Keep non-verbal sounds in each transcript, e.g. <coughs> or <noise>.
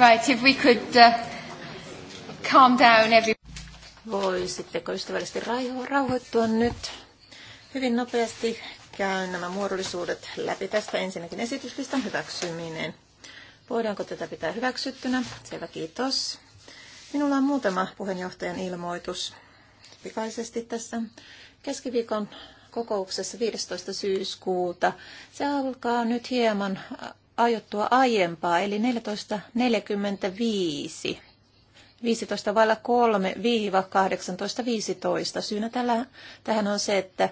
Right, if we could uh, calm down every... Voisitteko ystävällisesti rauhoittua nyt? Hyvin nopeasti käyn nämä muodollisuudet läpi tästä. Ensinnäkin esityslistan hyväksyminen. Voidaanko tätä pitää hyväksyttynä? Selvä, kiitos. Minulla on muutama puheenjohtajan ilmoitus pikaisesti tässä keskiviikon kokouksessa 15. syyskuuta. Se alkaa nyt hieman aiottua aiempaa, eli 14.45. 15 vailla 3 18.15. Syynä tällä, tähän on se, että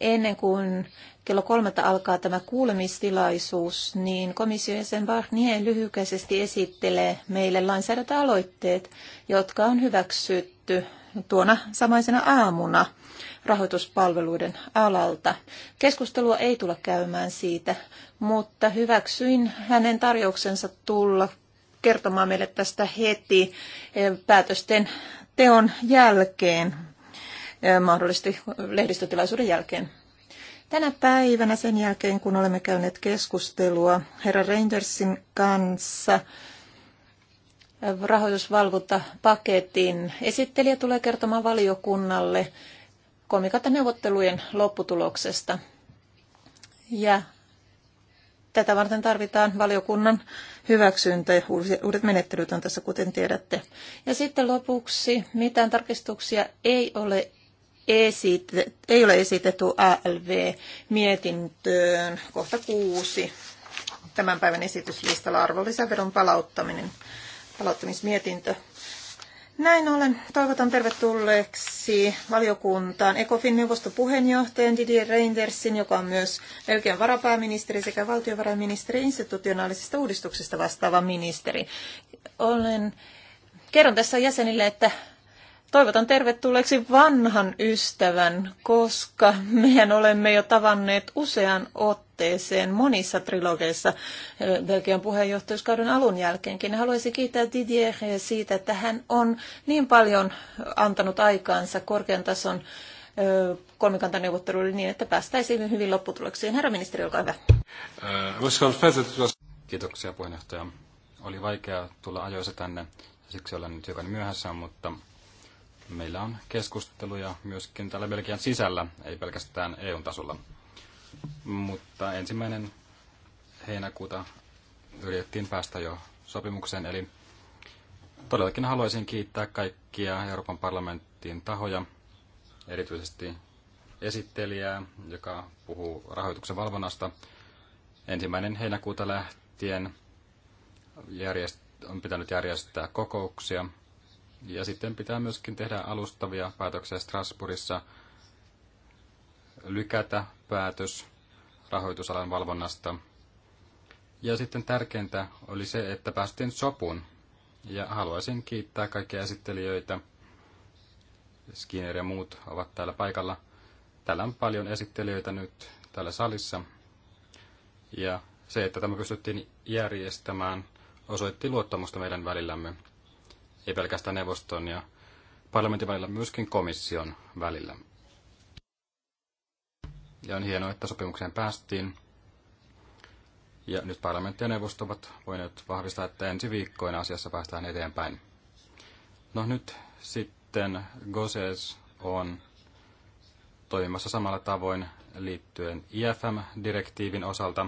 ennen kuin kello kolmelta alkaa tämä kuulemistilaisuus, niin komission jäsen Barnier lyhykäisesti esittelee meille lainsäädäntöaloitteet, jotka on hyväksytty tuona samaisena aamuna rahoituspalveluiden alalta. Keskustelua ei tulla käymään siitä, mutta hyväksyin hänen tarjouksensa tulla kertomaan meille tästä heti eh, päätösten teon jälkeen, eh, mahdollisesti lehdistötilaisuuden jälkeen. Tänä päivänä sen jälkeen, kun olemme käyneet keskustelua herra Rangersin kanssa, eh, rahoitusvalvontapaketin esittelijä tulee kertomaan valiokunnalle kolmikantaneuvottelujen lopputuloksesta. Ja tätä varten tarvitaan valiokunnan hyväksyntä ja uudet menettelyt on tässä, kuten tiedätte. Ja sitten lopuksi, mitään tarkistuksia ei ole esitetty, ei ole esitetty ALV-mietintöön kohta kuusi tämän päivän esityslistalla arvonlisäveron palauttaminen, palauttamismietintö. Näin ollen toivotan tervetulleeksi valiokuntaan ECOFIN puheenjohtajan Didier Reindersin, joka on myös Belgian varapääministeri sekä valtiovarainministeri institutionaalisista uudistuksista vastaava ministeri. Olen, kerron tässä jäsenille, että toivotan tervetulleeksi vanhan ystävän, koska mehän olemme jo tavanneet usean otteen otteeseen monissa trilogeissa eh, Belgian puheenjohtajuuskauden alun jälkeenkin. Haluaisin kiittää Didier siitä, että hän on niin paljon antanut aikaansa korkean tason eh, kolmikantaneuvotteluille niin, että päästäisiin hyvin lopputuloksiin. Herra ministeri, olkaa hyvä. Eh, Kiitoksia puheenjohtaja. Oli vaikea tulla ajoissa tänne, siksi olen nyt hiukan myöhässä, mutta meillä on keskusteluja myöskin täällä Belgian sisällä, ei pelkästään eu tasolla mutta ensimmäinen heinäkuuta yritettiin päästä jo sopimukseen, eli todellakin haluaisin kiittää kaikkia Euroopan parlamenttiin tahoja, erityisesti esittelijää, joka puhuu rahoituksen valvonnasta. Ensimmäinen heinäkuuta lähtien järjest- on pitänyt järjestää kokouksia ja sitten pitää myöskin tehdä alustavia päätöksiä Strasbourgissa, lykätä päätös rahoitusalan valvonnasta. Ja sitten tärkeintä oli se, että päästiin sopuun. Ja haluaisin kiittää kaikkia esittelijöitä. Skinner ja muut ovat täällä paikalla. Täällä on paljon esittelijöitä nyt täällä salissa. Ja se, että tämä pystyttiin järjestämään, osoitti luottamusta meidän välillämme. Ei pelkästään neuvoston ja parlamentin välillä, myöskin komission välillä. Ja on hienoa, että sopimukseen päästiin. Ja nyt parlamentti ja neuvosto ovat voineet vahvistaa, että ensi viikkoina asiassa päästään eteenpäin. No nyt sitten GOSES on toimimassa samalla tavoin liittyen IFM-direktiivin osalta.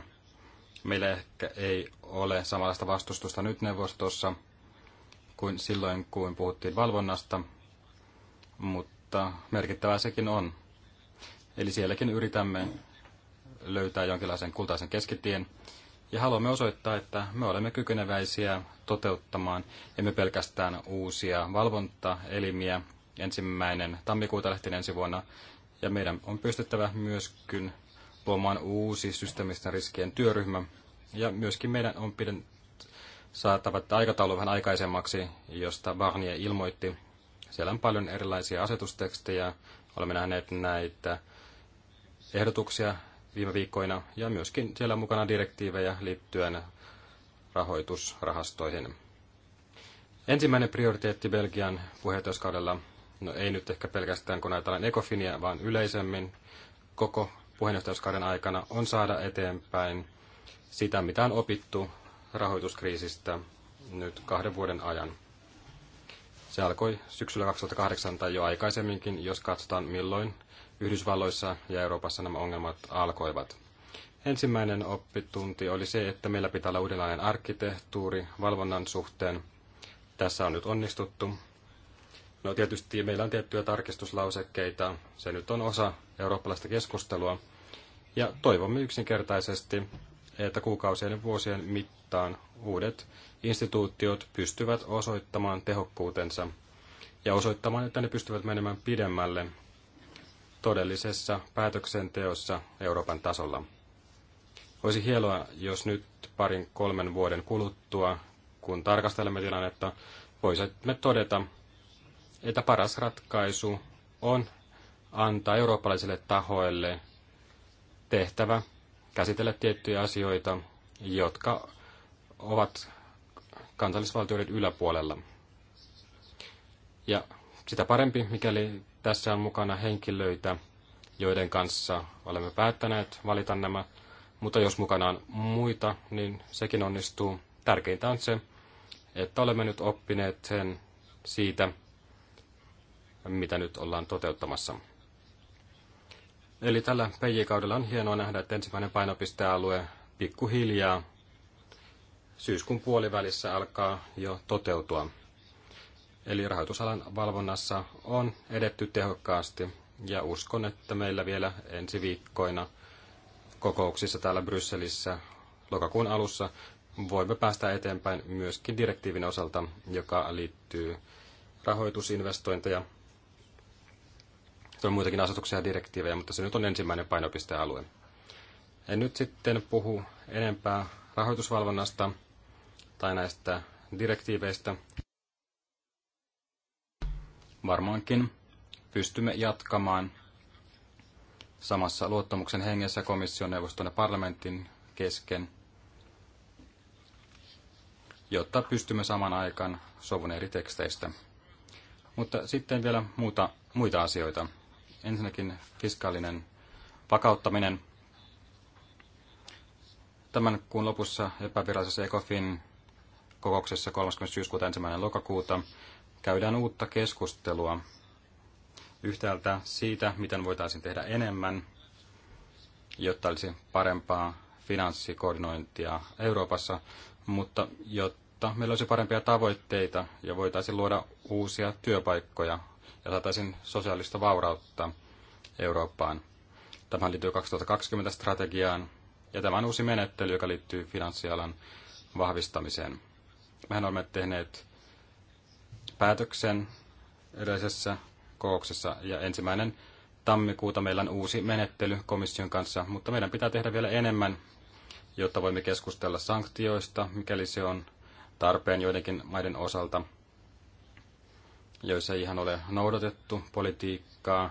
Meillä ehkä ei ole samanlaista vastustusta nyt neuvostossa kuin silloin, kun puhuttiin valvonnasta, mutta merkittävää sekin on. Eli sielläkin yritämme löytää jonkinlaisen kultaisen keskitien. Ja haluamme osoittaa, että me olemme kykeneväisiä toteuttamaan emme pelkästään uusia valvontaelimiä ensimmäinen tammikuuta lähti ensi vuonna. Ja meidän on pystyttävä myöskin luomaan uusi systeemisten riskien työryhmä. Ja myöskin meidän on piden saatava aikataulu vähän aikaisemmaksi, josta Barnier ilmoitti. Siellä on paljon erilaisia asetustekstejä. Olemme nähneet näitä ehdotuksia viime viikkoina ja myöskin siellä mukana direktiivejä liittyen rahoitusrahastoihin. Ensimmäinen prioriteetti Belgian puheenjohtajuuskaudella, no ei nyt ehkä pelkästään kun ajatellaan ekofinia, vaan yleisemmin koko puheenjohtajuuskauden aikana on saada eteenpäin sitä, mitä on opittu rahoituskriisistä nyt kahden vuoden ajan. Se alkoi syksyllä 2008 tai jo aikaisemminkin, jos katsotaan milloin Yhdysvalloissa ja Euroopassa nämä ongelmat alkoivat. Ensimmäinen oppitunti oli se, että meillä pitää olla uudenlainen arkkitehtuuri valvonnan suhteen. Tässä on nyt onnistuttu. No tietysti meillä on tiettyjä tarkistuslausekkeita. Se nyt on osa eurooppalaista keskustelua. Ja toivomme yksinkertaisesti, että kuukausien ja vuosien mittaan uudet instituutiot pystyvät osoittamaan tehokkuutensa ja osoittamaan, että ne pystyvät menemään pidemmälle todellisessa päätöksenteossa Euroopan tasolla. Olisi hienoa, jos nyt parin kolmen vuoden kuluttua, kun tarkastelemme tilannetta, voisimme todeta, että paras ratkaisu on antaa eurooppalaisille tahoille tehtävä käsitellä tiettyjä asioita, jotka ovat kansallisvaltioiden yläpuolella. Ja sitä parempi, mikäli tässä on mukana henkilöitä, joiden kanssa olemme päättäneet valita nämä, mutta jos mukana on muita, niin sekin onnistuu. Tärkeintä on se, että olemme nyt oppineet sen siitä, mitä nyt ollaan toteuttamassa. Eli tällä PJ-kaudella on hienoa nähdä, että ensimmäinen painopistealue pikkuhiljaa syyskuun puolivälissä alkaa jo toteutua. Eli rahoitusalan valvonnassa on edetty tehokkaasti ja uskon, että meillä vielä ensi viikkoina kokouksissa täällä Brysselissä lokakuun alussa voimme päästä eteenpäin myöskin direktiivin osalta, joka liittyy rahoitusinvestointeja. Se on muitakin asetuksia ja direktiivejä, mutta se nyt on ensimmäinen painopistealue. En nyt sitten puhu enempää rahoitusvalvonnasta tai näistä direktiiveistä varmaankin pystymme jatkamaan samassa luottamuksen hengessä komission, neuvoston ja parlamentin kesken, jotta pystymme saman aikaan sovun eri teksteistä. Mutta sitten vielä muuta, muita asioita. Ensinnäkin fiskaalinen vakauttaminen. Tämän kuun lopussa epävirallisessa ECOFIN kokouksessa 30. syyskuuta 1. lokakuuta käydään uutta keskustelua yhtäältä siitä, miten voitaisiin tehdä enemmän, jotta olisi parempaa finanssikoordinointia Euroopassa, mutta jotta meillä olisi parempia tavoitteita ja voitaisiin luoda uusia työpaikkoja ja saataisiin sosiaalista vaurautta Eurooppaan. Tämä liittyy 2020-strategiaan ja tämä on uusi menettely, joka liittyy finanssialan vahvistamiseen. Mehän olemme tehneet päätöksen yleisessä kooksessa ja ensimmäinen tammikuuta meillä on uusi menettely komission kanssa, mutta meidän pitää tehdä vielä enemmän, jotta voimme keskustella sanktioista, mikäli se on tarpeen joidenkin maiden osalta, joissa ei ihan ole noudatettu politiikkaa.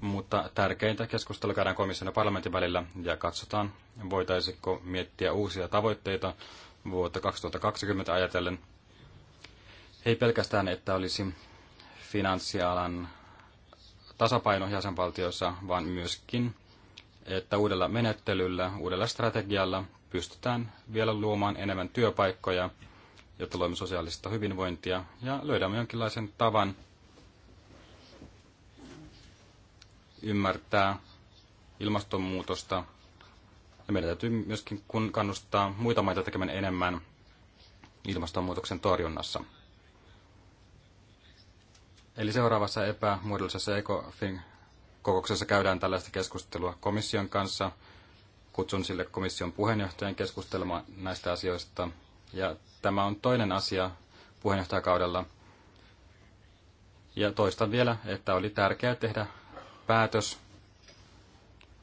Mutta tärkeintä keskustelua käydään komission ja parlamentin välillä ja katsotaan, voitaisiko miettiä uusia tavoitteita, vuotta 2020 ajatellen. Ei pelkästään, että olisi finanssialan tasapaino jäsenvaltioissa, vaan myöskin, että uudella menettelyllä, uudella strategialla pystytään vielä luomaan enemmän työpaikkoja, jotta luomme sosiaalista hyvinvointia ja löydämme jonkinlaisen tavan ymmärtää ilmastonmuutosta ja meidän täytyy myöskin kun kannustaa muita maita tekemään enemmän ilmastonmuutoksen torjunnassa. Eli seuraavassa epämuodollisessa ECOFIN kokouksessa käydään tällaista keskustelua komission kanssa. Kutsun sille komission puheenjohtajan keskustelemaan näistä asioista. Ja tämä on toinen asia puheenjohtajakaudella. Ja toistan vielä, että oli tärkeää tehdä päätös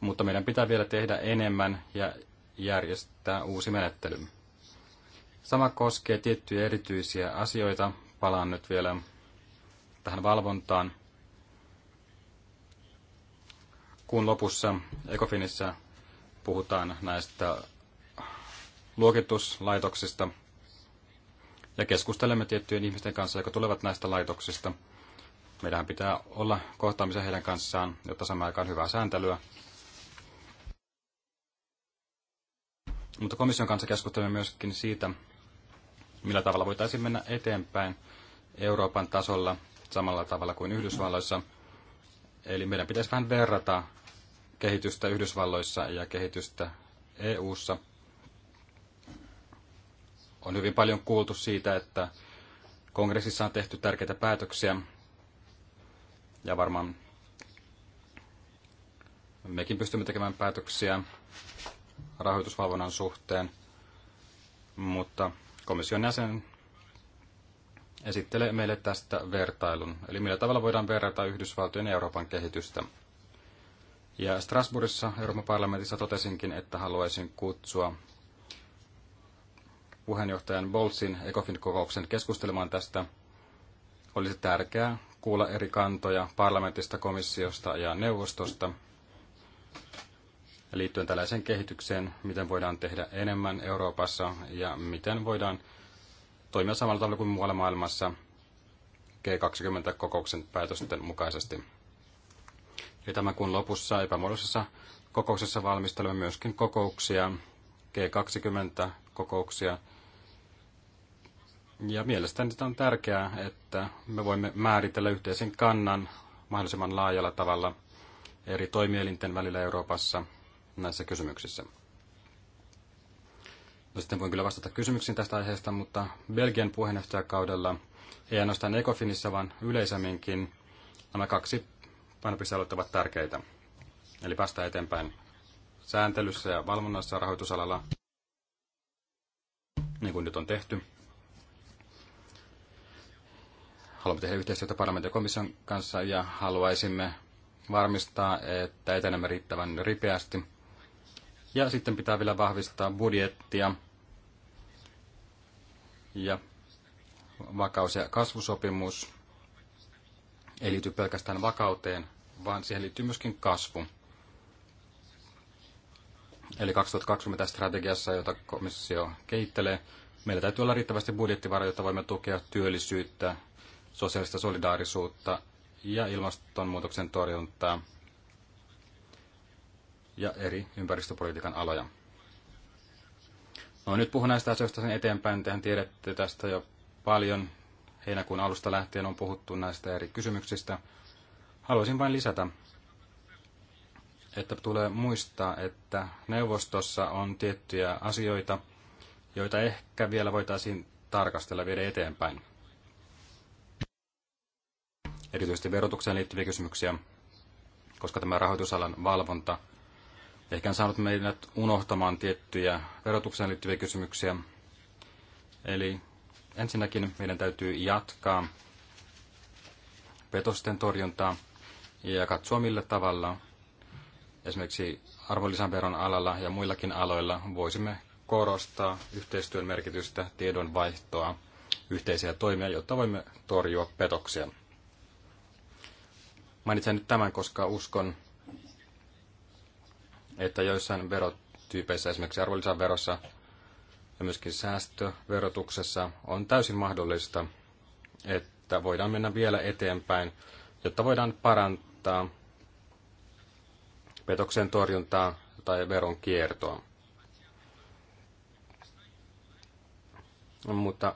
mutta meidän pitää vielä tehdä enemmän ja järjestää uusi menettely. Sama koskee tiettyjä erityisiä asioita. Palaan nyt vielä tähän valvontaan. Kuun lopussa ekofinissä puhutaan näistä luokituslaitoksista ja keskustelemme tiettyjen ihmisten kanssa, jotka tulevat näistä laitoksista. Meidän pitää olla kohtaamisen heidän kanssaan, jotta samaan aikaan hyvää sääntelyä Mutta komission kanssa keskustelemme myöskin siitä, millä tavalla voitaisiin mennä eteenpäin Euroopan tasolla samalla tavalla kuin Yhdysvalloissa. Eli meidän pitäisi vähän verrata kehitystä Yhdysvalloissa ja kehitystä EU:ssa. On hyvin paljon kuultu siitä, että kongressissa on tehty tärkeitä päätöksiä ja varmaan mekin pystymme tekemään päätöksiä rahoitusvalvonnan suhteen, mutta komission jäsen esittelee meille tästä vertailun, eli millä tavalla voidaan verrata Yhdysvaltojen ja Euroopan kehitystä. Ja Strasbourgissa Euroopan parlamentissa totesinkin, että haluaisin kutsua puheenjohtajan Bolsin ECOFIN kokouksen keskustelemaan tästä. Olisi tärkeää kuulla eri kantoja parlamentista, komissiosta ja neuvostosta liittyen tällaiseen kehitykseen, miten voidaan tehdä enemmän Euroopassa ja miten voidaan toimia samalla tavalla kuin muualla maailmassa G20-kokouksen päätösten mukaisesti. Ja tämän kuun lopussa epämuodollisessa kokouksessa valmistelemme myöskin kokouksia, G20-kokouksia. Ja mielestäni on tärkeää, että me voimme määritellä yhteisen kannan mahdollisimman laajalla tavalla eri toimielinten välillä Euroopassa – näissä kysymyksissä. No sitten voin kyllä vastata kysymyksiin tästä aiheesta, mutta Belgian puheenjohtajakaudella, ei ainoastaan Ecofinissa, vaan yleisemminkin, nämä kaksi painopistealuetta ovat tärkeitä. Eli päästä eteenpäin sääntelyssä ja valvonnassa rahoitusalalla, niin kuin nyt on tehty. Haluamme tehdä yhteistyötä parlamentin ja komission kanssa ja haluaisimme varmistaa, että etenemme riittävän ripeästi – ja sitten pitää vielä vahvistaa budjettia ja vakaus- ja kasvusopimus ei liity pelkästään vakauteen, vaan siihen liittyy myöskin kasvu. Eli 2020 strategiassa, jota komissio kehittelee, meillä täytyy olla riittävästi budjettivaroja, jotta voimme tukea työllisyyttä, sosiaalista solidaarisuutta ja ilmastonmuutoksen torjuntaa ja eri ympäristöpolitiikan aloja. No nyt puhun näistä asioista sen eteenpäin. Tehän tiedätte tästä jo paljon. Heinäkuun alusta lähtien on puhuttu näistä eri kysymyksistä. Haluaisin vain lisätä, että tulee muistaa, että neuvostossa on tiettyjä asioita, joita ehkä vielä voitaisiin tarkastella vielä viedä eteenpäin. Erityisesti verotukseen liittyviä kysymyksiä, koska tämä rahoitusalan valvonta – ehkä on saanut meidät unohtamaan tiettyjä verotukseen liittyviä kysymyksiä. Eli ensinnäkin meidän täytyy jatkaa petosten torjuntaa ja katsoa millä tavalla esimerkiksi arvonlisäveron alalla ja muillakin aloilla voisimme korostaa yhteistyön merkitystä, tiedonvaihtoa, yhteisiä toimia, jotta voimme torjua petoksia. Mainitsen nyt tämän, koska uskon, että joissain verotyypeissä, esimerkiksi arvonlisäverossa ja myöskin säästöverotuksessa, on täysin mahdollista, että voidaan mennä vielä eteenpäin, jotta voidaan parantaa petoksen torjuntaa tai veron kiertoa. Mutta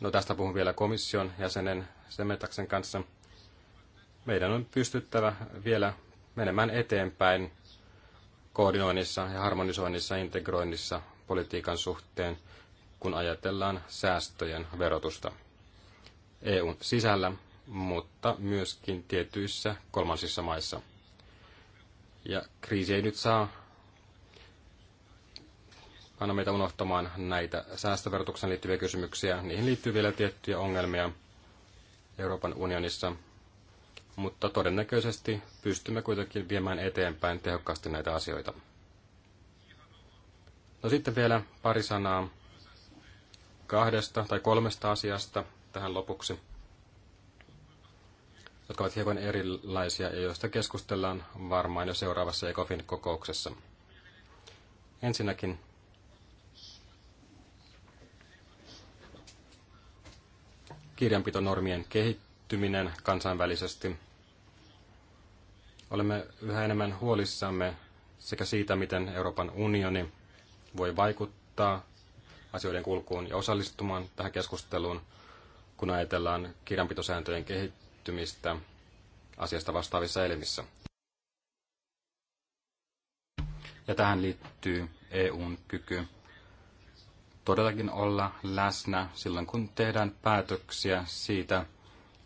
no tästä puhun vielä komission jäsenen Semetaksen kanssa. Meidän on pystyttävä vielä menemään eteenpäin koordinoinnissa ja harmonisoinnissa integroinnissa politiikan suhteen, kun ajatellaan säästöjen verotusta EUn sisällä, mutta myöskin tietyissä kolmansissa maissa. Ja kriisi ei nyt saa anna meitä unohtamaan näitä säästöverotuksen liittyviä kysymyksiä. Niihin liittyy vielä tiettyjä ongelmia Euroopan unionissa, mutta todennäköisesti pystymme kuitenkin viemään eteenpäin tehokkaasti näitä asioita. No sitten vielä pari sanaa kahdesta tai kolmesta asiasta tähän lopuksi, jotka ovat hieman erilaisia ja joista keskustellaan varmaan jo seuraavassa ECOFIN kokouksessa. Ensinnäkin kirjanpitonormien kehittyminen kansainvälisesti – Olemme yhä enemmän huolissamme sekä siitä, miten Euroopan unioni voi vaikuttaa asioiden kulkuun ja osallistumaan tähän keskusteluun, kun ajatellaan kirjanpitosääntöjen kehittymistä asiasta vastaavissa elimissä. Ja tähän liittyy EUn kyky todellakin olla läsnä silloin, kun tehdään päätöksiä siitä,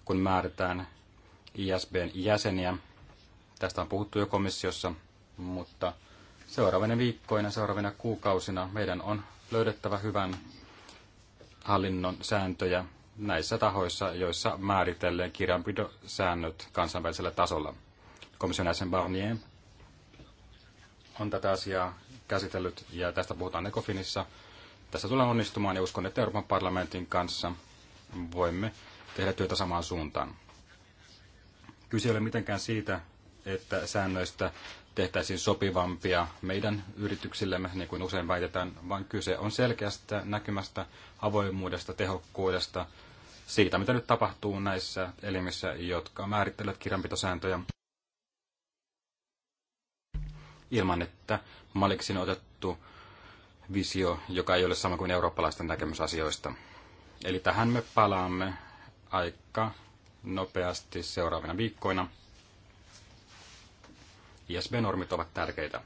kun määritään ISBn jäseniä Tästä on puhuttu jo komissiossa, mutta seuraavina viikkoina, seuraavina kuukausina meidän on löydettävä hyvän hallinnon sääntöjä näissä tahoissa, joissa määritellään kirjanpidosäännöt kansainvälisellä tasolla. Komission jäsen Barnier on tätä asiaa käsitellyt ja tästä puhutaan Ecofinissa. Tässä tullaan onnistumaan ja uskon, että Euroopan parlamentin kanssa voimme tehdä työtä samaan suuntaan. Kyse ei ole mitenkään siitä, että säännöistä tehtäisiin sopivampia meidän yrityksillemme, niin kuin usein väitetään, vaan kyse on selkeästä näkymästä, avoimuudesta, tehokkuudesta, siitä, mitä nyt tapahtuu näissä elimissä, jotka määrittelevät kirjanpitosääntöjä ilman, että maliksin otettu visio, joka ei ole sama kuin eurooppalaisten näkemys asioista. Eli tähän me palaamme aika nopeasti seuraavina viikkoina. ISB-normit ovat tärkeitä.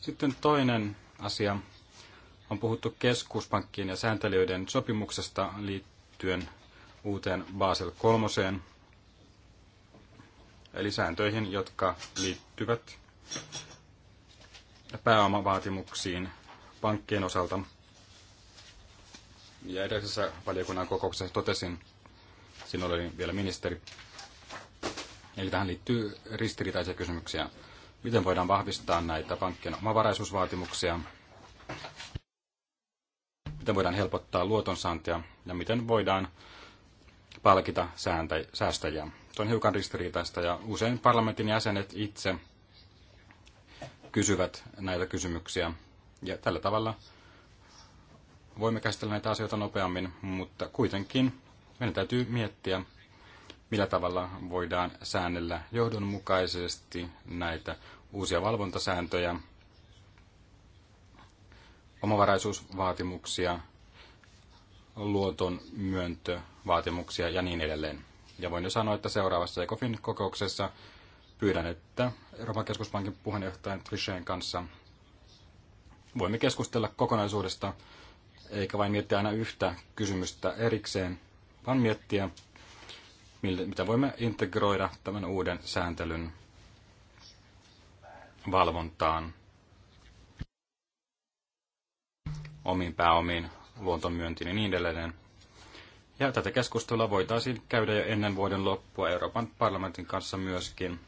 Sitten toinen asia. On puhuttu keskuspankkien ja sääntelijöiden sopimuksesta liittyen uuteen Basel kolmoseen, eli sääntöihin, jotka liittyvät pääomavaatimuksiin pankkien osalta. Ja edellisessä valiokunnan kokouksessa totesin, sinulla oli vielä ministeri, eli tähän liittyy ristiriitaisia kysymyksiä miten voidaan vahvistaa näitä pankkien omavaraisuusvaatimuksia, miten voidaan helpottaa luotonsaantia ja miten voidaan palkita sääntä, säästäjiä. Se on hiukan ristiriitaista ja usein parlamentin jäsenet itse kysyvät näitä kysymyksiä. Ja tällä tavalla voimme käsitellä näitä asioita nopeammin, mutta kuitenkin meidän täytyy miettiä, millä tavalla voidaan säännellä johdonmukaisesti näitä uusia valvontasääntöjä, omavaraisuusvaatimuksia, luoton myöntövaatimuksia ja niin edelleen. Ja voin jo sanoa, että seuraavassa ECOFIN kokouksessa pyydän, että Euroopan keskuspankin puheenjohtajan Trichén kanssa voimme keskustella kokonaisuudesta, eikä vain miettiä aina yhtä kysymystä erikseen, vaan miettiä, mitä voimme integroida tämän uuden sääntelyn valvontaan, omiin pääomiin, luontomyöntiin ja niin edelleen. Ja tätä keskustelua voitaisiin käydä jo ennen vuoden loppua Euroopan parlamentin kanssa myöskin.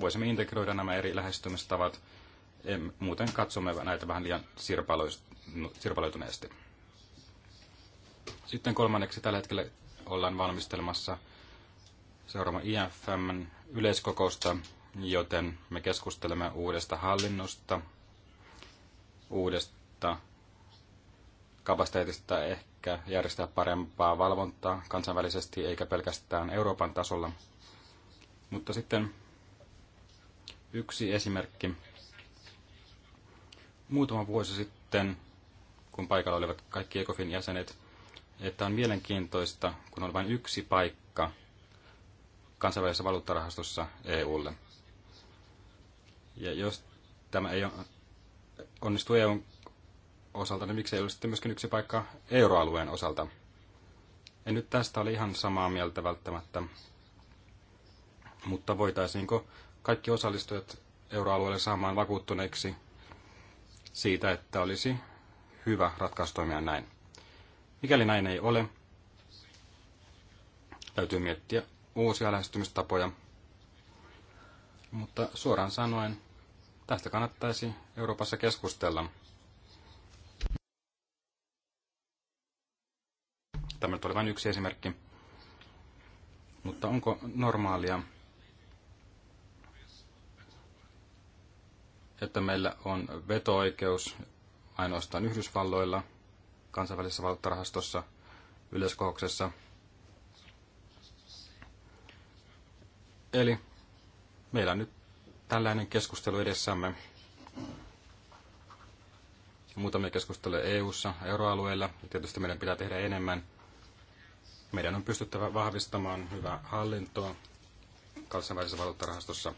Voisimme integroida nämä eri lähestymistavat, muuten katsomme näitä vähän liian no, sirpaloituneesti. Sitten kolmanneksi tällä hetkellä ollaan valmistelemassa seuraamaan IFM yleiskokousta, joten me keskustelemme uudesta hallinnosta, uudesta kapasiteetista ehkä järjestää parempaa valvontaa kansainvälisesti eikä pelkästään Euroopan tasolla. Mutta sitten yksi esimerkki. Muutama vuosi sitten, kun paikalla olivat kaikki ECOFIN jäsenet, että on mielenkiintoista, kun on vain yksi paikka, kansainvälisessä valuuttarahastossa EUlle. Ja jos tämä ei onnistu EUn osalta, niin miksei ole sitten myöskin yksi paikka euroalueen osalta? En nyt tästä ole ihan samaa mieltä välttämättä, mutta voitaisiinko kaikki osallistujat euroalueelle saamaan vakuuttuneiksi siitä, että olisi hyvä ratkaisu toimia näin. Mikäli näin ei ole, täytyy miettiä uusia lähestymistapoja. Mutta suoraan sanoen, tästä kannattaisi Euroopassa keskustella. Tämä oli vain yksi esimerkki. Mutta onko normaalia, että meillä on veto-oikeus ainoastaan Yhdysvalloilla, kansainvälisessä valuuttarahastossa, yleiskokouksessa – Eli meillä on nyt tällainen keskustelu edessämme. Muutamia keskusteluja EU-ssa, euroalueella, ja tietysti meidän pitää tehdä enemmän. Meidän on pystyttävä vahvistamaan hyvää hallintoa kansainvälisessä valuuttarahastossa.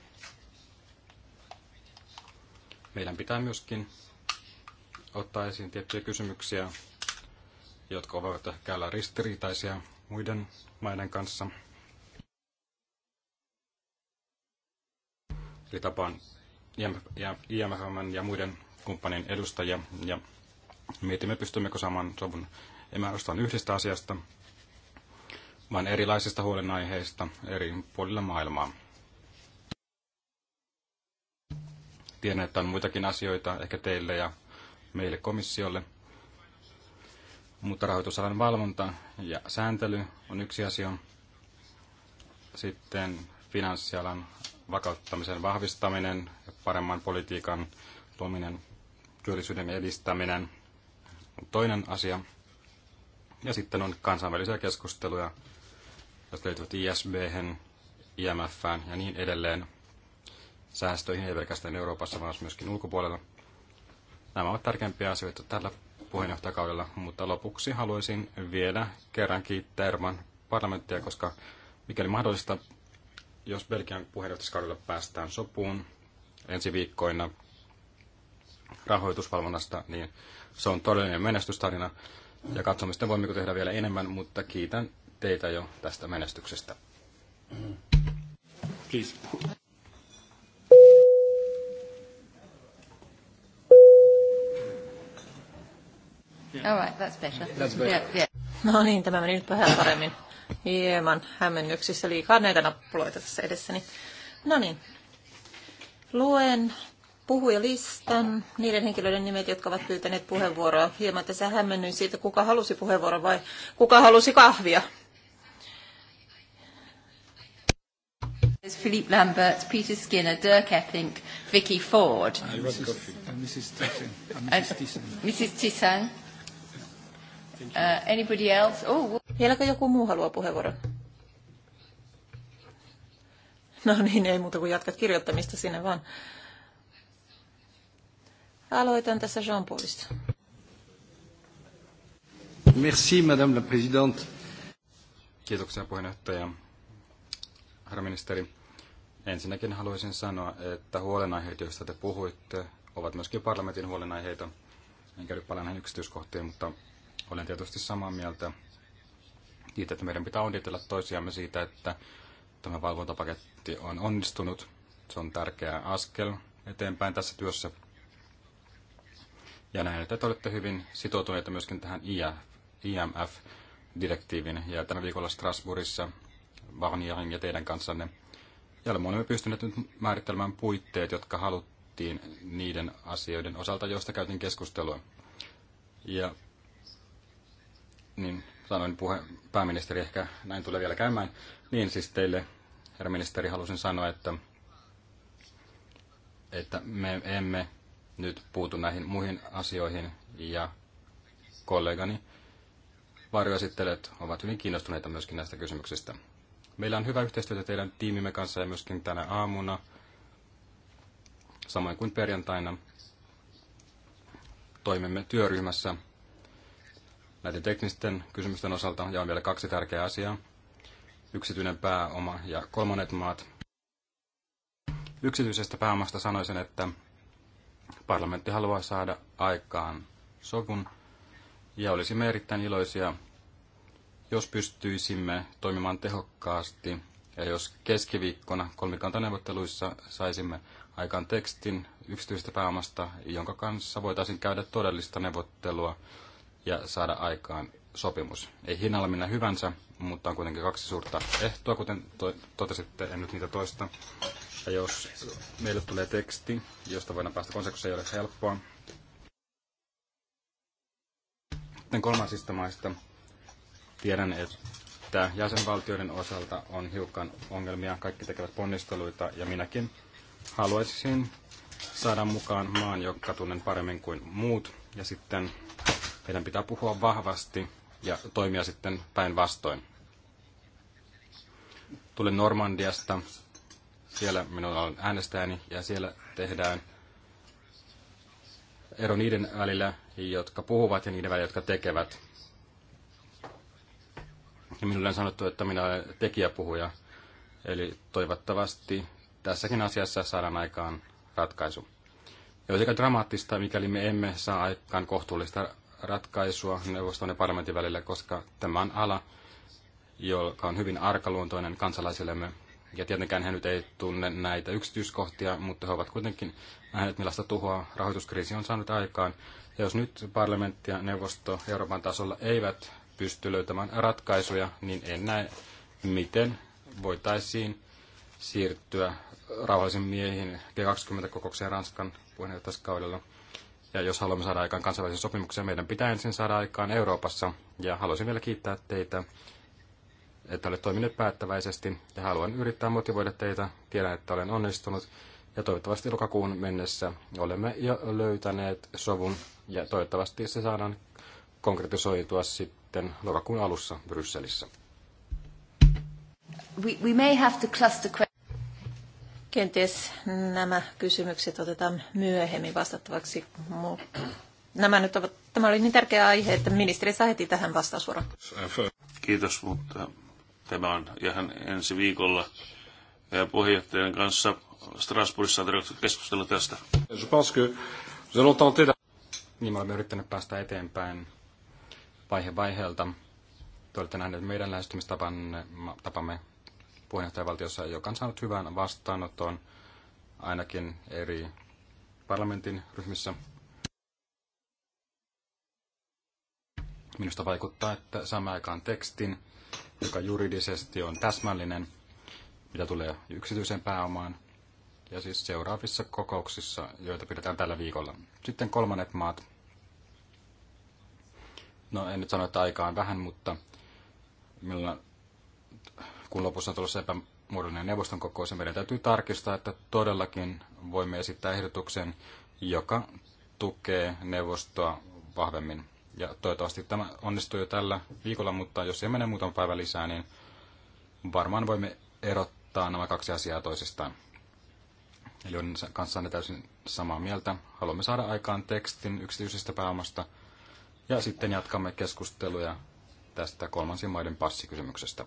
Meidän pitää myöskin ottaa esiin tiettyjä kysymyksiä, jotka ovat ehkä ristiriitaisia muiden maiden kanssa – Eli tapaan IMFM ja muiden kumppanien edustajia ja mietimme, pystymmekö saamaan sovun emme yhdestä asiasta, vaan erilaisista huolenaiheista eri puolilla maailmaa. Tiedän, että on muitakin asioita ehkä teille ja meille komissiolle, mutta rahoitusalan valvonta ja sääntely on yksi asia. Sitten finanssialan vakauttamisen vahvistaminen, paremman politiikan luominen, työllisyyden edistäminen on toinen asia. Ja sitten on kansainvälisiä keskusteluja, jotka liittyvät ISB, IMF ja niin edelleen säästöihin, ei pelkästään Euroopassa, vaan myöskin ulkopuolella. Nämä ovat tärkeimpiä asioita tällä puheenjohtajakaudella, mutta lopuksi haluaisin vielä kerran kiittää Erman parlamenttia, koska mikäli mahdollista, jos Belgian puheenjohtajakaudella päästään sopuun ensi viikkoina rahoitusvalvonnasta, niin se on todellinen menestystarina. Ja katsomme sitten, voimmeko tehdä vielä enemmän, mutta kiitän teitä jo tästä menestyksestä. Please. All right, that's better. That's better. Yeah, yeah. No niin, tämä meni nyt vähän paremmin hieman hämmennyksissä liikaa näitä nappuloita tässä edessäni. No niin, luen puhujalistan, niiden henkilöiden nimet, jotka ovat pyytäneet puheenvuoroa. Hieman tässä hämmennyin siitä, kuka halusi puheenvuoron vai kuka halusi kahvia. Philippe Lambert, Peter Skinner, Dirk Epping, Vicky Ford. Uh, Mrs. Tissan. Uh, Mrs. Tissan. Uh, anybody else? Oh. Vieläkö joku muu haluaa puheenvuoron? No niin, ei muuta kuin jatkat kirjoittamista sinne vaan. Aloitan tässä Jean-Paulista. Merci, Madame la Présidente. Kiitoksia puheenjohtaja. Herra ministeri, ensinnäkin haluaisin sanoa, että huolenaiheet, joista te puhuitte, ovat myöskin parlamentin huolenaiheita. En käy paljon näihin yksityiskohtiin, mutta olen tietysti samaa mieltä niitä, että meidän pitää onnitella toisiamme siitä, että tämä valvontapaketti on onnistunut. Se on tärkeä askel eteenpäin tässä työssä. Ja näin, että te olette hyvin sitoutuneita myöskin tähän IMF-direktiivin. Ja tänä viikolla Strasbourgissa Barnierin ja teidän kanssanne. Ja me olemme pystyneet nyt määrittelemään puitteet, jotka haluttiin niiden asioiden osalta, joista käytiin keskustelua. Ja niin sanoin puhe, pääministeri, ehkä näin tulee vielä käymään. Niin siis teille, herra ministeri, halusin sanoa, että, että me emme nyt puutu näihin muihin asioihin ja kollegani varjoesittelijät ovat hyvin kiinnostuneita myöskin näistä kysymyksistä. Meillä on hyvä yhteistyötä teidän tiimimme kanssa ja myöskin tänä aamuna, samoin kuin perjantaina. Toimimme työryhmässä, Näiden teknisten kysymysten osalta jaan vielä kaksi tärkeää asiaa. Yksityinen pääoma ja kolmannet maat. Yksityisestä pääomasta sanoisin, että parlamentti haluaa saada aikaan sovun ja olisimme erittäin iloisia, jos pystyisimme toimimaan tehokkaasti ja jos keskiviikkona kolmikantaneuvotteluissa saisimme aikaan tekstin yksityisestä pääomasta, jonka kanssa voitaisiin käydä todellista neuvottelua ja saada aikaan sopimus. Ei hinnalla minä hyvänsä, mutta on kuitenkin kaksi suurta ehtoa, kuten to- totesitte, en nyt niitä toista. Ja jos meille tulee teksti, josta voidaan päästä konsensukseen, ei ole helppoa. Sitten kolmansista maista tiedän, että jäsenvaltioiden osalta on hiukan ongelmia. Kaikki tekevät ponnisteluita ja minäkin haluaisin saada mukaan maan, joka tunnen paremmin kuin muut. Ja sitten meidän pitää puhua vahvasti ja toimia sitten päinvastoin. Tulen Normandiasta. Siellä minulla on äänestäjäni ja siellä tehdään ero niiden välillä, jotka puhuvat ja niiden välillä, jotka tekevät. Ja minulle on sanottu, että minä olen tekijäpuhuja. Eli toivottavasti tässäkin asiassa saadaan aikaan ratkaisu. Ja olisi dramaattista, mikäli me emme saa aikaan kohtuullista ratkaisua neuvoston ja parlamentin välillä, koska tämä on ala, joka on hyvin arkaluontoinen kansalaisillemme. Ja tietenkään he nyt ei tunne näitä yksityiskohtia, mutta he ovat kuitenkin nähneet, millaista tuhoa rahoituskriisi on saanut aikaan. Ja jos nyt parlamentti ja neuvosto Euroopan tasolla eivät pysty löytämään ratkaisuja, niin en näe, miten voitaisiin siirtyä rauhallisen miehiin G20-kokoukseen Ranskan puheenjohtajakaudella. Ja jos haluamme saada aikaan kansainvälisen sopimuksen, meidän pitää ensin saada aikaan Euroopassa. Ja haluaisin vielä kiittää teitä, että olet toiminut päättäväisesti. Ja haluan yrittää motivoida teitä. Tiedän, että olen onnistunut. Ja toivottavasti lokakuun mennessä olemme jo löytäneet sovun. Ja toivottavasti se saadaan konkretisoitua sitten lokakuun alussa Brysselissä. We, we may have to cluster Kenties nämä kysymykset otetaan myöhemmin vastattavaksi. Nämä nyt ovat, tämä oli niin tärkeä aihe, että ministeri saa heti tähän vastausvuoron. Kiitos, mutta tämä on ihan ensi viikolla puheenjohtajan kanssa Strasbourgissa on tarkoitus keskustella tästä. niin me olemme yrittäneet päästä eteenpäin vaihe vaiheelta. Te olette nähneet meidän lähestymistapamme puheenjohtajavaltiossa, joka on saanut hyvän vastaanoton ainakin eri parlamentin ryhmissä. Minusta vaikuttaa, että saamme aikaan tekstin, joka juridisesti on täsmällinen, mitä tulee yksityiseen pääomaan, ja siis seuraavissa kokouksissa, joita pidetään tällä viikolla. Sitten kolmannet maat. No en nyt sano, että aikaan vähän, mutta minulla kun lopussa on tulossa epämuodollinen neuvoston kokous, ja meidän täytyy tarkistaa, että todellakin voimme esittää ehdotuksen, joka tukee neuvostoa vahvemmin. Ja toivottavasti tämä onnistuu jo tällä viikolla, mutta jos ei mene muutama päivä lisää, niin varmaan voimme erottaa nämä kaksi asiaa toisistaan. Eli on kanssanne täysin samaa mieltä. Haluamme saada aikaan tekstin yksityisestä pääomasta ja sitten jatkamme keskusteluja tästä kolmansien maiden passikysymyksestä.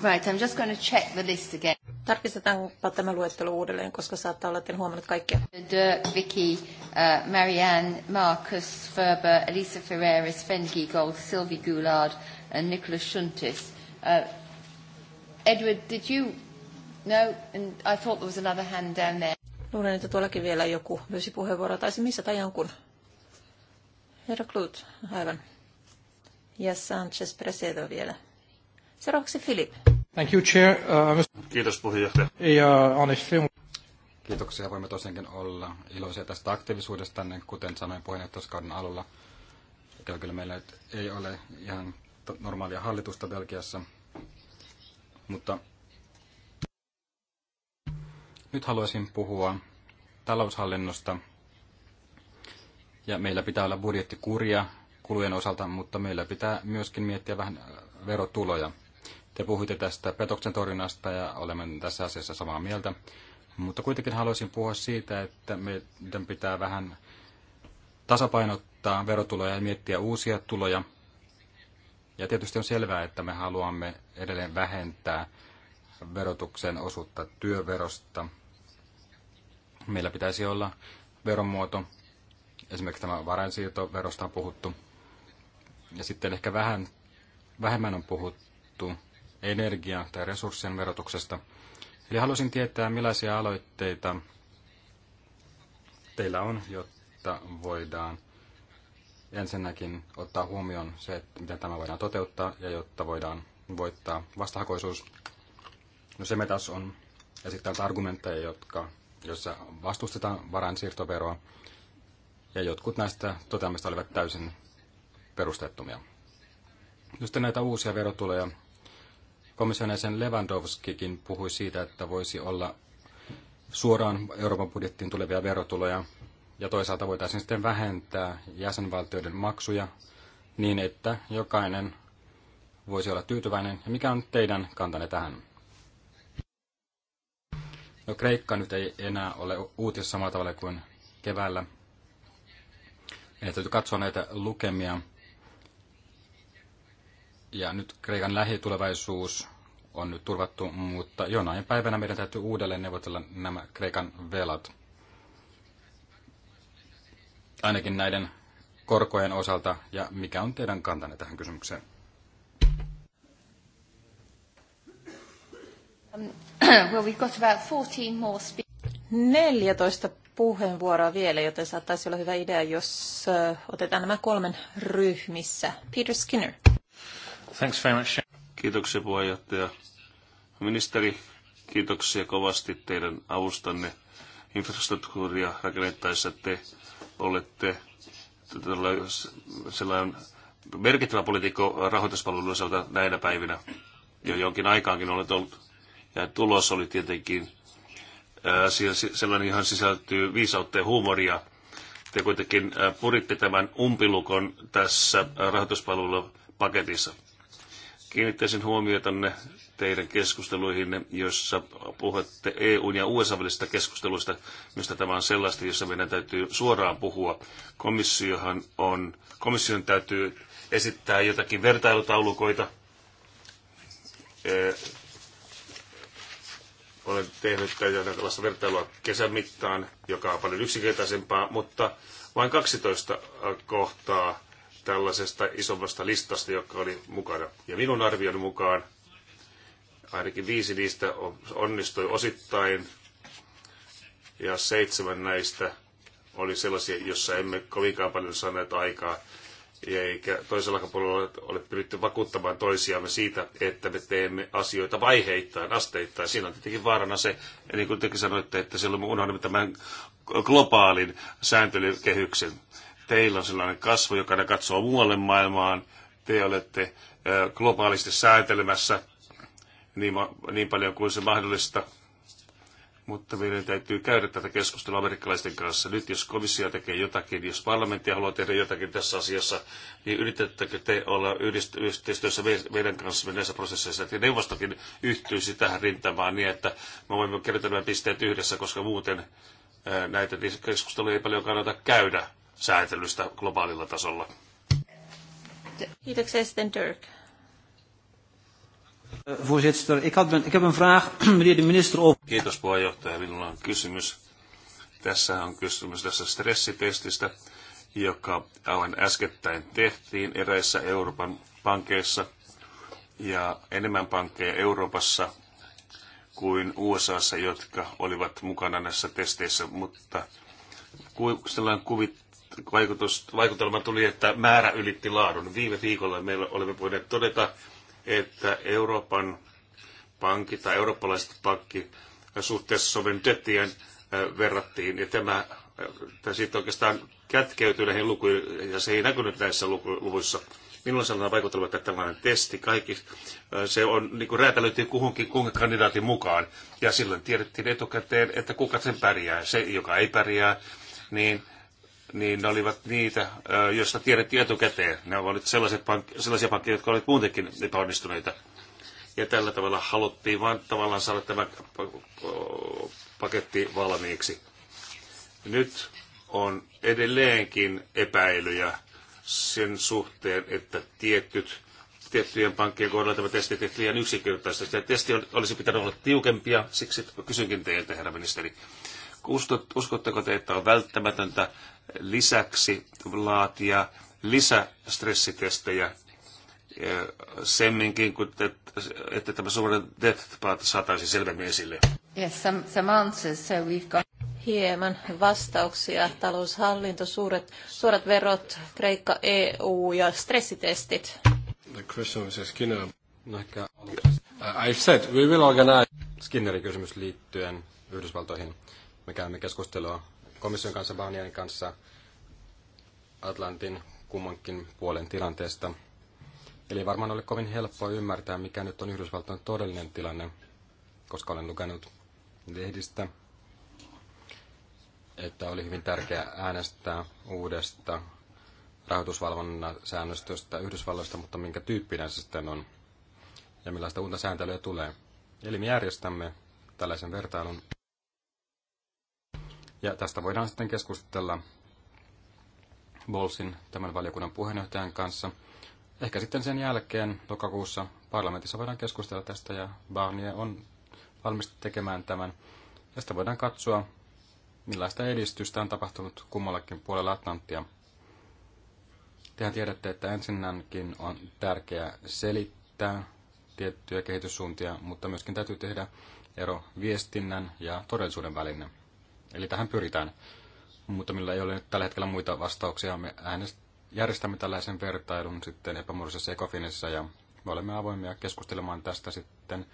Right, I'm just going to check the list again. Tarkistetaanpa tämä luettelo uudelleen, koska saattaa olla, että en huomannut kaikkia. Dirk, Vicky, uh, Marianne, Marcus, Ferber, Elisa Ferreris, Sven Giegold, Sylvie Goulard and Nicholas Shuntis. Uh, Edward, did you... No, and I thought there was another hand down there. Luulen, että tuollakin vielä joku pyysi puheenvuoro, Taisi missä tai jonkun. Herra Klut, aivan. Ja Sanchez Presedo vielä. Seuraavaksi Filip. Thank you, Chair. Uh, Kiitos puheenjohtaja. Ja, uh, Kiitoksia. Voimme tosiaankin olla iloisia tästä aktiivisuudesta, niin kuten sanoin puheenjohtajaskauden alulla. Ikävä kyllä meillä ei ole ihan normaalia hallitusta Belgiassa, mutta nyt haluaisin puhua taloushallinnosta. Ja meillä pitää olla budjettikuria kulujen osalta, mutta meillä pitää myöskin miettiä vähän verotuloja. Te puhuitte tästä petoksen torjunnasta ja olemme tässä asiassa samaa mieltä. Mutta kuitenkin haluaisin puhua siitä, että meidän pitää vähän tasapainottaa verotuloja ja miettiä uusia tuloja. Ja tietysti on selvää, että me haluamme edelleen vähentää verotuksen osuutta työverosta. Meillä pitäisi olla veromuoto, esimerkiksi tämä varainsiirtoverosta on puhuttu. Ja sitten ehkä vähän, vähemmän on puhuttu energia- tai resurssien verotuksesta. Eli haluaisin tietää, millaisia aloitteita teillä on, jotta voidaan ensinnäkin ottaa huomioon se, että miten tämä voidaan toteuttaa ja jotta voidaan voittaa vastahakoisuus. No se taas on esittänyt argumentteja, jotka, joissa vastustetaan varainsiirtoveroa ja jotkut näistä toteamista olivat täysin perusteettomia. Jos näitä uusia verotuloja, Komission jäsen Lewandowskikin puhui siitä, että voisi olla suoraan Euroopan budjettiin tulevia verotuloja, ja toisaalta voitaisiin sitten vähentää jäsenvaltioiden maksuja niin, että jokainen voisi olla tyytyväinen. Ja mikä on teidän kantanne tähän? No Kreikka nyt ei enää ole uutissa samalla tavalla kuin keväällä. Meidän täytyy katsoa näitä lukemia ja nyt Kreikan lähitulevaisuus on nyt turvattu, mutta jonain päivänä meidän täytyy uudelleen neuvotella nämä Kreikan velat. Ainakin näiden korkojen osalta, ja mikä on teidän kantanne tähän kysymykseen? Um, <clears throat> well, we've got about 14 more 14 puheenvuoroa vielä, joten saattaisi olla hyvä idea, jos otetaan nämä kolmen ryhmissä. Peter Skinner. Thanks very much. Kiitoksia puheenjohtaja. Ministeri, kiitoksia kovasti teidän avustanne infrastruktuuria rakennettaessa. Te olette sellainen merkittävä poliitikko rahoituspalvelun näinä päivinä. Jo jonkin aikaankin olet ollut. Ja tulos oli tietenkin sellainen, ihan sisältyy viisautteen huumoria. Te kuitenkin puritte tämän umpilukon tässä rahoituspalvelupaketissa. Kiinnittäisin huomiotanne teidän keskusteluihinne, joissa puhutte EUn ja USA välisistä keskusteluista. Minusta tämä on sellaista, jossa meidän täytyy suoraan puhua. Komissiohan on, komission täytyy esittää jotakin vertailutaulukoita. Olen tehnyt tällaista vertailua kesän mittaan, joka on paljon yksinkertaisempaa, mutta vain 12 kohtaa tällaisesta isommasta listasta, joka oli mukana. Ja minun arvioni mukaan ainakin viisi niistä onnistui osittain, ja seitsemän näistä oli sellaisia, joissa emme kovinkaan paljon saaneet aikaa, eikä Toisella puolella ole pyritty vakuuttamaan toisiamme siitä, että me teemme asioita vaiheittain, asteittain. Siinä on tietenkin vaarana se, niin kuin tekin sanoitte, että silloin me unohdamme tämän globaalin sääntelykehyksen. Teillä on sellainen kasvu, joka katsoo muualle maailmaan. Te olette globaalisti säätelemässä niin, niin paljon kuin se mahdollista. Mutta meidän täytyy käydä tätä keskustelua amerikkalaisten kanssa. Nyt jos komissio tekee jotakin, jos parlamentti haluaa tehdä jotakin tässä asiassa, niin yritettekö te olla yhteistyössä meidän kanssa näissä prosesseissa, että neuvostokin yhtyisi tähän rintamaan niin, että me voimme kerätä nämä pisteet yhdessä, koska muuten näitä keskusteluja ei paljon kannata käydä säätelystä globaalilla tasolla. Kiitoksia sitten Dirk. Voorzitter, ik, had, ik heb een vraag, <clears throat> meneer de minister, over... Kiitos puheenjohtaja, minulla on kysymys. Tässä on kysymys tässä stressitestistä, joka aivan äskettäin tehtiin eräissä Euroopan pankeissa ja enemmän pankkeja Euroopassa kuin USAssa, jotka olivat mukana näissä testeissä, mutta sellainen kuvit, vaikutus, vaikutelma tuli, että määrä ylitti laadun. Viime viikolla meillä olemme voineet todeta, että Euroopan pankki tai eurooppalaiset pankki suhteessa sovintetiään verrattiin. Ja tämä, tämä siitä oikeastaan kätkeytyy näihin lukuihin, ja se ei näkynyt näissä luvuissa. Minulla on sellainen vaikutelma, että tällainen testi, kaikki, se on niin kuin räätälöitiin kuhunkin kunkin kandidaatin mukaan. Ja silloin tiedettiin etukäteen, että kuka sen pärjää. Se, joka ei pärjää, niin niin ne olivat niitä, joista tiedettiin etukäteen. Ne olivat sellaiset pank- sellaisia pankkeja, jotka olivat muutenkin epäonnistuneita. Ja tällä tavalla haluttiin vain tavallaan saada tämä paketti valmiiksi. Nyt on edelleenkin epäilyjä sen suhteen, että tietyt, tiettyjen pankkien kohdalla tämä testi tehtiin liian yksinkertaisesti. Ja testi olisi pitänyt olla tiukempia, siksi kysynkin teiltä, herra ministeri. Uskotteko te, että on välttämätöntä lisäksi laatia lisästressitestejä eh, semminkin, kuin te, että tämä suuren death part saataisiin selvemmin esille. Yes, some, some answers, so we've got... Hieman vastauksia. Taloushallinto, suuret, suorat verot, Kreikka, EU ja stressitestit. The question was Skinner. No ehkä uh, I've said we will organize. Skinnerin kysymys liittyen Yhdysvaltoihin. Me käymme keskustelua komission kanssa Barnierin kanssa Atlantin kummankin puolen tilanteesta. Eli varmaan oli kovin helppo ymmärtää, mikä nyt on Yhdysvaltain todellinen tilanne, koska olen lukenut lehdistä, että oli hyvin tärkeää äänestää uudesta rahoitusvalvonnan säännöstöstä Yhdysvalloista, mutta minkä tyyppinen se sitten on ja millaista uutta sääntelyä tulee. Eli me järjestämme tällaisen vertailun. Ja tästä voidaan sitten keskustella Bolsin tämän valiokunnan puheenjohtajan kanssa. Ehkä sitten sen jälkeen lokakuussa parlamentissa voidaan keskustella tästä ja Barnier on valmis tekemään tämän. Ja sitten voidaan katsoa, millaista edistystä on tapahtunut kummallakin puolella Atlanttia. Tehän tiedätte, että ensinnäkin on tärkeää selittää tiettyjä kehityssuuntia, mutta myöskin täytyy tehdä ero viestinnän ja todellisuuden välinen. Eli tähän pyritään. Mutta millä ei ole nyt tällä hetkellä muita vastauksia, me äänestämme järjestämme tällaisen vertailun sitten epämuodollisessa Ecofinissa ja me olemme avoimia keskustelemaan tästä sitten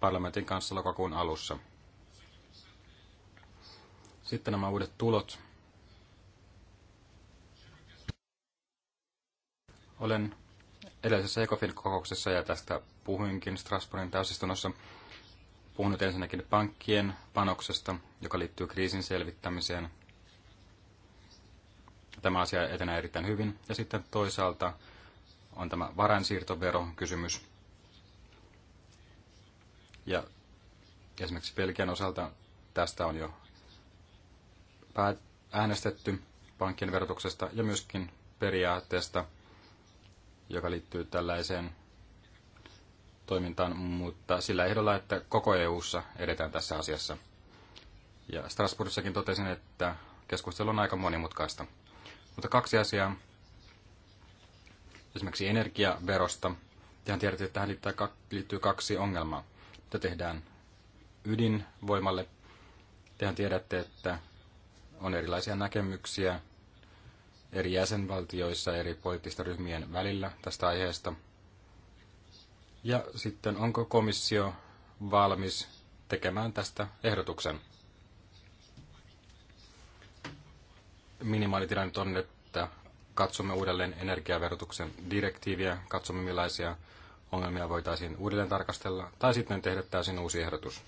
parlamentin kanssa lokakuun alussa. Sitten nämä uudet tulot. Olen edellisessä ECOFIN-kokouksessa ja tästä puhuinkin Strasbourgin täysistunnossa puhunut ensinnäkin pankkien panoksesta, joka liittyy kriisin selvittämiseen. Tämä asia etenee erittäin hyvin. Ja sitten toisaalta on tämä kysymys Ja esimerkiksi Belgian osalta tästä on jo äänestetty pankkien verotuksesta ja myöskin periaatteesta, joka liittyy tällaiseen toimintaan, mutta sillä ehdolla, että koko EU:ssa edetään tässä asiassa. Ja Strasbourgissakin totesin, että keskustelu on aika monimutkaista. Mutta kaksi asiaa. Esimerkiksi energiaverosta. Tehän tiedätte, että tähän liittyy kaksi ongelmaa. Mitä tehdään ydinvoimalle? Tehän tiedätte, että on erilaisia näkemyksiä eri jäsenvaltioissa eri poliittisten ryhmien välillä tästä aiheesta – ja sitten onko komissio valmis tekemään tästä ehdotuksen? Minimaalitilanne on, että katsomme uudelleen energiaverotuksen direktiiviä, katsomme millaisia ongelmia voitaisiin uudelleen tarkastella, tai sitten tehdä täysin uusi ehdotus.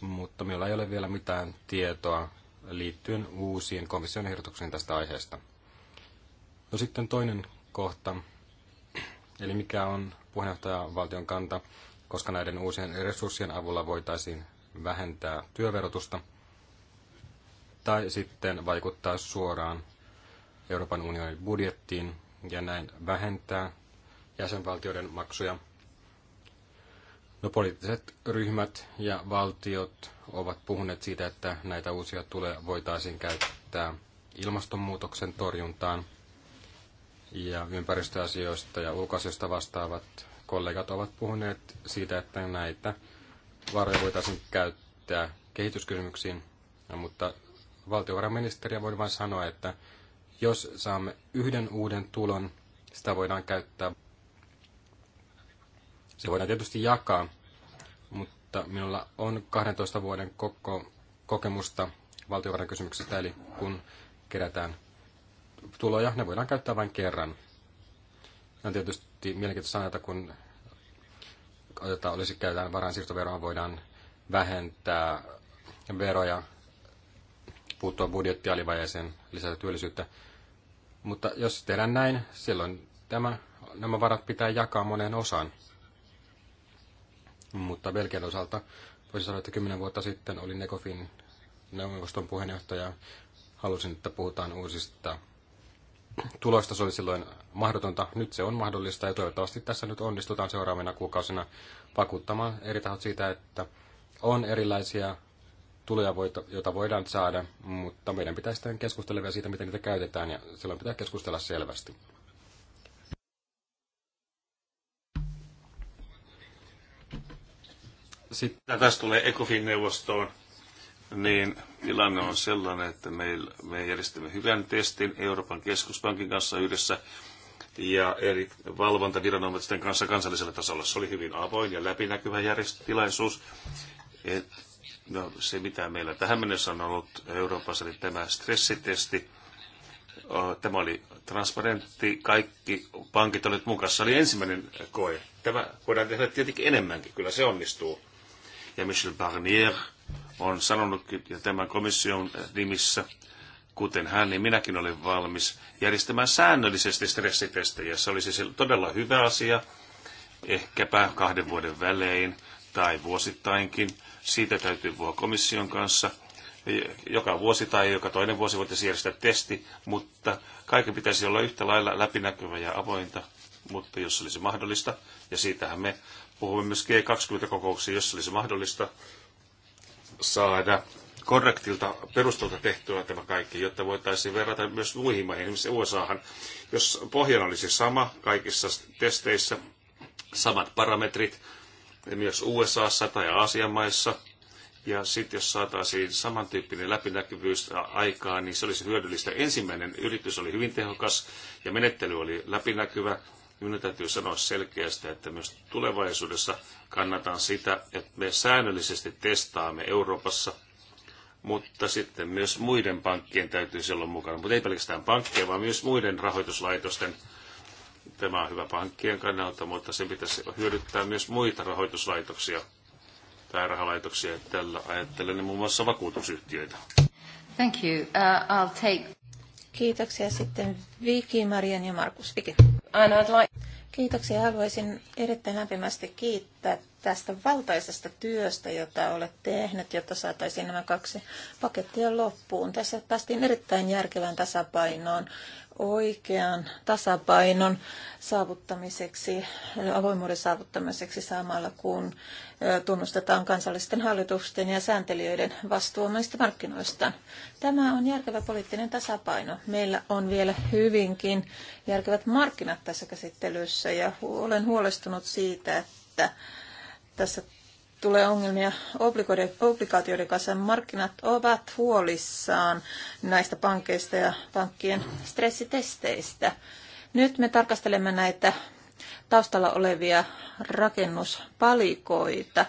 Mutta minulla ei ole vielä mitään tietoa liittyen uusiin komission ehdotuksiin tästä aiheesta. No sitten toinen kohta, Eli mikä on puheenjohtajavaltion kanta, koska näiden uusien resurssien avulla voitaisiin vähentää työverotusta tai sitten vaikuttaa suoraan Euroopan unionin budjettiin ja näin vähentää jäsenvaltioiden maksuja. No, poliittiset ryhmät ja valtiot ovat puhuneet siitä, että näitä uusia tulee voitaisiin käyttää ilmastonmuutoksen torjuntaan – ja ympäristöasioista ja ulkoasioista vastaavat kollegat ovat puhuneet siitä, että näitä varoja voitaisiin käyttää kehityskysymyksiin, no, mutta valtiovarainministeriä voi vain sanoa, että jos saamme yhden uuden tulon, sitä voidaan käyttää. Se voidaan tietysti jakaa, mutta minulla on 12 vuoden koko kokemusta valtiovarainkysymyksestä, eli kun kerätään tuloja, ne voidaan käyttää vain kerran. Ja on tietysti mielenkiintoista sanoa, että kun otetaan, olisi käytetään varainsiirtoveroa, voidaan vähentää veroja, puuttua budjettialivajeeseen, lisätä työllisyyttä. Mutta jos tehdään näin, silloin tämä, nämä varat pitää jakaa moneen osaan. Mutta Belgian osalta voisi sanoa, että kymmenen vuotta sitten oli Nekofin neuvoston puheenjohtaja. Halusin, että puhutaan uusista tulosta se oli silloin mahdotonta. Nyt se on mahdollista ja toivottavasti tässä nyt onnistutaan seuraavina kuukausina vakuuttamaan eri tahot siitä, että on erilaisia tuloja, joita voidaan saada, mutta meidän pitää sitten keskustella vielä siitä, miten niitä käytetään ja silloin pitää keskustella selvästi. Sitten tästä tulee ECOFIN-neuvostoon niin tilanne on sellainen, että meillä, me järjestämme hyvän testin Euroopan keskuspankin kanssa yhdessä ja eri valvontaviranomaisten kanssa kansallisella tasolla. Se oli hyvin avoin ja läpinäkyvä järjestötilaisuus. Et, no, se, mitä meillä tähän mennessä on ollut Euroopassa, oli niin tämä stressitesti, tämä oli transparentti, kaikki pankit olivat mukassa Se oli ensimmäinen koe. Tämä voidaan tehdä tietenkin enemmänkin, kyllä se onnistuu. Ja Michel Barnier on sanonutkin, ja tämän komission nimissä, kuten hän, niin minäkin olen valmis järjestämään säännöllisesti stressitestejä. Se olisi todella hyvä asia, ehkäpä kahden vuoden välein tai vuosittainkin. Siitä täytyy puhua komission kanssa. Joka vuosi tai joka toinen vuosi voitaisiin järjestää testi, mutta kaiken pitäisi olla yhtä lailla läpinäkyvä ja avointa, mutta jos olisi mahdollista, ja siitähän me puhumme myös g 20 kokouksia jos olisi mahdollista, saada korrektilta perustolta tehtyä tämä kaikki, jotta voitaisiin verrata myös muihin maihin, esimerkiksi USAhan. Jos pohjana olisi sama kaikissa testeissä, samat parametrit, myös USAssa tai Aasian maissa, ja sitten jos saataisiin samantyyppinen läpinäkyvyys aikaan, niin se olisi hyödyllistä. Ensimmäinen yritys oli hyvin tehokas ja menettely oli läpinäkyvä minun täytyy sanoa selkeästi, että myös tulevaisuudessa kannatan sitä, että me säännöllisesti testaamme Euroopassa, mutta sitten myös muiden pankkien täytyy olla mukana. Mutta ei pelkästään pankkeja, vaan myös muiden rahoituslaitosten. Tämä on hyvä pankkien kannalta, mutta sen pitäisi hyödyttää myös muita rahoituslaitoksia päärahalaitoksia, rahalaitoksia. Tällä ajattelen muun muassa vakuutusyhtiöitä. Thank you. Uh, I'll take... Kiitoksia sitten Viki, Marian ja Markus. Viki. Kiitoksia. Haluaisin erittäin lämpimästi kiittää tästä valtaisesta työstä, jota olet tehnyt, jotta saataisiin nämä kaksi pakettia loppuun. Tässä päästiin erittäin järkevään tasapainoon oikean tasapainon saavuttamiseksi, avoimuuden saavuttamiseksi samalla, kun tunnustetaan kansallisten hallitusten ja sääntelijöiden vastuu omista markkinoistaan. Tämä on järkevä poliittinen tasapaino. Meillä on vielä hyvinkin järkevät markkinat tässä käsittelyssä ja olen huolestunut siitä, että tässä tulee ongelmia obligaatioiden kanssa. Markkinat ovat huolissaan näistä pankeista ja pankkien stressitesteistä. Nyt me tarkastelemme näitä taustalla olevia rakennuspalikoita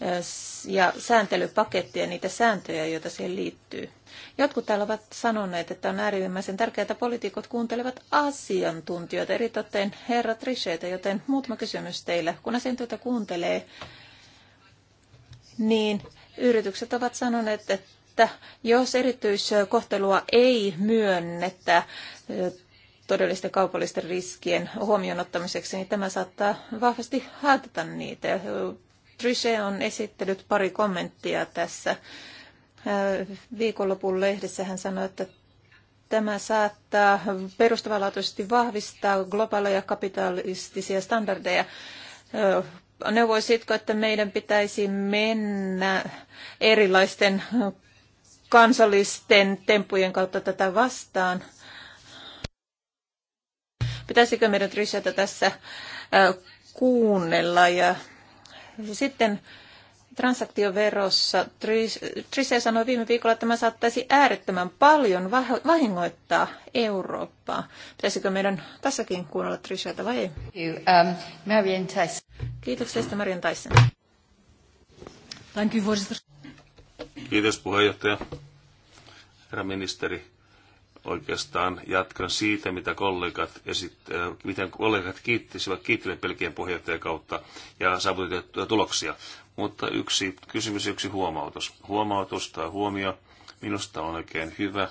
eh, ja sääntelypakettia, niitä sääntöjä, joita siihen liittyy. Jotkut täällä ovat sanoneet, että on äärimmäisen tärkeää, että poliitikot kuuntelevat asiantuntijoita, eritoten herra Tricheitä, joten muutama kysymys teille. Kun asiantuntijoita kuuntelee, niin yritykset ovat sanoneet, että jos erityiskohtelua ei myönnetä todellisten kaupallisten riskien huomioon ottamiseksi, niin tämä saattaa vahvasti haitata niitä. Trise on esittänyt pari kommenttia tässä. Viikonlopun lehdessä hän sanoi, että tämä saattaa perustavanlaatuisesti vahvistaa globaaleja kapitalistisia standardeja neuvoisitko, että meidän pitäisi mennä erilaisten kansallisten tempujen kautta tätä vastaan? Pitäisikö meidän rysätä tässä kuunnella ja sitten transaktioverossa. Trise sanoi viime viikolla, että tämä saattaisi äärettömän paljon vahingoittaa Eurooppaa. Pitäisikö meidän tässäkin kuunnella Triseltä vai ei? Um, Kiitoksia Marian Tyson. Kiitos puheenjohtaja. Herra ministeri, oikeastaan jatkan siitä, mitä kollegat, esit, miten kollegat kiittisivät, kiittelin pelkien puheenjohtajan kautta ja saavutettuja tuloksia. Mutta yksi kysymys, yksi huomautus. Huomautus tai huomio. Minusta on oikein hyvä,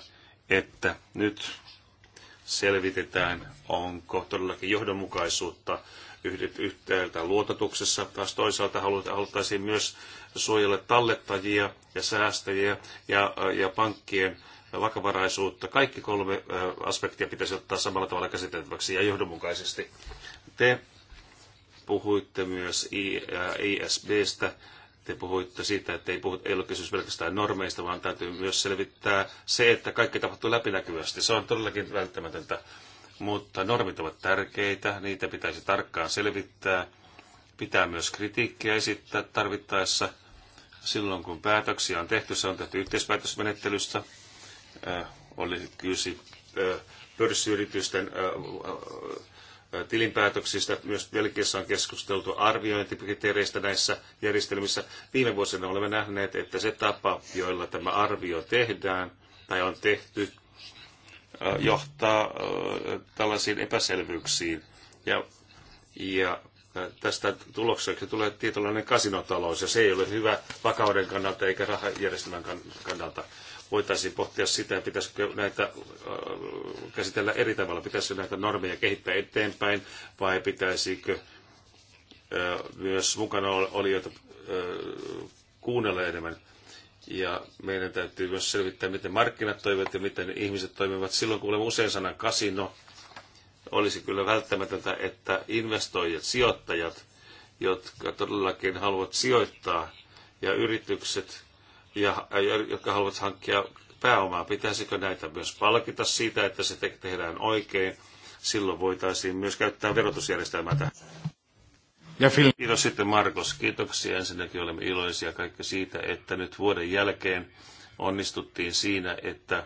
että nyt selvitetään, onko todellakin johdonmukaisuutta yhtäältä luototuksessa. Taas toisaalta haluttaisiin myös suojella tallettajia ja säästäjiä ja, ja pankkien vakavaraisuutta. Kaikki kolme aspektia pitäisi ottaa samalla tavalla käsiteltäväksi ja johdonmukaisesti. Te puhuitte myös ISBstä, äh, te puhuitte siitä, että ei, puhut, ei ole kysymys pelkästään normeista, vaan täytyy myös selvittää se, että kaikki tapahtuu läpinäkyvästi. Se on todellakin välttämätöntä, mutta normit ovat tärkeitä, niitä pitäisi tarkkaan selvittää. Pitää myös kritiikkiä esittää tarvittaessa silloin, kun päätöksiä on tehty. Se on tehty yhteispäätösmenettelystä. Äh, oli kyse äh, pörssiyritysten äh, tilinpäätöksistä. Myös Belgiassa on keskusteltu arviointikriteereistä näissä järjestelmissä. Viime vuosina olemme nähneet, että se tapa, joilla tämä arvio tehdään tai on tehty, johtaa tällaisiin epäselvyyksiin. Ja, ja tästä tulokseksi tulee tietynlainen kasinotalous, ja se ei ole hyvä vakauden kannalta eikä rahajärjestelmän kannalta voitaisiin pohtia sitä, pitäisikö näitä käsitellä eri tavalla, pitäisikö näitä normeja kehittää eteenpäin vai pitäisikö myös mukana olijoita kuunnella enemmän. Ja meidän täytyy myös selvittää, miten markkinat toimivat ja miten ihmiset toimivat. Silloin kuulemme usein sanan kasino. Olisi kyllä välttämätöntä, että investoijat, sijoittajat, jotka todellakin haluavat sijoittaa, ja yritykset ja, jotka haluavat hankkia pääomaa. Pitäisikö näitä myös palkita siitä, että se te- tehdään oikein? Silloin voitaisiin myös käyttää verotusjärjestelmää tähän. Ja film. Kiitos sitten Markus. Kiitoksia. Ensinnäkin olemme iloisia kaikki siitä, että nyt vuoden jälkeen onnistuttiin siinä, että,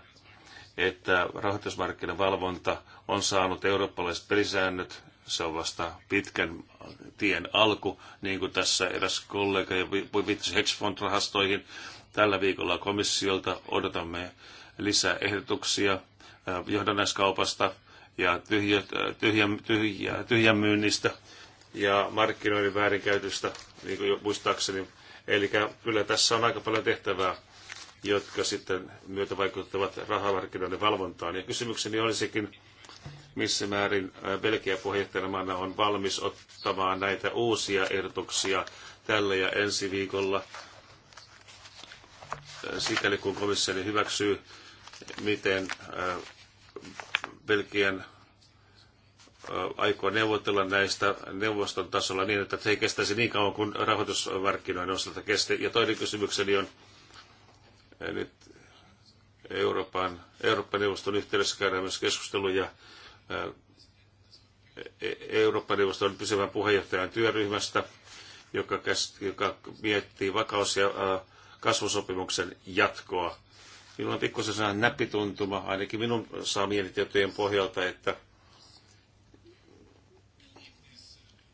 että rahoitusmarkkinavalvonta on saanut eurooppalaiset pelisäännöt. Se on vasta pitkän tien alku, niin kuin tässä eräs kollega ja viittasi fund rahastoihin Tällä viikolla komissiolta odotamme lisää ehdotuksia johdannaiskaupasta ja tyhjä, tyhjä, tyhjä, tyhjän myynnistä ja markkinoiden väärinkäytöstä, niin kuin jo muistaakseni. Eli kyllä tässä on aika paljon tehtävää, jotka sitten myötä vaikuttavat rahamarkkinoiden valvontaan. Ja kysymykseni olisikin, missä määrin Belgia puheenjohtajana on valmis ottamaan näitä uusia ehdotuksia tällä ja ensi viikolla sikäli kun komissio hyväksyy, miten Belgian aikoo neuvotella näistä neuvoston tasolla niin, että se ei kestäisi niin kauan kuin rahoitusmarkkinoiden osalta kesti. Ja toinen kysymykseni on nyt Euroopan, Euroopan neuvoston yhteydessä käydään myös keskusteluja e-, Euroopan neuvoston pysyvän puheenjohtajan työryhmästä, joka, joka miettii vakaus- ja kasvusopimuksen jatkoa. Minulla on pikkusen sellainen näppituntuma, ainakin minun saa tietojen pohjalta, että,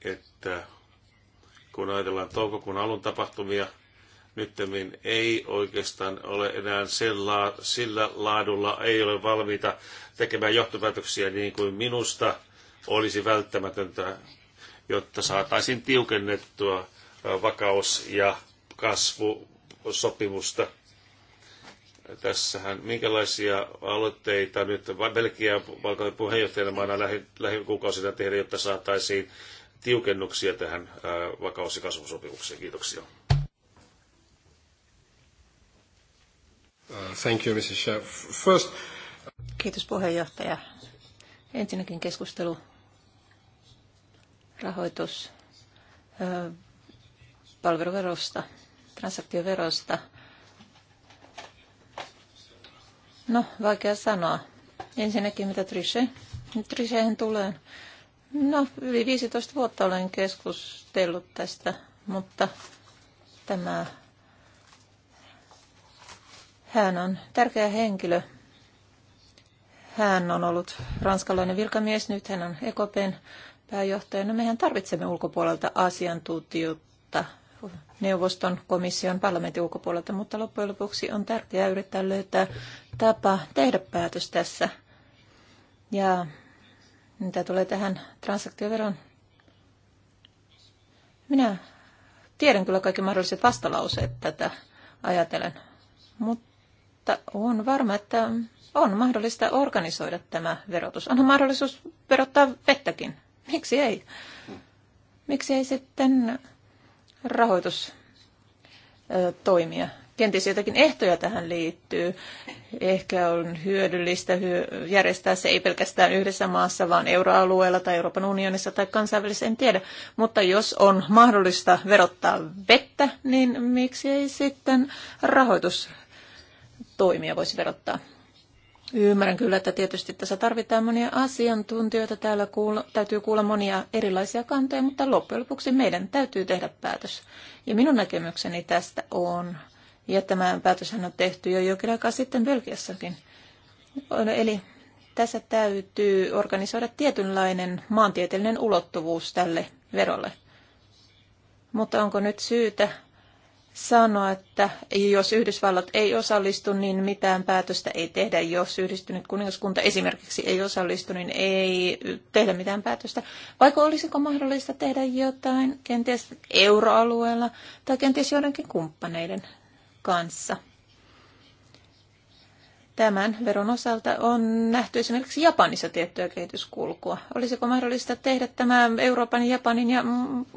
että kun ajatellaan toukokuun alun tapahtumia, nyttemmin ei oikeastaan ole enää sillä, sillä laadulla, ei ole valmiita tekemään johtopäätöksiä niin kuin minusta olisi välttämätöntä, jotta saataisiin tiukennettua vakaus- ja kasvu sopimusta. Tässähän minkälaisia aloitteita nyt Belgia valkoinen puheenjohtajana maana lähikuukausina tehdä, jotta saataisiin tiukennuksia tähän vakaus- ja kasvusopimukseen. Kiitoksia. Uh, thank you, Mrs. First... Kiitos puheenjohtaja. Ensinnäkin keskustelu rahoitus palveluverosta transaktioverosta. No, vaikea sanoa. Ensinnäkin mitä Trise? Triseen tulee. No, yli 15 vuotta olen keskustellut tästä, mutta tämä hän on tärkeä henkilö. Hän on ollut ranskalainen virkamies, nyt hän on EKPn No, Mehän tarvitsemme ulkopuolelta asiantuntijuutta neuvoston, komission, parlamentin ulkopuolelta, mutta loppujen lopuksi on tärkeää yrittää löytää tapa tehdä päätös tässä. Ja mitä tulee tähän transaktioveron, minä tiedän kyllä kaikki mahdolliset vastalauseet tätä ajatellen, mutta on varma, että on mahdollista organisoida tämä verotus. Onhan mahdollisuus verottaa vettäkin. Miksi ei? Miksi ei sitten rahoitustoimia. Kenties jotakin ehtoja tähän liittyy. Ehkä on hyödyllistä järjestää se ei pelkästään yhdessä maassa, vaan euroalueella tai Euroopan unionissa tai kansainvälisessä, en tiedä. Mutta jos on mahdollista verottaa vettä, niin miksi ei sitten rahoitustoimia voisi verottaa? Ymmärrän kyllä, että tietysti tässä tarvitaan monia asiantuntijoita. Täällä kuulla, täytyy kuulla monia erilaisia kantoja, mutta loppujen lopuksi meidän täytyy tehdä päätös. Ja minun näkemykseni tästä on, ja tämä päätöshän on tehty jo jokin aikaa sitten Belgiassakin. Eli tässä täytyy organisoida tietynlainen maantieteellinen ulottuvuus tälle verolle. Mutta onko nyt syytä sanoa, että jos Yhdysvallat ei osallistu, niin mitään päätöstä ei tehdä. Jos yhdistynyt kuningaskunta esimerkiksi ei osallistu, niin ei tehdä mitään päätöstä. Vaikka olisiko mahdollista tehdä jotain kenties euroalueella tai kenties joidenkin kumppaneiden kanssa? Tämän veron osalta on nähty esimerkiksi Japanissa tiettyä kehityskulkua. Olisiko mahdollista tehdä tämä Euroopan, Japanin ja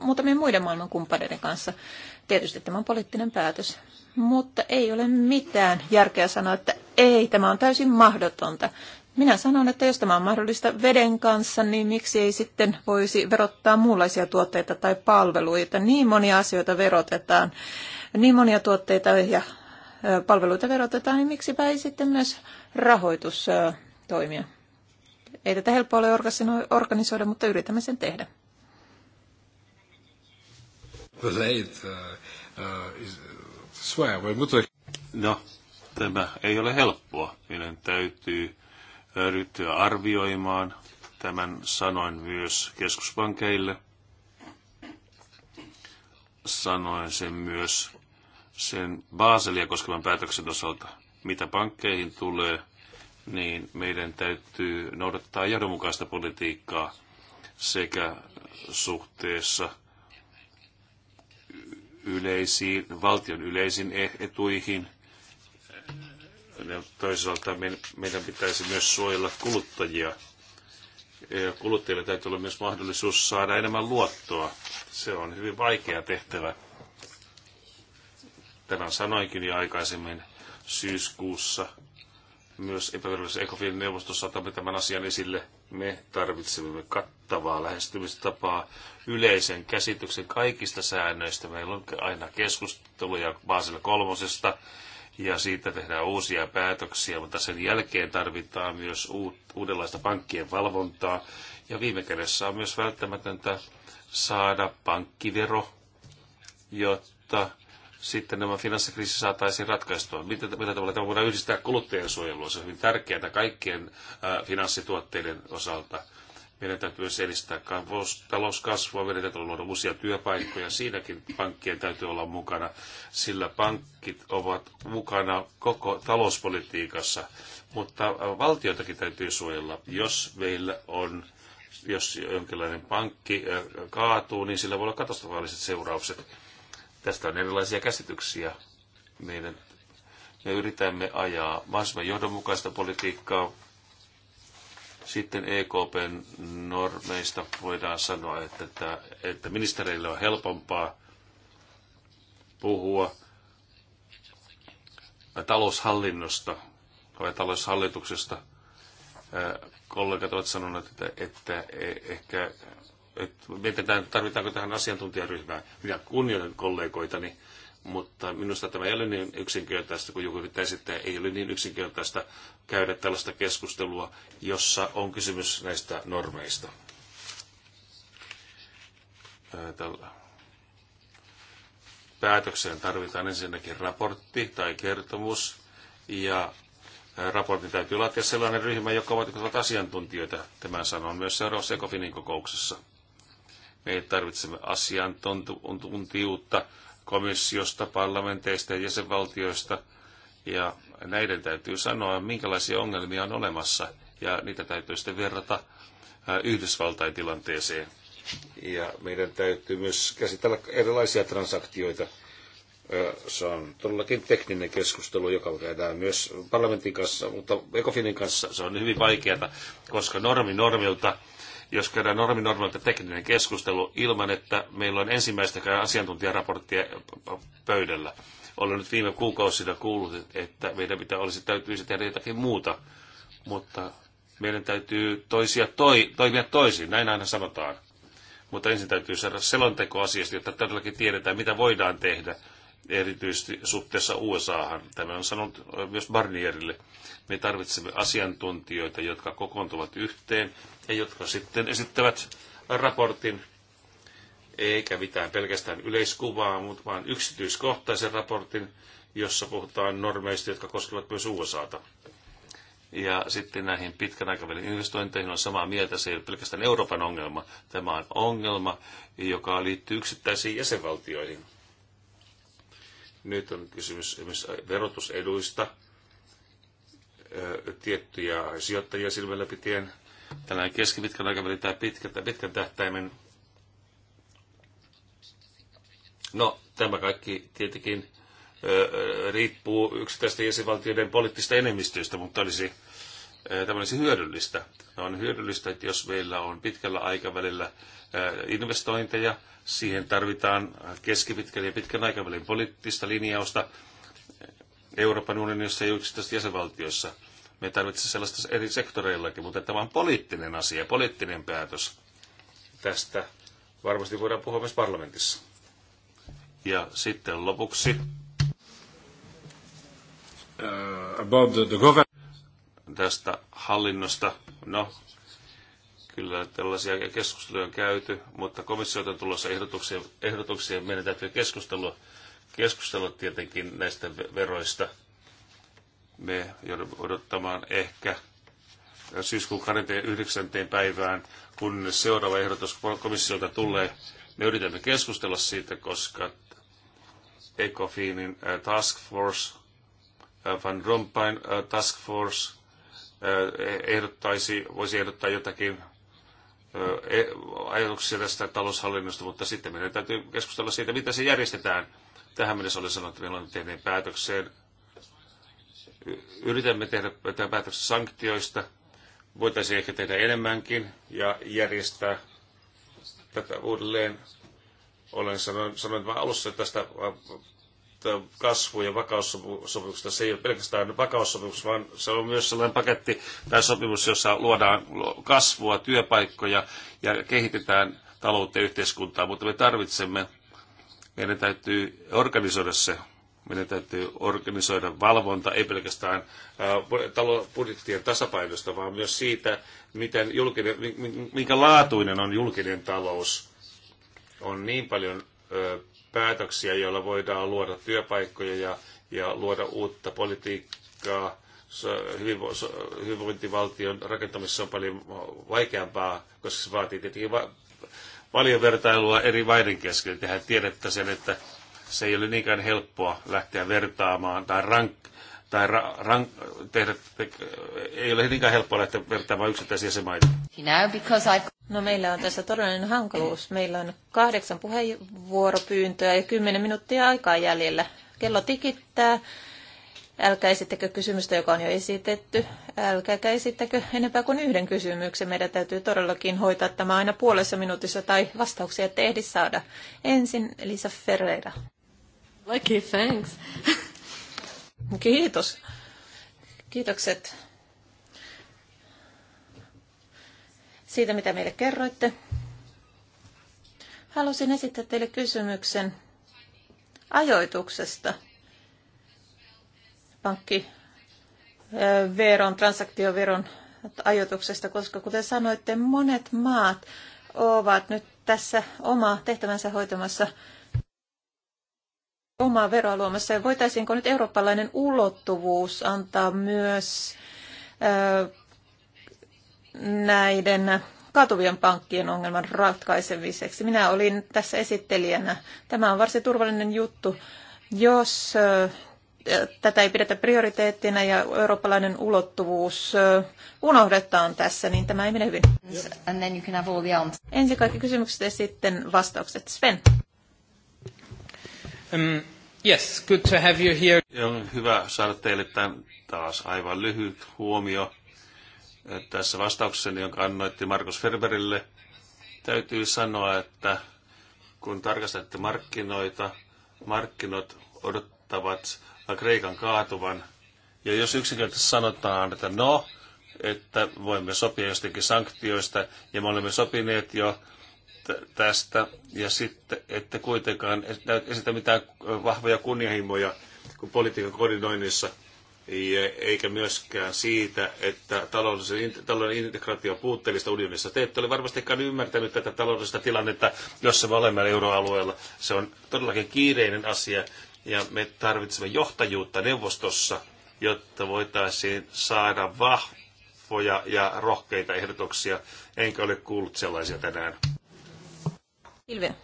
muutamien muiden maailman kumppaneiden kanssa? Tietysti tämä on poliittinen päätös. Mutta ei ole mitään järkeä sanoa, että ei, tämä on täysin mahdotonta. Minä sanon, että jos tämä on mahdollista veden kanssa, niin miksi ei sitten voisi verottaa muunlaisia tuotteita tai palveluita? Niin monia asioita verotetaan, niin monia tuotteita ja palveluita verotetaan, niin miksipä ei sitten myös rahoitus toimia. Ei tätä helppoa ole organisoida, mutta yritämme sen tehdä. No, tämä ei ole helppoa. Meidän täytyy ryhtyä arvioimaan. Tämän sanoin myös keskuspankeille. Sanoin sen myös sen Baselia koskevan päätöksen osalta. Mitä pankkeihin tulee, niin meidän täytyy noudattaa johdonmukaista politiikkaa sekä suhteessa yleisiin, valtion yleisiin e- etuihin. Ja toisaalta meidän pitäisi myös suojella kuluttajia. kuluttajille täytyy olla myös mahdollisuus saada enemmän luottoa. Se on hyvin vaikea tehtävä tämän sanoinkin jo aikaisemmin syyskuussa. Myös epävirallisessa ECOFIN neuvostossa otamme tämän asian esille. Me tarvitsemme kattavaa lähestymistapaa, yleisen käsityksen kaikista säännöistä. Meillä on aina keskusteluja Baasilla kolmosesta ja siitä tehdään uusia päätöksiä, mutta sen jälkeen tarvitaan myös uudenlaista pankkien valvontaa. Ja viime kädessä on myös välttämätöntä saada pankkivero, jotta sitten nämä finanssikriisi saataisiin ratkaistua? Mitä mitä tavalla tämä voidaan yhdistää kuluttajien suojelua? Se on hyvin tärkeää kaikkien ää, finanssituotteiden osalta. Meidän täytyy myös edistää talouskasvua, meidän täytyy luoda uusia työpaikkoja. Siinäkin pankkien täytyy olla mukana, sillä pankit ovat mukana koko talouspolitiikassa. Mutta valtiotakin täytyy suojella, jos meillä on jos jonkinlainen pankki kaatuu, niin sillä voi olla katastrofaaliset seuraukset Tästä on erilaisia käsityksiä. Meidän, me yritämme ajaa mahdollisimman johdonmukaista politiikkaa. Sitten EKPn normeista voidaan sanoa, että, että, että ministereille on helpompaa puhua taloushallinnosta tai taloushallituksesta. Kollegat ovat sanoneet, että, että e, ehkä että mietitään, tarvitaanko tähän asiantuntijaryhmään. Minä kunnioitan kollegoitani, mutta minusta tämä ei ole niin yksinkertaista, kun joku yrittää esittää, ei ole niin yksinkertaista käydä tällaista keskustelua, jossa on kysymys näistä normeista. Tällä. Päätökseen tarvitaan ensinnäkin raportti tai kertomus, ja raportin täytyy laatia sellainen ryhmä, joka ovat asiantuntijoita. Tämän sanon myös seuraavassa Ekofinin kokouksessa. Me tarvitsemme asiantuntijuutta komissiosta, parlamenteista ja jäsenvaltioista. Ja näiden täytyy sanoa, minkälaisia ongelmia on olemassa. Ja niitä täytyy sitten verrata Yhdysvaltain tilanteeseen. Ja meidän täytyy myös käsitellä erilaisia transaktioita. Se on todellakin tekninen keskustelu, joka käydään myös parlamentin kanssa, mutta Ecofinin kanssa se on hyvin vaikeaa, koska normi normilta jos käydään normi normaalilta tekninen keskustelu ilman, että meillä on ensimmäistäkään asiantuntijaraporttia pöydällä. Olen nyt viime kuukausina kuullut, että meidän pitää olisi, täytyisi tehdä jotakin muuta, mutta meidän täytyy toisia toi, toimia toisin, näin aina sanotaan. Mutta ensin täytyy saada selonteko asiasta, jotta todellakin tiedetään, mitä voidaan tehdä erityisesti suhteessa USAhan. Tämä on sanonut myös Barnierille. Me tarvitsemme asiantuntijoita, jotka kokoontuvat yhteen ja jotka sitten esittävät raportin, eikä mitään pelkästään yleiskuvaa, mutta vaan yksityiskohtaisen raportin, jossa puhutaan normeista, jotka koskevat myös USAta. Ja sitten näihin pitkän aikavälin investointeihin on samaa mieltä, se ei ole pelkästään Euroopan ongelma. Tämä on ongelma, joka liittyy yksittäisiin jäsenvaltioihin nyt on kysymys esimerkiksi verotuseduista, tiettyjä sijoittajia silmällä pitien, tällainen keskipitkän aikavälin tai pitkän, pitkän tähtäimen. No, tämä kaikki tietenkin riippuu yksittäisten jäsenvaltioiden poliittisista enemmistöistä, mutta olisi, tämä olisi hyödyllistä. On hyödyllistä, että jos meillä on pitkällä aikavälillä investointeja, Siihen tarvitaan keskipitkän ja pitkän aikavälin poliittista linjausta Euroopan unionissa ja yksittäisissä jäsenvaltioissa. Me tarvitsemme sellaista eri sektoreillakin, mutta tämä on poliittinen asia, poliittinen päätös. Tästä varmasti voidaan puhua myös parlamentissa. Ja sitten lopuksi. Uh, about the, the government. Tästä hallinnosta. No, Kyllä tällaisia keskusteluja on käyty, mutta komissiolta on tulossa ehdotuksia, ehdotuksia. Meidän täytyy keskustella, keskustella tietenkin näistä veroista. Me joudumme odottamaan ehkä syyskuun 29. päivään, kun seuraava ehdotus komissiolta tulee. Me yritämme keskustella siitä, koska ECOFINin äh, task force, äh, Van Rompuyn äh, task force ehdottaisi, voisi ehdottaa jotakin E, ajatuksia tästä taloushallinnosta, mutta sitten meidän täytyy keskustella siitä, mitä se järjestetään. Tähän mennessä oli sanottu, että meillä on tehneet päätökseen. Yritämme tehdä päätöksen sanktioista. Voitaisiin ehkä tehdä enemmänkin ja järjestää tätä uudelleen. Olen sanonut, sanoin alussa tästä kasvu- ja vakaussopimuksesta. Se ei ole pelkästään vakaussopimus, vaan se on myös sellainen paketti tai sopimus, jossa luodaan kasvua, työpaikkoja ja kehitetään taloutta ja yhteiskuntaa, mutta me tarvitsemme, meidän täytyy organisoida se. Meidän täytyy organisoida valvonta, ei pelkästään äh, budjettien tasapainosta, vaan myös siitä, miten julkinen, minkä laatuinen on julkinen talous. On niin paljon äh, päätöksiä, joilla voidaan luoda työpaikkoja ja, ja luoda uutta politiikkaa. Hyvinvointivaltion rakentamisessa on paljon vaikeampaa, koska se vaatii tietenkin va- paljon vertailua eri maiden kesken. Tehän tiedätte sen, että se ei ole niinkään helppoa lähteä vertaamaan tai rank- tai ra- ran- tehdä, te- ei ole niinkään helppoa lähteä vertaamaan yksittäisiä jäsenmaita. No meillä on tässä todellinen hankaluus. Meillä on kahdeksan puheenvuoropyyntöä ja kymmenen minuuttia aikaa jäljellä. Kello tikittää. Älkää esittäkö kysymystä, joka on jo esitetty. Älkääkä esittäkö enempää kuin yhden kysymyksen. Meidän täytyy todellakin hoitaa tämä aina puolessa minuutissa tai vastauksia ettei ehdi saada. Ensin Lisa Ferreira. Lucky, thanks. <laughs> Kiitos. Kiitokset siitä, mitä meille kerroitte. Halusin esittää teille kysymyksen ajoituksesta. Pankki veron, transaktioveron ajoituksesta, koska kuten sanoitte, monet maat ovat nyt tässä oma tehtävänsä hoitamassa omaa veroa luomassa ja voitaisiinko nyt eurooppalainen ulottuvuus antaa myös näiden katuvien pankkien ongelman ratkaisemiseksi. Minä olin tässä esittelijänä. Tämä on varsin turvallinen juttu. Jos tätä ei pidetä prioriteettina ja eurooppalainen ulottuvuus unohdetaan tässä, niin tämä ei mene hyvin. Ensin kaikki kysymykset ja sitten vastaukset. Sven. Um, yes, good to have you here. On hyvä saada teille tämän taas aivan lyhyt huomio tässä vastauksessa, jonka annoitti Markus Ferberille. Täytyy sanoa, että kun tarkastatte markkinoita, markkinot odottavat Kreikan kaatuvan. Ja jos yksinkertaisesti sanotaan, että no, että voimme sopia jostakin sanktioista, ja me olemme sopineet jo tästä ja sitten että kuitenkaan esitä mitään vahvoja kunnianhimoja kuin politiikan koordinoinnissa, eikä myöskään siitä, että taloudellisen, taloudellinen integraatio on puutteellista unionissa. Te ette ole varmastikaan ymmärtänyt tätä taloudellista tilannetta, jossa me olemme euroalueella. Se on todellakin kiireinen asia ja me tarvitsemme johtajuutta neuvostossa, jotta voitaisiin saada vahvoja ja rohkeita ehdotuksia. Enkä ole kuullut sellaisia tänään. Ilve.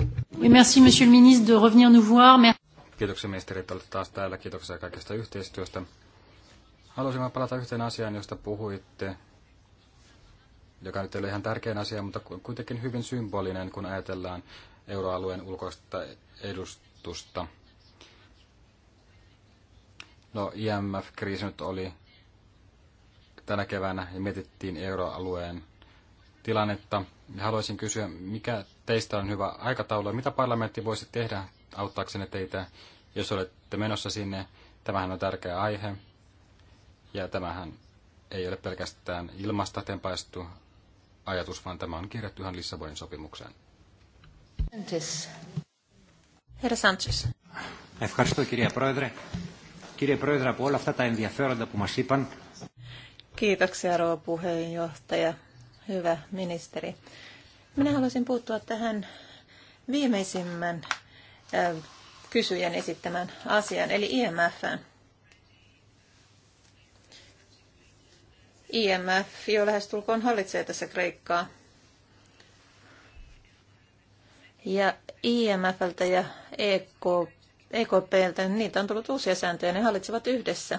Merci, monsieur le ministre, de revenir nous voir. Kiitoksia ministeri, että olette taas täällä. Kiitoksia kaikesta yhteistyöstä. Haluaisin vain palata yhteen asiaan, josta puhuitte, joka nyt ei ole ihan tärkein asia, mutta kuitenkin hyvin symbolinen, kun ajatellaan euroalueen ulkoista edustusta. No, IMF-kriisi nyt oli tänä keväänä ja mietittiin euroalueen tilannetta haluaisin kysyä, mikä teistä on hyvä aikataulu ja mitä parlamentti voisi tehdä auttaaksenne teitä, jos olette menossa sinne. Tämähän on tärkeä aihe ja tämähän ei ole pelkästään ilmasta tempaistu ajatus, vaan tämä on kirjattu ihan Lissabonin sopimukseen. Herra Sanchez. Ευχαριστώ κυρία Πρόεδρε. Κύριε Πρόεδρε, από όλα αυτά τα ενδιαφέροντα που μας είπαν. Kiitoksia rouva puheenjohtaja hyvä ministeri. Minä haluaisin puuttua tähän viimeisimmän kysyjän esittämän asian, eli IMFn. IMF jo lähestulkoon hallitsee tässä Kreikkaa. Ja IMFltä ja EKP EKPltä, niin niitä on tullut uusia sääntöjä, ne hallitsevat yhdessä.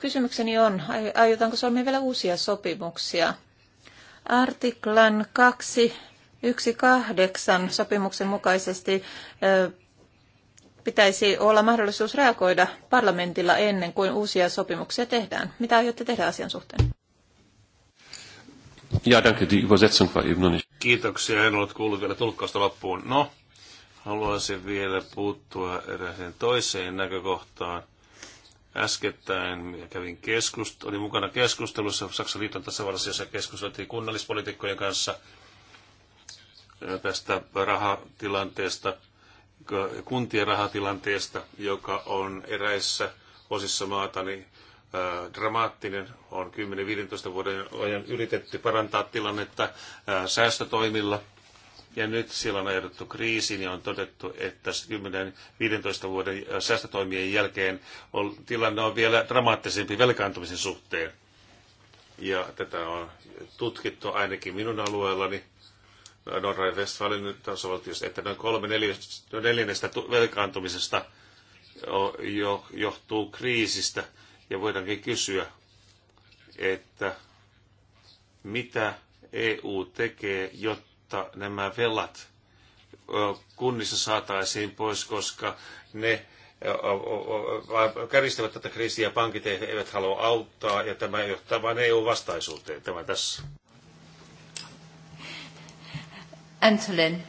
Kysymykseni on, aiotaanko solmia vielä uusia sopimuksia Artiklan 218 sopimuksen mukaisesti pitäisi olla mahdollisuus reagoida parlamentilla ennen kuin uusia sopimuksia tehdään. Mitä aiotte tehdä asian suhteen? Ja, danke, die Übersetzung war eben noch nicht. Kiitoksia, en ollut kuullut vielä tulkkausta loppuun. No, haluaisin vielä puuttua erääseen toiseen näkökohtaan – Äskettäin kävin keskust, oli mukana keskustelussa Saksan liiton tasavallassa, jossa keskusteltiin kunnallispolitiikkojen kanssa tästä rahatilanteesta, kuntien rahatilanteesta, joka on eräissä osissa maata niin dramaattinen. On 10-15 vuoden ajan yritetty parantaa tilannetta säästötoimilla – ja nyt silloin on ajatettu kriisiin niin ja on todettu, että 10-15 vuoden äh, säästötoimien jälkeen on, tilanne on vielä dramaattisempi velkaantumisen suhteen. Ja tätä on tutkittu ainakin minun alueellani no, Norran Westfalen tasavaltiossa, että noin kolme neljännestä velkaantumisesta johtuu kriisistä. Ja voidaankin kysyä, että mitä EU tekee, jotta jotta nämä velat kunnissa saataisiin pois, koska ne käristävät tätä kriisiä, ja pankit eivät halua auttaa ja tämä johtaa vain EU-vastaisuuteen. Tämä tässä. Antolin.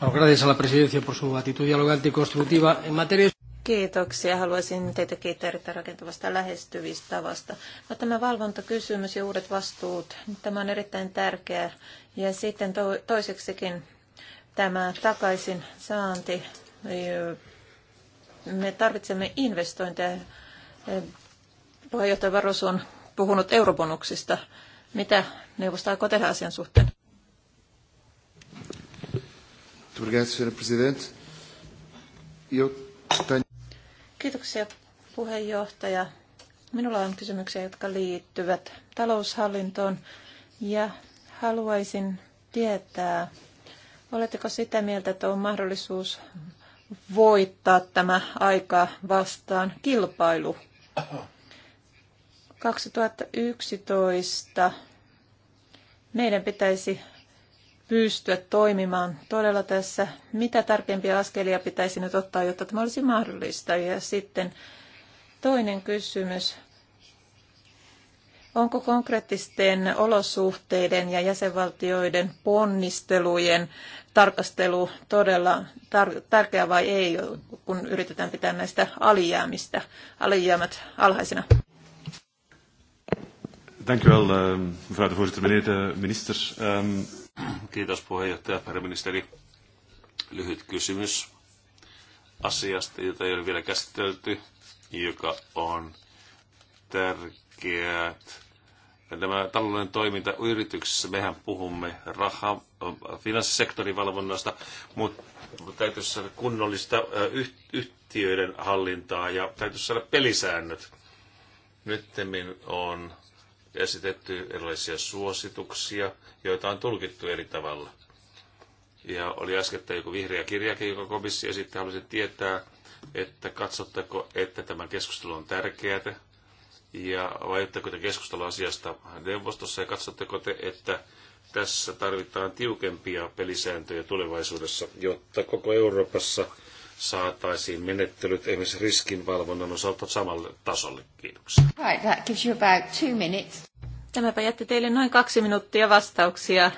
Bueno, gracias a la presidencia por su actitud dialogante y constructiva en materia. Kiitoksia. Haluaisin teitä kiittää erittäin rakentavasta tavasta. No, tämä valvontakysymys ja uudet vastuut, tämä on erittäin tärkeää. Ja sitten to- toiseksikin tämä takaisin saanti. Me tarvitsemme investointeja. Puheenjohtaja Varos on puhunut eurobonuksista. Mitä neuvosto aikoo tehdä asian suhteen? Obrigado, Presidente. Kiitoksia puheenjohtaja. Minulla on kysymyksiä, jotka liittyvät taloushallintoon ja haluaisin tietää, oletteko sitä mieltä, että on mahdollisuus voittaa tämä aika vastaan kilpailu? 2011 meidän pitäisi pystyä toimimaan todella tässä, mitä tarkempia askelia pitäisi nyt ottaa, jotta tämä olisi mahdollista. Ja sitten toinen kysymys. Onko konkreettisten olosuhteiden ja jäsenvaltioiden ponnistelujen tarkastelu todella tar- tärkeä vai ei, kun yritetään pitää näistä alijäämistä, alijäämät alhaisina? Dank u wel, eh, mevrouw de voorzitter. Meneer de minister, um, Kiitos puheenjohtaja, pääministeri. Lyhyt kysymys asiasta, jota ei ole vielä käsitelty, joka on tärkeät. Tämä taloudellinen toiminta yrityksessä, mehän puhumme raha, finanssisektorin valvonnasta, mutta täytyy saada kunnollista yhtiöiden hallintaa ja täytyy saada pelisäännöt. Nyt on esitetty erilaisia suosituksia, joita on tulkittu eri tavalla. Ja oli äskettäin joku vihreä kirjakin, joka komissio esitti. Haluaisin tietää, että katsotteko, että tämä keskustelu on tärkeää, ja vaihtatteko te keskustelua asiasta neuvostossa, ja katsotteko te, että tässä tarvitaan tiukempia pelisääntöjä tulevaisuudessa, jotta koko Euroopassa saataisiin menettelyt esimerkiksi riskinvalvonnan osalta samalle tasolle. Kiitoksia. Right, that gives you about two minutes. Tämäpä jätti teille noin kaksi minuuttia vastauksia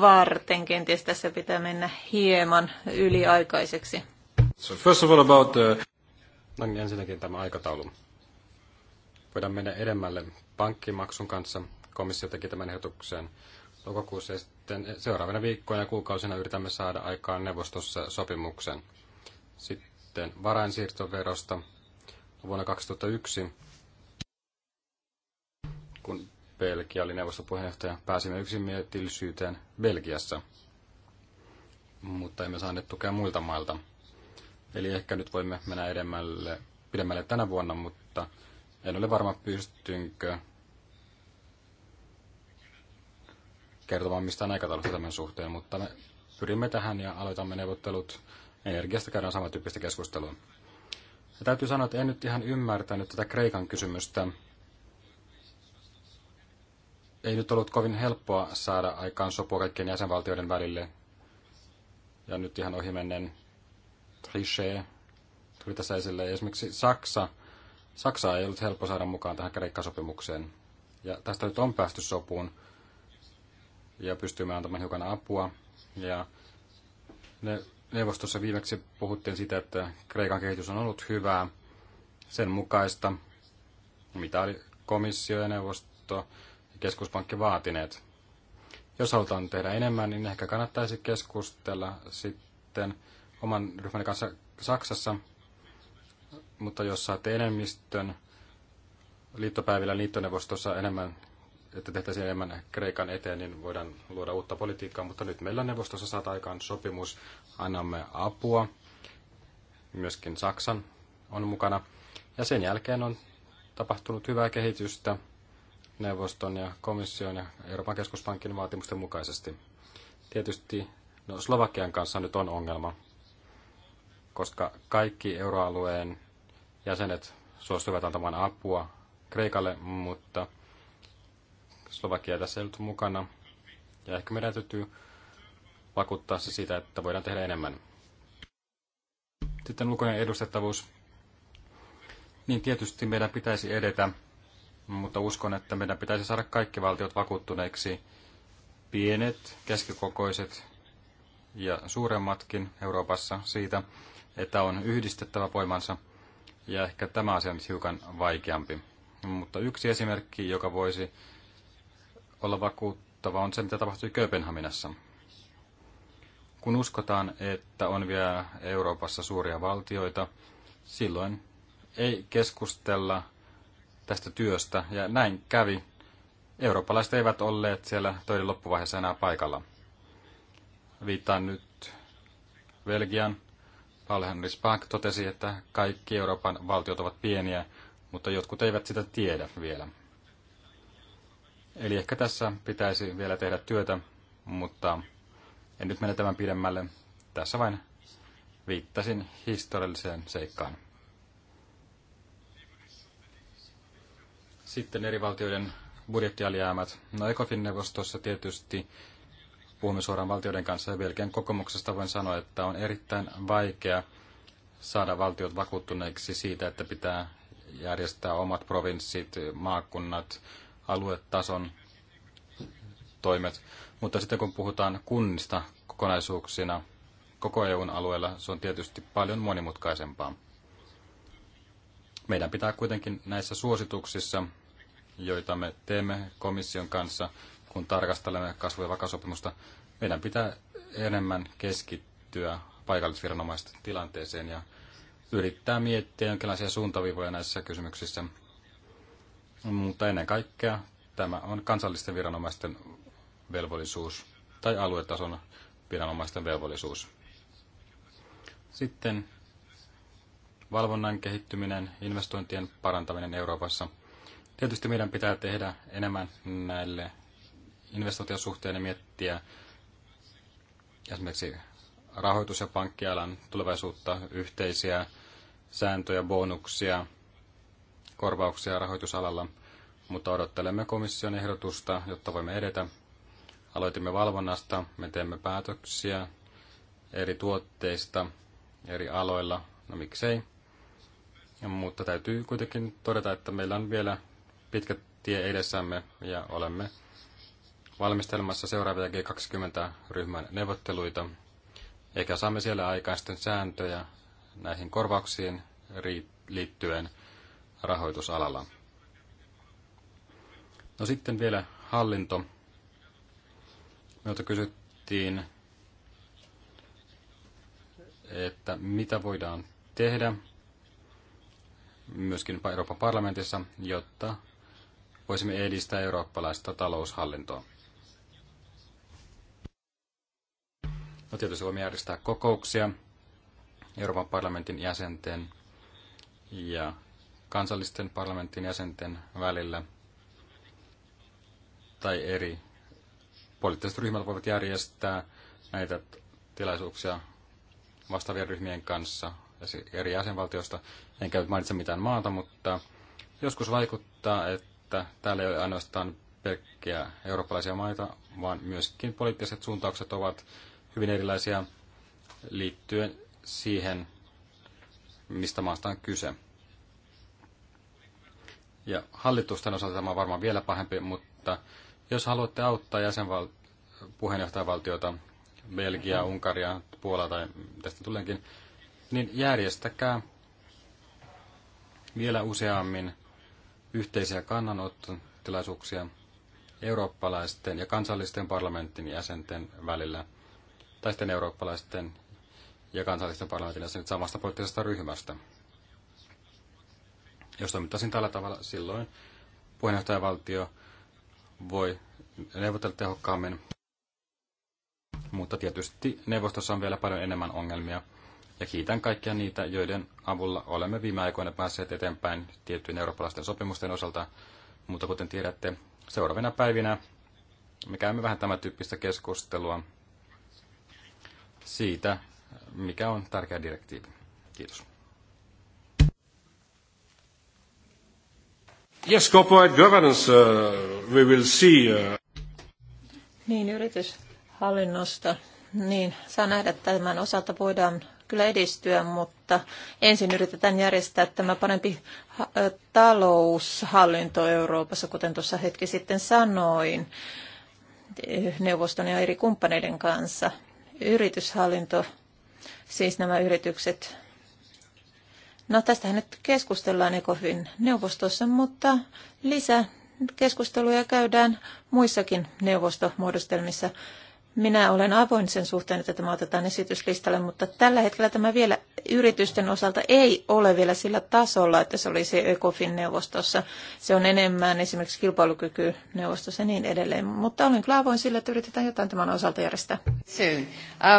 varten. Kenties tässä pitää mennä hieman yliaikaiseksi. So first of all about the... Uh, no niin, ensinnäkin tämä aikataulu. Voidaan mennä edemmälle pankkimaksun kanssa. Komissio teki tämän ehdotuksen lokakuussa ja sitten seuraavana viikkoina ja kuukausina yritämme saada aikaan neuvostossa sopimuksen – sitten varainsiirtoverosta vuonna 2001, kun Belgia oli neuvostopuheenjohtaja, pääsimme yksimielisyyteen Belgiassa, mutta emme saaneet tukea muilta mailta. Eli ehkä nyt voimme mennä edemmälle, pidemmälle tänä vuonna, mutta en ole varma, pystynkö kertomaan mistään aikataulusta tämän suhteen, mutta me pyrimme tähän ja aloitamme neuvottelut Energiasta käydään samantyyppistä keskustelua. Ja täytyy sanoa, että en nyt ihan ymmärtänyt tätä Kreikan kysymystä. Ei nyt ollut kovin helppoa saada aikaan sopua kaikkien jäsenvaltioiden välille. Ja nyt ihan ohimennen Trichet tuli tässä esille. Esimerkiksi Saksa. Saksa ei ollut helppo saada mukaan tähän Kreikka-sopimukseen. Ja tästä nyt on päästy sopuun ja pystymme antamaan hiukan apua. Ja ne neuvostossa viimeksi puhuttiin sitä, että Kreikan kehitys on ollut hyvää sen mukaista, mitä oli komissio ja neuvosto ja keskuspankki vaatineet. Jos halutaan tehdä enemmän, niin ehkä kannattaisi keskustella sitten oman ryhmän kanssa Saksassa, mutta jos saatte enemmistön liittopäivillä liittoneuvostossa enemmän että tehtäisiin enemmän Kreikan eteen, niin voidaan luoda uutta politiikkaa, mutta nyt meillä neuvostossa saat aikaan sopimus, annamme apua, myöskin Saksan on mukana, ja sen jälkeen on tapahtunut hyvää kehitystä neuvoston ja komission ja Euroopan keskuspankin vaatimusten mukaisesti. Tietysti no, Slovakian kanssa nyt on ongelma, koska kaikki euroalueen jäsenet suostuivat antamaan apua Kreikalle, mutta – Slovakia tässä ei ollut mukana. Ja ehkä meidän täytyy vakuuttaa se siitä, että voidaan tehdä enemmän. Sitten lukujen edustettavuus. Niin tietysti meidän pitäisi edetä, mutta uskon, että meidän pitäisi saada kaikki valtiot vakuuttuneiksi. Pienet, keskikokoiset ja suuremmatkin Euroopassa siitä, että on yhdistettävä voimansa. Ja ehkä tämä asia on hiukan vaikeampi. Mutta yksi esimerkki, joka voisi olla vakuuttava, on se, mitä tapahtui Kööpenhaminassa. Kun uskotaan, että on vielä Euroopassa suuria valtioita, silloin ei keskustella tästä työstä, ja näin kävi. Eurooppalaiset eivät olleet siellä toinen loppuvaiheessa enää paikalla. Viittaan nyt Belgian. Paul-Henri Spack totesi, että kaikki Euroopan valtiot ovat pieniä, mutta jotkut eivät sitä tiedä vielä. Eli ehkä tässä pitäisi vielä tehdä työtä, mutta en nyt mene tämän pidemmälle. Tässä vain viittasin historialliseen seikkaan. Sitten eri valtioiden budjettialijäämät. No ECOFIN-neuvostossa tietysti puhumme suoraan valtioiden kanssa ja Belgian kokemuksesta voin sanoa, että on erittäin vaikea saada valtiot vakuuttuneiksi siitä, että pitää järjestää omat provinssit, maakunnat, aluetason toimet, mutta sitten kun puhutaan kunnista kokonaisuuksina koko EUn alueella, se on tietysti paljon monimutkaisempaa. Meidän pitää kuitenkin näissä suosituksissa, joita me teemme komission kanssa, kun tarkastelemme kasvu- ja vakasopimusta, meidän pitää enemmän keskittyä paikallisviranomaisten tilanteeseen ja yrittää miettiä jonkinlaisia suuntaviivoja näissä kysymyksissä. Mutta ennen kaikkea tämä on kansallisten viranomaisten velvollisuus tai aluetason viranomaisten velvollisuus. Sitten valvonnan kehittyminen, investointien parantaminen Euroopassa. Tietysti meidän pitää tehdä enemmän näille investointien suhteen ja miettiä esimerkiksi rahoitus- ja pankkialan tulevaisuutta, yhteisiä sääntöjä, bonuksia, korvauksia rahoitusalalla, mutta odottelemme komission ehdotusta, jotta voimme edetä Aloitimme valvonnasta, me teemme päätöksiä eri tuotteista, eri aloilla, no miksei. Mutta täytyy kuitenkin todeta, että meillä on vielä pitkä tie edessämme ja olemme valmistelmassa seuraavia G20-ryhmän neuvotteluita. Eikä saamme siellä aikaisten sääntöjä näihin korvauksiin liittyen rahoitusalalla. No sitten vielä hallinto. Meiltä kysyttiin, että mitä voidaan tehdä myöskin Euroopan parlamentissa, jotta voisimme edistää eurooppalaista taloushallintoa. No tietysti voimme järjestää kokouksia Euroopan parlamentin jäsenten ja kansallisten parlamentin jäsenten välillä tai eri poliittiset ryhmät voivat järjestää näitä tilaisuuksia vastaavien ryhmien kanssa eri jäsenvaltiosta. En käy mainitse mitään maata, mutta joskus vaikuttaa, että täällä ei ole ainoastaan pelkkiä eurooppalaisia maita, vaan myöskin poliittiset suuntaukset ovat hyvin erilaisia liittyen siihen, mistä maasta on kyse. Ja hallitusten osalta tämä on varmaan vielä pahempi, mutta jos haluatte auttaa jäsenval- puheenjohtajavaltiota, Belgia, Unkaria, Puola tai tästä tuleekin, niin järjestäkää vielä useammin yhteisiä kannanottotilaisuuksia eurooppalaisten ja kansallisten parlamentin jäsenten välillä, tai sitten eurooppalaisten ja kansallisten parlamentin jäsenten samasta poliittisesta ryhmästä. Jos toimittaisin tällä tavalla, silloin puheenjohtajavaltio voi neuvotella tehokkaammin. Mutta tietysti neuvostossa on vielä paljon enemmän ongelmia. Ja kiitän kaikkia niitä, joiden avulla olemme viime aikoina päässeet eteenpäin tiettyjen eurooppalaisten sopimusten osalta. Mutta kuten tiedätte, seuraavina päivinä me käymme vähän tämän tyyppistä keskustelua siitä, mikä on tärkeä direktiivi. Kiitos. Yes, corporate governance. Uh we will see. Uh, niin, yrityshallinnosta. Niin, saa nähdä tämän osalta voidaan kyllä edistyä, mutta ensin yritetään järjestää tämä parempi taloushallinto Euroopassa, kuten tuossa hetki sitten sanoin, neuvoston ja eri kumppaneiden kanssa. Yrityshallinto, siis nämä yritykset. No tästähän nyt keskustellaan Ekofin neuvostossa, mutta lisää keskusteluja käydään muissakin neuvostomuodostelmissa. Minä olen avoin sen suhteen, että tämä otetaan esityslistalle, mutta tällä hetkellä tämä vielä yritysten osalta ei ole vielä sillä tasolla, että se olisi ECOFIN-neuvostossa. Se on enemmän esimerkiksi kilpailukyky-neuvostossa ja niin edelleen. Mutta olen kyllä avoin sillä, että yritetään jotain tämän osalta järjestää. Soon.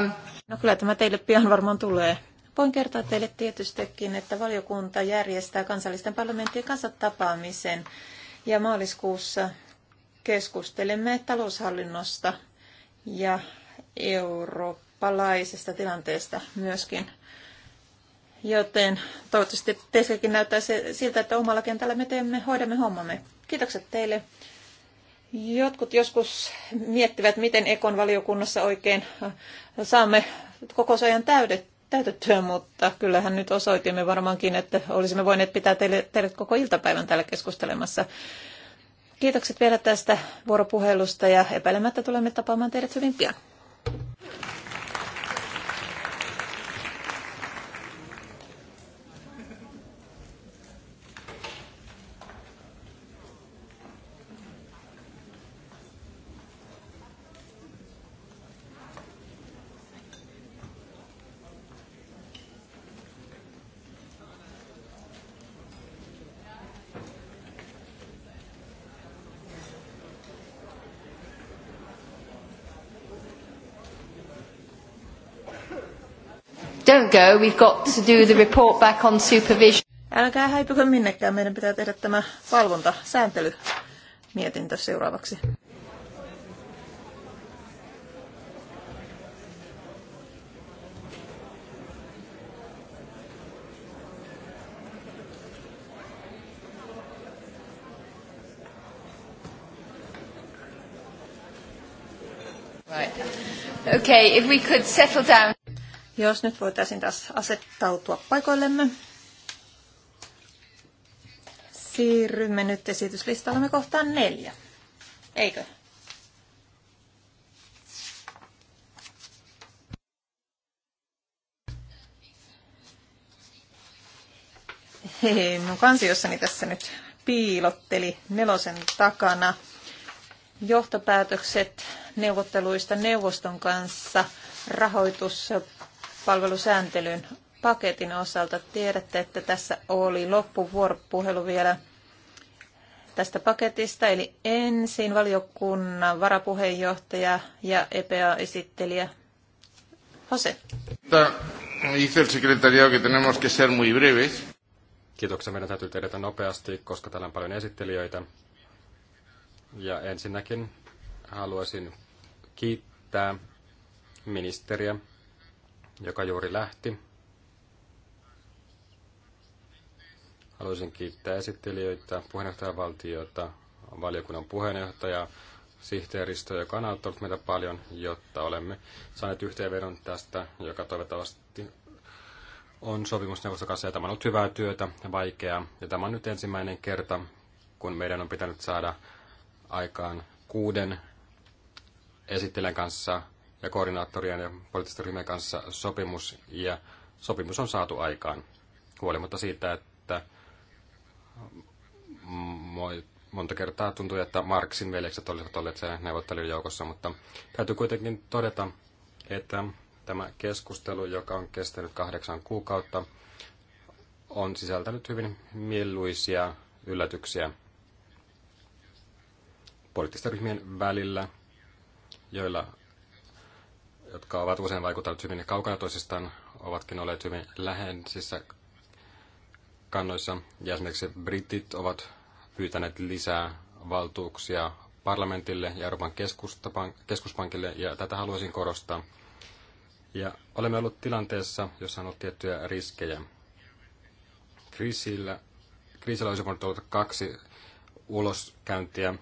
Um... No kyllä tämä teille pian varmaan tulee. Voin kertoa teille tietystikin, että valiokunta järjestää kansallisten parlamenttien kanssa tapaamisen ja maaliskuussa keskustelemme taloushallinnosta ja eurooppalaisesta tilanteesta myöskin. Joten toivottavasti teissäkin näyttää se, siltä, että omalla kentällä me teemme, hoidamme hommamme. Kiitokset teille. Jotkut joskus miettivät, miten Ekon valiokunnassa oikein saamme koko ajan täydet, täytettyä, mutta kyllähän nyt osoitimme varmaankin, että olisimme voineet pitää teille, teille koko iltapäivän täällä keskustelemassa. Kiitokset vielä tästä vuoropuhelusta ja epäilemättä tulemme tapaamaan teidät hyvin pian. don't go, we've got to do the report back on supervision. Älkää häipykö minnekään, meidän pitää tehdä tämä valvonta, sääntely mietintö seuraavaksi. Right. Okay, if we could settle down. Jos nyt voitaisiin taas asettautua paikoillemme. Siirrymme nyt esityslistallamme kohtaan neljä. Eikö? Hei, mun kansiossani tässä nyt piilotteli nelosen takana johtopäätökset neuvotteluista neuvoston kanssa rahoitus palvelusääntelyn paketin osalta. Tiedätte, että tässä oli loppuvuoropuhelu vielä tästä paketista, eli ensin valiokunnan varapuheenjohtaja ja EPA-esittelijä Jose. Kiitoksia. Meidän täytyy tehdä nopeasti, koska täällä on paljon esittelijöitä. Ja ensinnäkin haluaisin kiittää ministeriä joka juuri lähti. Haluaisin kiittää esittelijöitä, puheenjohtajavaltiota, valiokunnan puheenjohtajaa, sihteeristöä, joka on auttanut meitä paljon, jotta olemme saaneet yhteenvedon tästä, joka toivottavasti on sopimusneuvoston kanssa. Ja tämä on ollut hyvää työtä ja vaikeaa. Ja tämä on nyt ensimmäinen kerta, kun meidän on pitänyt saada aikaan kuuden esittelijän kanssa ja koordinaattorien ja poliittisten ryhmien kanssa sopimus, ja sopimus on saatu aikaan, huolimatta siitä, että monta kertaa tuntui, että Marksin veljekset olisivat olleet siellä neuvottelujen joukossa, mutta täytyy kuitenkin todeta, että tämä keskustelu, joka on kestänyt kahdeksan kuukautta, on sisältänyt hyvin mieluisia yllätyksiä poliittisten ryhmien välillä, joilla jotka ovat usein vaikuttaneet hyvin kaukana toisistaan, ovatkin olleet hyvin läheisissä kannoissa. Ja esimerkiksi britit ovat pyytäneet lisää valtuuksia parlamentille ja Euroopan keskuspankille, ja tätä haluaisin korostaa. Ja olemme olleet tilanteessa, jossa on ollut tiettyjä riskejä. Kriisillä, kriisillä olisi voinut olla kaksi uloskäyntiä.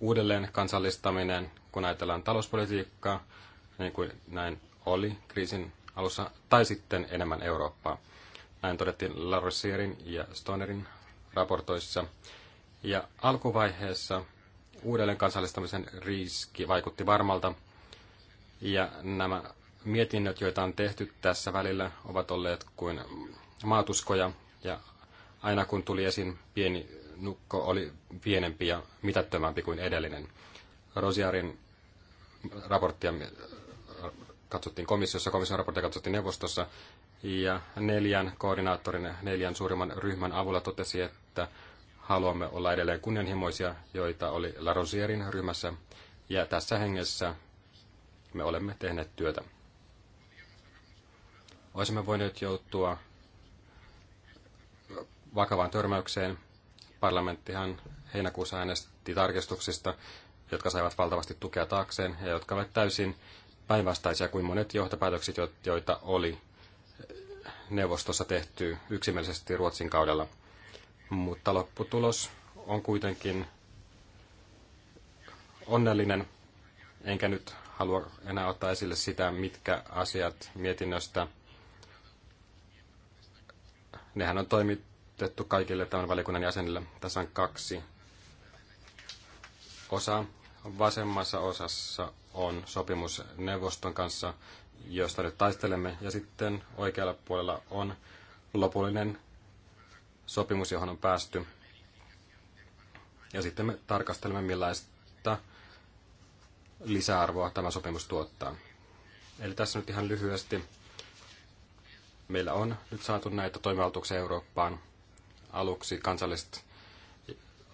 Uudelleen kansallistaminen, kun ajatellaan talouspolitiikkaa, niin kuin näin oli kriisin alussa, tai sitten enemmän Eurooppaa. Näin todettiin Larosierin ja Stonerin raportoissa. Ja alkuvaiheessa uudelleen kansallistamisen riski vaikutti varmalta, ja nämä mietinnöt, joita on tehty tässä välillä, ovat olleet kuin maatuskoja, ja aina kun tuli esiin pieni nukko, oli pienempi ja mitättömämpi kuin edellinen. Rosiarin raporttia katsottiin komissiossa, komission raportteja katsottiin neuvostossa, ja neljän koordinaattorin, neljän suurimman ryhmän avulla totesi, että haluamme olla edelleen kunnianhimoisia, joita oli Larosierin ryhmässä, ja tässä hengessä me olemme tehneet työtä. Olisimme voineet joutua vakavaan törmäykseen. Parlamenttihan heinäkuussa äänesti tarkistuksista, jotka saivat valtavasti tukea taakseen ja jotka ovat täysin päinvastaisia kuin monet johtopäätökset, joita oli neuvostossa tehty yksimielisesti Ruotsin kaudella. Mutta lopputulos on kuitenkin onnellinen, enkä nyt halua enää ottaa esille sitä, mitkä asiat mietinnöstä. Nehän on toimitettu kaikille tämän valiokunnan jäsenille. Tässä on kaksi osaa. Vasemmassa osassa on sopimus neuvoston kanssa, josta nyt taistelemme, ja sitten oikealla puolella on lopullinen sopimus, johon on päästy. Ja sitten me tarkastelemme, millaista lisäarvoa tämä sopimus tuottaa. Eli tässä nyt ihan lyhyesti. Meillä on nyt saatu näitä toimivaltuuksia Eurooppaan. Aluksi kansalliset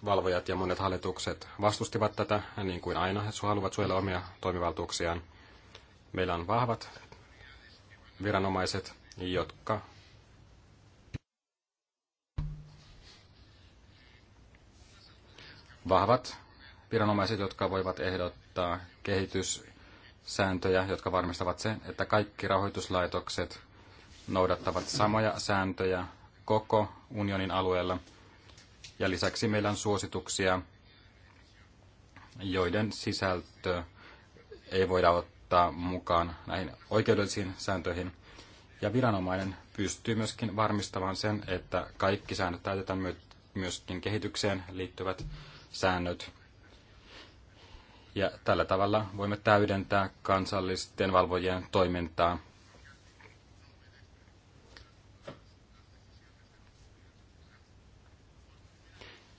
valvojat ja monet hallitukset vastustivat tätä, niin kuin aina he haluavat suojella omia toimivaltuuksiaan. Meillä on vahvat viranomaiset, jotka vahvat viranomaiset, jotka voivat ehdottaa kehityssääntöjä, jotka varmistavat sen, että kaikki rahoituslaitokset noudattavat samoja sääntöjä koko unionin alueella – ja lisäksi meillä on suosituksia, joiden sisältö ei voida ottaa mukaan näihin oikeudellisiin sääntöihin. Ja viranomainen pystyy myöskin varmistamaan sen, että kaikki säännöt täytetään myöskin kehitykseen liittyvät säännöt. Ja tällä tavalla voimme täydentää kansallisten valvojien toimintaa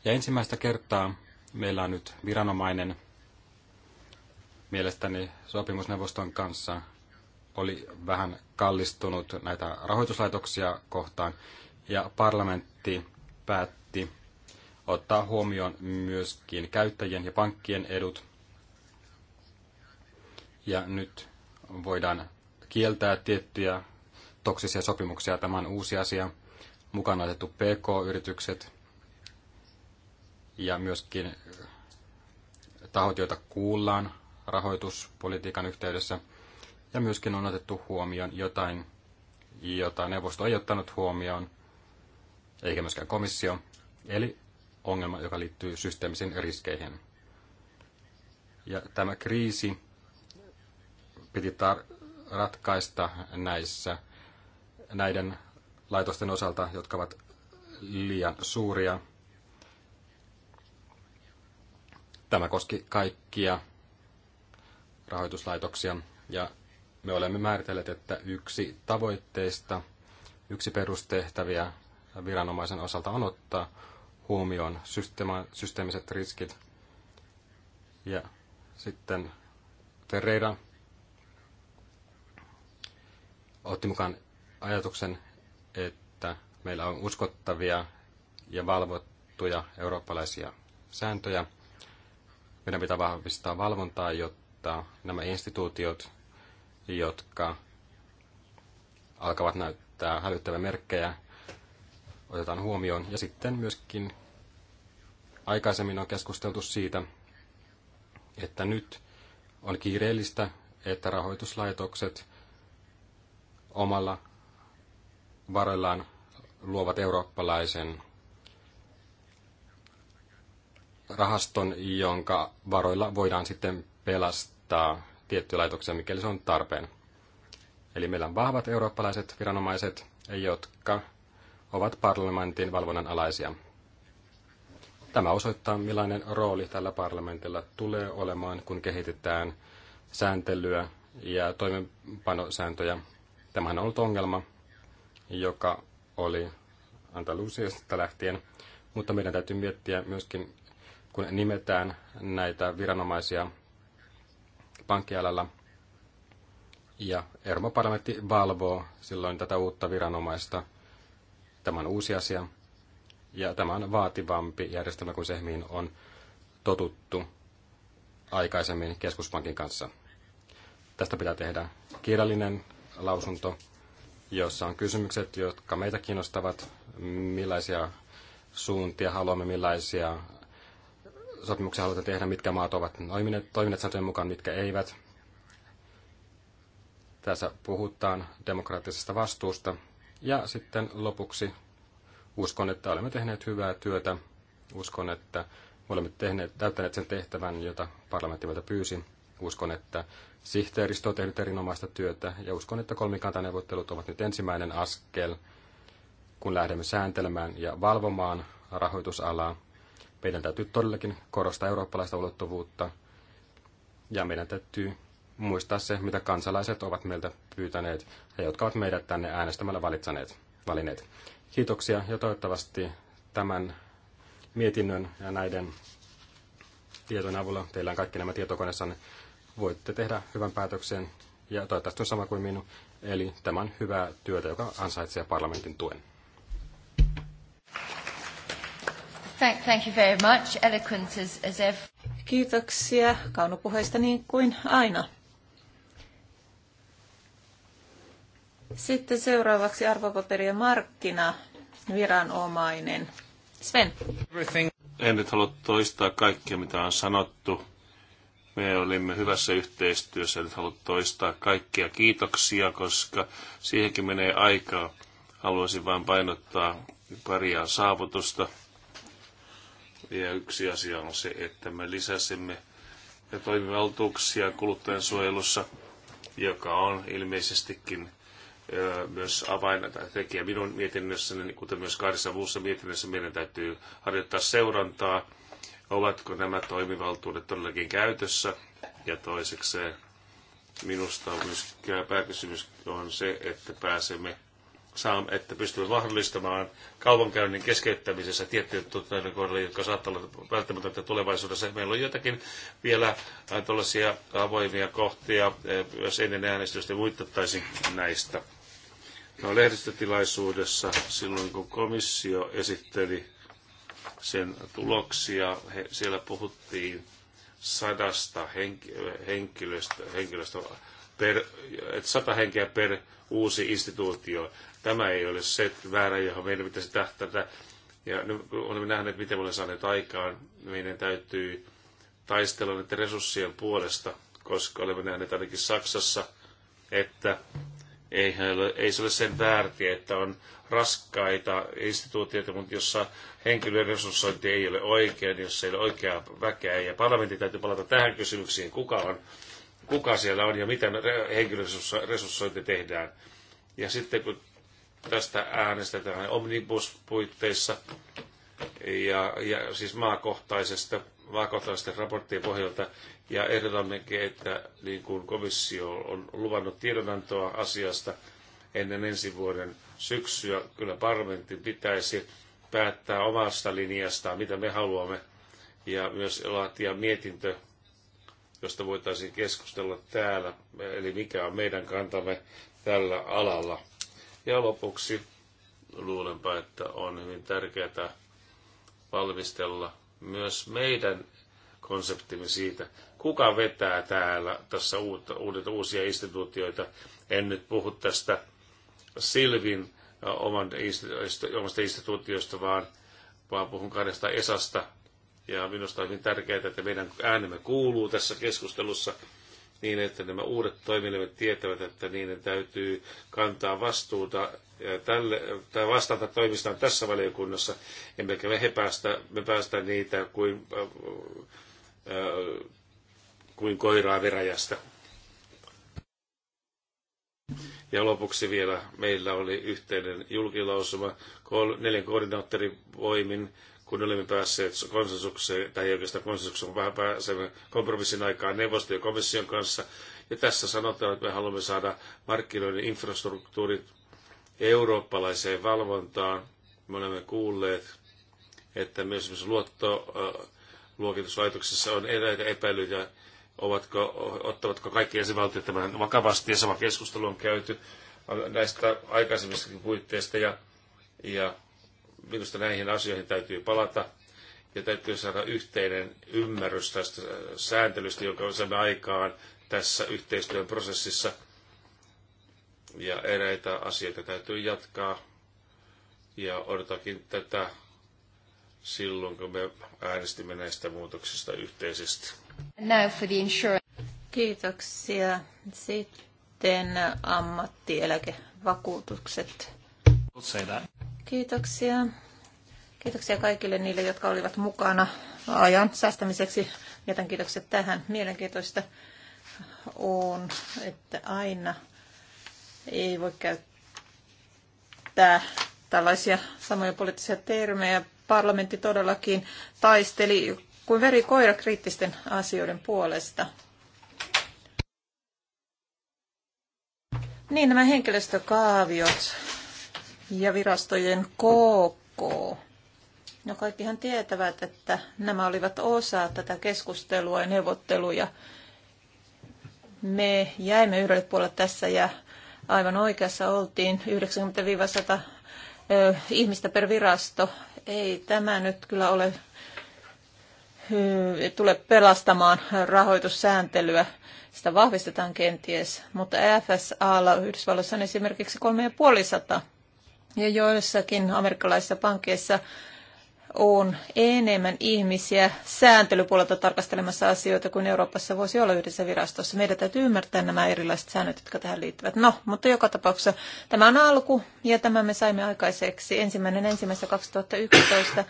Ja ensimmäistä kertaa meillä on nyt viranomainen mielestäni sopimusneuvoston kanssa oli vähän kallistunut näitä rahoituslaitoksia kohtaan ja parlamentti päätti ottaa huomioon myöskin käyttäjien ja pankkien edut. Ja nyt voidaan kieltää tiettyjä toksisia sopimuksia. Tämä on uusi asia. Mukana otettu PK-yritykset, ja myöskin äh, tahot, joita kuullaan rahoituspolitiikan yhteydessä. Ja myöskin on otettu huomioon jotain, jota neuvosto ei ottanut huomioon, eikä myöskään komissio, eli ongelma, joka liittyy systeemisiin riskeihin. Ja tämä kriisi piti ratkaista näissä näiden laitosten osalta, jotka ovat liian suuria Tämä koski kaikkia rahoituslaitoksia ja me olemme määritelleet, että yksi tavoitteista, yksi perustehtäviä viranomaisen osalta on ottaa huomioon systeemiset riskit. Ja sitten Ferreira otti mukaan ajatuksen, että meillä on uskottavia ja valvottuja eurooppalaisia sääntöjä – meidän pitää vahvistaa valvontaa, jotta nämä instituutiot, jotka alkavat näyttää hälyttäviä merkkejä, otetaan huomioon. Ja sitten myöskin aikaisemmin on keskusteltu siitä, että nyt on kiireellistä, että rahoituslaitokset omalla varoillaan luovat eurooppalaisen rahaston, jonka varoilla voidaan sitten pelastaa tiettyjä laitoksia, mikäli se on tarpeen. Eli meillä on vahvat eurooppalaiset viranomaiset, jotka ovat parlamentin valvonnan alaisia. Tämä osoittaa, millainen rooli tällä parlamentilla tulee olemaan, kun kehitetään sääntelyä ja toimenpanosääntöjä. Tämähän on ollut ongelma, joka oli Andalusiasta lähtien, mutta meidän täytyy miettiä myöskin kun nimetään näitä viranomaisia pankkialalla. Ja Euroopan parlamentti valvoo silloin tätä uutta viranomaista. Tämä on uusi asia ja tämä on vaativampi järjestelmä kuin se, mihin on totuttu aikaisemmin keskuspankin kanssa. Tästä pitää tehdä kirjallinen lausunto, jossa on kysymykset, jotka meitä kiinnostavat, millaisia suuntia haluamme, millaisia sopimuksia halutaan tehdä, mitkä maat ovat toimineet, toimineet sääntöjen mukaan, mitkä eivät. Tässä puhutaan demokraattisesta vastuusta. Ja sitten lopuksi uskon, että olemme tehneet hyvää työtä. Uskon, että olemme tehneet, täyttäneet sen tehtävän, jota parlamentti meiltä pyysi. Uskon, että sihteeristö on tehnyt erinomaista työtä ja uskon, että kolmikantaneuvottelut ovat nyt ensimmäinen askel, kun lähdemme sääntelemään ja valvomaan rahoitusalaa meidän täytyy todellakin korostaa eurooppalaista ulottuvuutta ja meidän täytyy muistaa se, mitä kansalaiset ovat meiltä pyytäneet ja jotka ovat meidät tänne äänestämällä valitsaneet, valineet. Kiitoksia ja toivottavasti tämän mietinnön ja näiden tietojen avulla, teillä on kaikki nämä tietokoneessanne, voitte tehdä hyvän päätöksen ja toivottavasti on sama kuin minun. Eli tämän hyvää työtä, joka ansaitsee parlamentin tuen. Thank, thank you very much. as, as ever. Kiitoksia kaunopuheista niin kuin aina. Sitten seuraavaksi arvopaperien markkina, viranomainen. Sven. Everything. En nyt halua toistaa kaikkea, mitä on sanottu. Me olimme hyvässä yhteistyössä, en nyt halua toistaa kaikkia kiitoksia, koska siihenkin menee aikaa. Haluaisin vain painottaa paria saavutusta ja yksi asia on se, että me lisäsimme ja toimivaltuuksia kuluttajansuojelussa, joka on ilmeisestikin myös avain tai tekijä minun mietinnössäni, niin kuten myös kahdessa muussa mietinnössä, meidän täytyy harjoittaa seurantaa, ovatko nämä toimivaltuudet todellakin käytössä. Ja toisekseen minusta on myös pääkysymys on se, että pääsemme saamme, että pystymme mahdollistamaan kaupankäynnin keskeyttämisessä tiettyjen tutkijoiden kohdalla, jotka saattavat olla välttämätöntä tulevaisuudessa. Meillä on jotakin vielä äh, tuollaisia avoimia kohtia, jos äh, ennen äänestystä muistuttaisiin näistä. No, lehdistötilaisuudessa silloin, kun komissio esitteli sen tuloksia, he, siellä puhuttiin sadasta henki, henkilöstä, henkilöstä per, sata henkeä per uusi instituutio. Tämä ei ole se väärä, johon meidän pitäisi tähtää. Ja olemme nähneet, miten me olemme saaneet aikaan. Meidän täytyy taistella näiden resurssien puolesta, koska olemme nähneet ainakin Saksassa, että ei, ole, ei se ole sen väärti, että on raskaita instituutioita, mutta jossa henkilön resurssointi ei ole oikein, jos ei ole oikeaa väkeä. Ja parlamentti täytyy palata tähän kysymyksiin, kuka, on, kuka siellä on ja miten henkilöresurssointi tehdään. Ja sitten kun Tästä äänestetään omnibuspuitteissa ja, ja siis maakohtaisesta, maakohtaisten raporttien pohjalta. Ja ehdotammekin, että niin kuin komissio on luvannut tiedonantoa asiasta ennen ensi vuoden syksyä, kyllä parlamentti pitäisi päättää omasta linjastaan, mitä me haluamme, ja myös laatia mietintö, josta voitaisiin keskustella täällä, eli mikä on meidän kantamme tällä alalla. Ja lopuksi luulenpa, että on hyvin tärkeää valmistella myös meidän konseptimme siitä, kuka vetää täällä tässä uutta, uudet, uusia instituutioita. En nyt puhu tästä Silvin oman, omasta instituutiosta, vaan, vaan puhun kahdesta Esasta. Ja minusta on hyvin tärkeää, että meidän äänemme kuuluu tässä keskustelussa – niin, että nämä uudet toimielimet tietävät, että niiden täytyy kantaa vastuuta tälle, tai vastata toimistaan tässä valiokunnassa, emmekä me, he päästä, me päästä niitä kuin, äh, äh kuin koiraa veräjästä. Ja lopuksi vielä meillä oli yhteinen julkilausuma neljän koordinaattorin voimin kun olemme päässeet konsensukseen, tai oikeastaan konsensukseen, vaan pääsemme kompromissin aikaan neuvoston ja komission kanssa. Ja tässä sanotaan, että me haluamme saada markkinoiden infrastruktuurit eurooppalaiseen valvontaan. Me olemme kuulleet, että myös esimerkiksi luottoluokituslaitoksessa on eräitä epäilyjä, ovatko, ottavatko kaikki jäsenvaltiot tämän vakavasti, ja sama keskustelu on käyty näistä aikaisemmista puitteista, ja, ja Minusta näihin asioihin täytyy palata ja täytyy saada yhteinen ymmärrys tästä sääntelystä, jonka saamme aikaan tässä yhteistyön prosessissa. Ja eräitä asioita täytyy jatkaa. Ja odotakin tätä silloin, kun me äänestimme näistä muutoksista yhteisesti. Now for the insurance. Kiitoksia. Sitten ammattieläkevakuutukset. We'll say that. Kiitoksia. Kiitoksia kaikille niille, jotka olivat mukana ajan säästämiseksi. Jätän kiitokset tähän. Mielenkiintoista on, että aina ei voi käyttää tällaisia samoja poliittisia termejä. Parlamentti todellakin taisteli kuin veri koira kriittisten asioiden puolesta. Niin, nämä henkilöstökaaviot ja virastojen koko. No kaikkihan tietävät, että nämä olivat osa tätä keskustelua ja neuvotteluja. Me jäimme yhdelle puolelle tässä ja aivan oikeassa oltiin 90-100 ihmistä per virasto. Ei tämä nyt kyllä ole tule pelastamaan rahoitussääntelyä. Sitä vahvistetaan kenties, mutta FSAlla Yhdysvalloissa on esimerkiksi 3500 ja joissakin amerikkalaisissa pankeissa on enemmän ihmisiä sääntelypuolelta tarkastelemassa asioita kuin Euroopassa voisi olla yhdessä virastossa. Meidän täytyy ymmärtää nämä erilaiset säännöt, jotka tähän liittyvät. No, mutta joka tapauksessa tämä on alku ja tämä me saimme aikaiseksi ensimmäinen ensimmäistä 2011.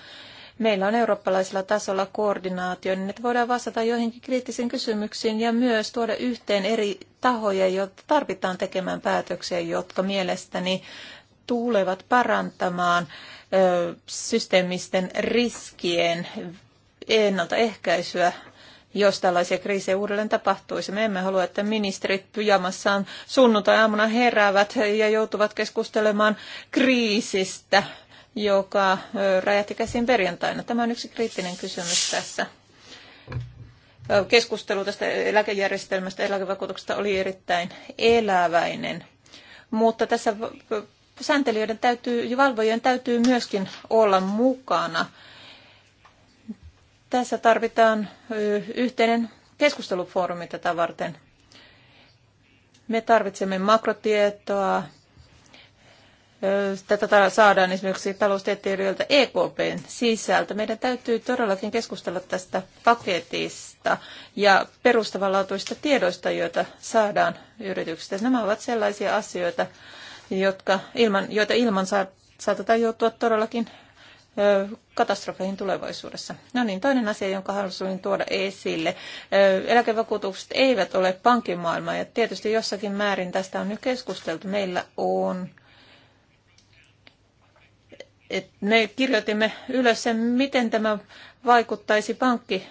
Meillä on eurooppalaisella tasolla koordinaatio, niin että voidaan vastata joihinkin kriittisiin kysymyksiin ja myös tuoda yhteen eri tahoja, joita tarvitaan tekemään päätöksiä, jotka mielestäni tulevat parantamaan systeemisten riskien ennaltaehkäisyä jos tällaisia kriisejä uudelleen tapahtuisi. Me emme halua, että ministerit pyjamassaan sunnuntai-aamuna heräävät ja joutuvat keskustelemaan kriisistä, joka räjähti käsin perjantaina. Tämä on yksi kriittinen kysymys tässä. Keskustelu tästä eläkejärjestelmästä, eläkevakuutuksesta oli erittäin eläväinen. Mutta tässä sääntelijöiden täytyy ja valvojien täytyy myöskin olla mukana. Tässä tarvitaan yhteinen keskustelufoorumi tätä varten. Me tarvitsemme makrotietoa. Tätä saadaan esimerkiksi taloustieteilijöiltä EKPn sisältä. Meidän täytyy todellakin keskustella tästä paketista ja perustavanlaatuisista tiedoista, joita saadaan yrityksistä. Nämä ovat sellaisia asioita, jotka ilman, joita ilman saatetaan joutua todellakin katastrofeihin tulevaisuudessa. No niin, toinen asia, jonka halusin tuoda esille. Eläkevakuutukset eivät ole pankkimaailmaa ja tietysti jossakin määrin tästä on nyt keskusteltu. Meillä on et me kirjoitimme ylös sen, miten tämä vaikuttaisi pankki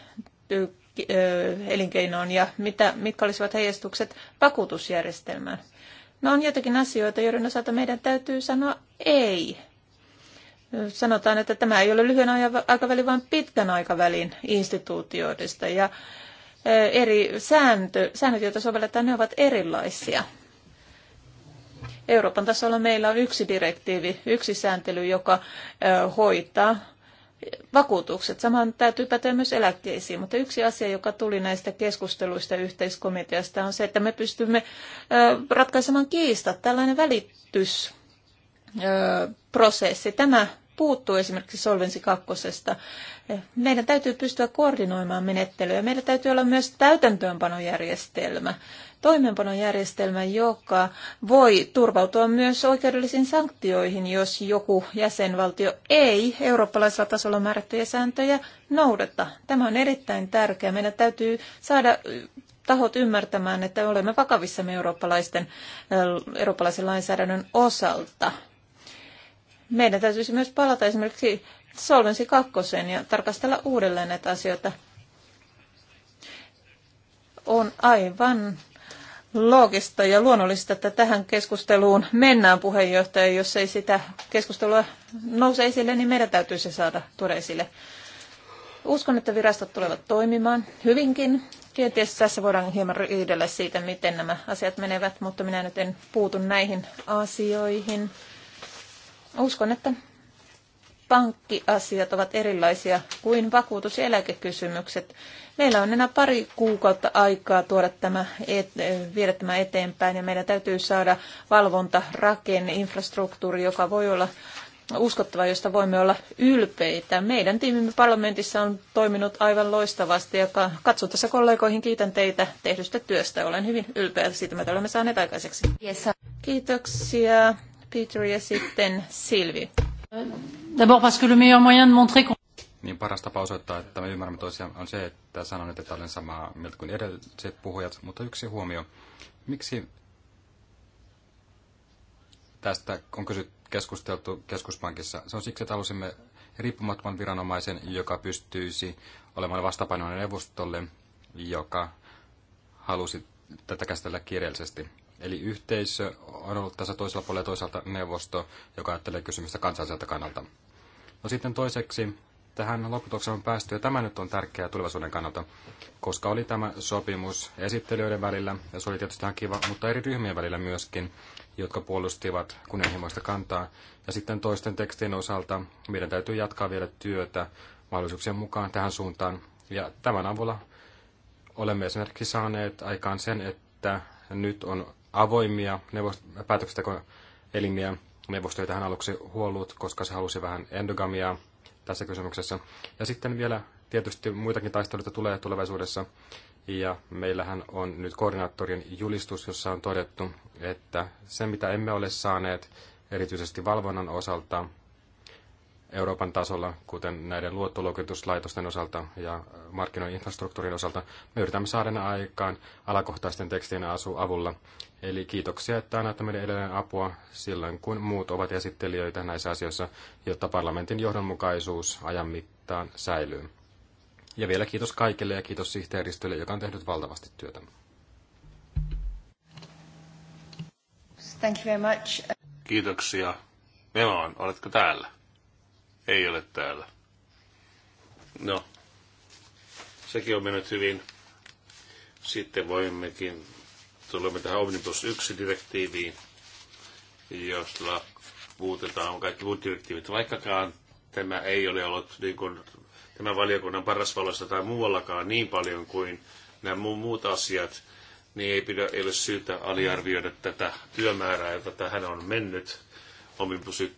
elinkeinoon ja mitä, mitkä olisivat heijastukset vakuutusjärjestelmään. No on jotakin asioita, joiden osalta meidän täytyy sanoa ei. Sanotaan, että tämä ei ole lyhyen aikavälin, vaan pitkän aikavälin instituutioidesta. Ja e, eri sääntö, säännöt, joita sovelletaan, ne ovat erilaisia. Euroopan tasolla meillä on yksi direktiivi, yksi sääntely, joka e, hoitaa vakuutukset. Saman täytyy päteä myös eläkkeisiin, mutta yksi asia, joka tuli näistä keskusteluista yhteiskomiteasta, on se, että me pystymme ratkaisemaan kiistat, tällainen välitysprosessi. Tämä puuttuu esimerkiksi Solvensi kakkosesta. Meidän täytyy pystyä koordinoimaan menettelyä. Meillä täytyy olla myös täytäntöönpanojärjestelmä toimeenpanojärjestelmä, joka voi turvautua myös oikeudellisiin sanktioihin, jos joku jäsenvaltio ei eurooppalaisella tasolla määrättyjä sääntöjä noudata. Tämä on erittäin tärkeää. Meidän täytyy saada tahot ymmärtämään, että olemme vakavissamme eurooppalaisten, eurooppalaisen lainsäädännön osalta. Meidän täytyisi myös palata esimerkiksi Solvency 2 ja tarkastella uudelleen näitä asioita. On aivan loogista ja luonnollista, että tähän keskusteluun mennään puheenjohtaja. Jos ei sitä keskustelua nouse esille, niin meidän täytyy se saada tuoda esille. Uskon, että virastot tulevat toimimaan hyvinkin. Kenties tässä voidaan hieman riidellä siitä, miten nämä asiat menevät, mutta minä nyt en puutu näihin asioihin. Uskon, että pankkiasiat ovat erilaisia kuin vakuutus- ja eläkekysymykset. Meillä on enää pari kuukautta aikaa tuoda tämä et, viedä tämä eteenpäin ja meidän täytyy saada valvonta, rakenne, infrastruktuuri, joka voi olla uskottava, josta voimme olla ylpeitä. Meidän tiimimme parlamentissa on toiminut aivan loistavasti ja katson tässä kollegoihin, kiitän teitä tehdystä työstä. Olen hyvin ylpeä siitä, mitä olemme saaneet aikaiseksi. Yes. Kiitoksia Peter ja sitten Silvi. Niin paras tapa osoittaa, että me ymmärrämme toisiaan, on se, että sanon, että olen samaa mieltä kuin edelliset puhujat. Mutta yksi huomio. Miksi tästä on kysytty keskusteltu keskuspankissa. Se on siksi, että halusimme riippumattoman viranomaisen, joka pystyisi olemaan vastapainoinen neuvostolle, joka halusi tätä käsitellä kiireellisesti. Eli yhteisö on ollut tässä toisella puolella ja toisaalta neuvosto, joka ajattelee kysymystä kansalliselta kannalta. No sitten toiseksi, tähän lopputulokseen on päästy, ja tämä nyt on tärkeää tulevaisuuden kannalta, koska oli tämä sopimus esittelijöiden välillä, ja se oli tietysti ihan kiva, mutta eri ryhmien välillä myöskin, jotka puolustivat kunnianhimoista kantaa. Ja sitten toisten tekstien osalta meidän täytyy jatkaa vielä työtä mahdollisuuksien mukaan tähän suuntaan. Ja tämän avulla olemme esimerkiksi saaneet aikaan sen, että nyt on avoimia neuvost- päätöksentekoelimiä. Neuvosto ei tähän aluksi huollut, koska se halusi vähän endogamiaa tässä kysymyksessä. Ja sitten vielä tietysti muitakin taisteluita tulee tulevaisuudessa. Ja meillähän on nyt koordinaattorin julistus, jossa on todettu, että se mitä emme ole saaneet erityisesti valvonnan osalta Euroopan tasolla, kuten näiden luottoluokituslaitosten osalta ja äh, infrastruktuurin osalta. Me yritämme saada ne aikaan alakohtaisten tekstien avulla. Eli kiitoksia, että annatte meidän edelleen apua silloin, kun muut ovat esittelijöitä näissä asioissa, jotta parlamentin johdonmukaisuus ajan mittaan säilyy. Ja vielä kiitos kaikille ja kiitos sihteeristölle, joka on tehnyt valtavasti työtä. Thank you very much. Kiitoksia. Melan, oletko täällä? ei ole täällä. No, sekin on mennyt hyvin. Sitten voimmekin, tulemme tähän Omnibus 1-direktiiviin, jossa muutetaan kaikki muut direktiivit, vaikkakaan tämä ei ole ollut niin kuin, tämän valiokunnan paras valossa tai muuallakaan niin paljon kuin nämä muut asiat, niin ei, pidä, ei ole syytä aliarvioida tätä työmäärää, jota tähän on mennyt Omnibus 1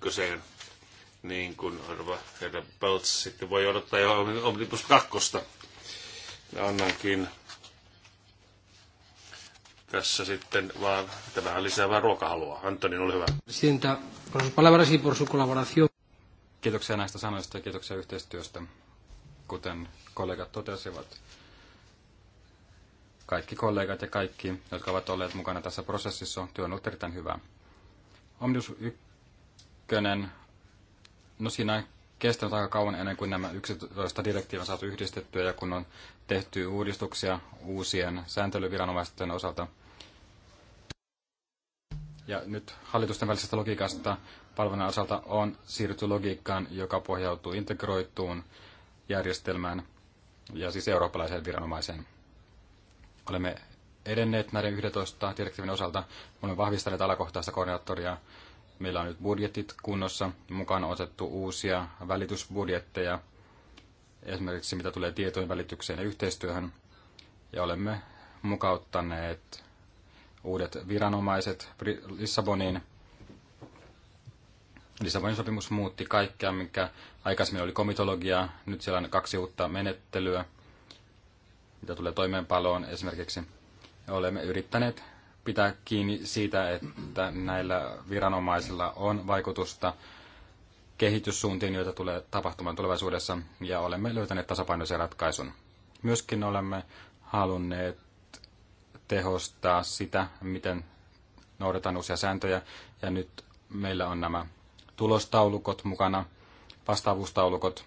niin kuin arva herra Peltz sitten voi odottaa jo Omnibus 2. Annankin tässä sitten vaan, vähän lisää vähän ruokahalua. Antonin, ole hyvä. Presidenta, por sus palabras y por su colaboración. Kiitoksia näistä sanoista ja kiitoksia yhteistyöstä. Kuten kollegat totesivat, kaikki kollegat ja kaikki, jotka ovat olleet mukana tässä prosessissa, työ on ollut erittäin hyvää. Omnibus 1 No siinä on kestänyt aika kauan ennen kuin nämä 11 direktiivin on saatu yhdistettyä ja kun on tehty uudistuksia uusien sääntelyviranomaisten osalta. Ja nyt hallitusten välisestä logiikasta palvelun osalta on siirrytty logiikkaan, joka pohjautuu integroituun järjestelmään ja siis eurooppalaiseen viranomaiseen. Olemme edenneet näiden 11 direktiivin osalta. Olemme vahvistaneet alakohtaista koordinaattoria Meillä on nyt budjetit kunnossa, mukaan on otettu uusia välitysbudjetteja, esimerkiksi mitä tulee tietojen välitykseen ja yhteistyöhön. Ja olemme mukauttaneet uudet viranomaiset Lissaboniin. Lissabonin sopimus muutti kaikkea, mikä aikaisemmin oli komitologiaa. Nyt siellä on kaksi uutta menettelyä, mitä tulee toimeenpaloon esimerkiksi. olemme yrittäneet pitää kiinni siitä, että näillä viranomaisilla on vaikutusta kehityssuuntiin, joita tulee tapahtumaan tulevaisuudessa, ja olemme löytäneet tasapainoisen ratkaisun. Myöskin olemme halunneet tehostaa sitä, miten noudatetaan uusia sääntöjä, ja nyt meillä on nämä tulostaulukot mukana, vastaavuustaulukot.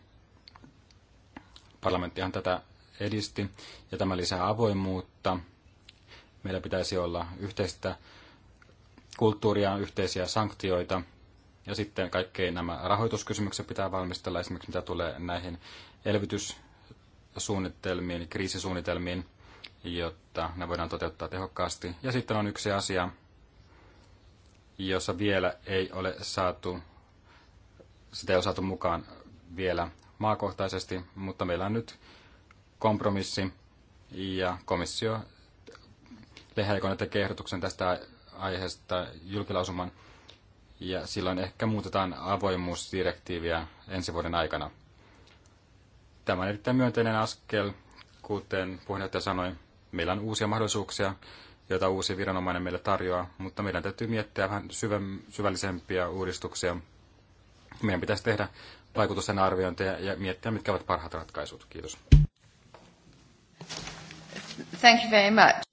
Parlamenttihan tätä edisti, ja tämä lisää avoimuutta – Meillä pitäisi olla yhteistä kulttuuria, yhteisiä sanktioita ja sitten kaikki nämä rahoituskysymykset pitää valmistella, esimerkiksi mitä tulee näihin elvytyssuunnitelmiin, kriisisuunnitelmiin, jotta ne voidaan toteuttaa tehokkaasti. Ja sitten on yksi asia, jossa vielä ei ole saatu, sitä ei ole saatu mukaan vielä maakohtaisesti, mutta meillä on nyt kompromissi ja komissio Lehdäikonen tekee ehdotuksen tästä aiheesta julkilausuman, ja silloin ehkä muutetaan avoimuusdirektiiviä ensi vuoden aikana. Tämä on erittäin myönteinen askel, kuten puheenjohtaja sanoi. Meillä on uusia mahdollisuuksia, joita uusi viranomainen meille tarjoaa, mutta meidän täytyy miettiä vähän syvällisempiä uudistuksia. Meidän pitäisi tehdä vaikutusten arviointeja ja miettiä, mitkä ovat parhaat ratkaisut. Kiitos. Thank you very much.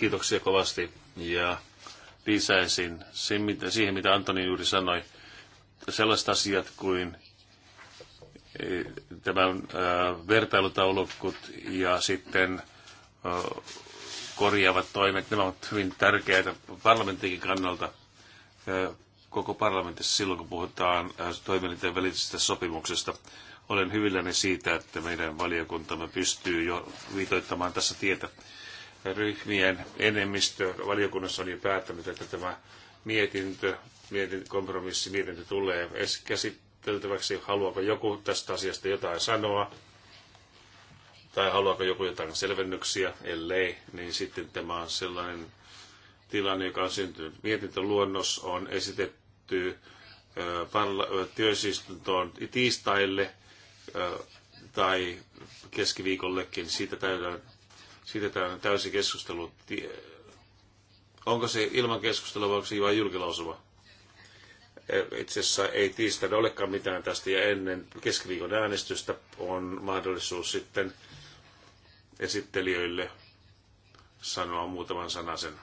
Kiitoksia kovasti ja lisäisin siihen, mitä Antoni juuri sanoi, sellaiset asiat kuin eh, tämän vertailutaulukut ja sitten korjaavat toimet, nämä ovat hyvin tärkeitä Parlamenttikin kannalta koko parlamentissa silloin, kun puhutaan toimielinten välisestä sopimuksesta. Olen hyvilläni siitä, että meidän valiokuntamme pystyy jo viitoittamaan tässä tietä ryhmien enemmistö valiokunnassa oli päättänyt, että tämä mietintö, mietin, kompromissi, mietintö tulee käsiteltäväksi. Haluaako joku tästä asiasta jotain sanoa? Tai haluaako joku jotain selvennyksiä? Ellei, niin sitten tämä on sellainen tilanne, joka on syntynyt. Mietintöluonnos on esitetty työsistuntoon tiistaille tai keskiviikollekin. Siitä täytyy siitä tämä on täysi keskustelu. Onko se ilman keskustelua vai onko se vain julkilausuma? E, itse asiassa ei tiistaina olekaan mitään tästä ja ennen keskiviikon äänestystä on mahdollisuus sitten esittelijöille sanoa muutaman sanasen.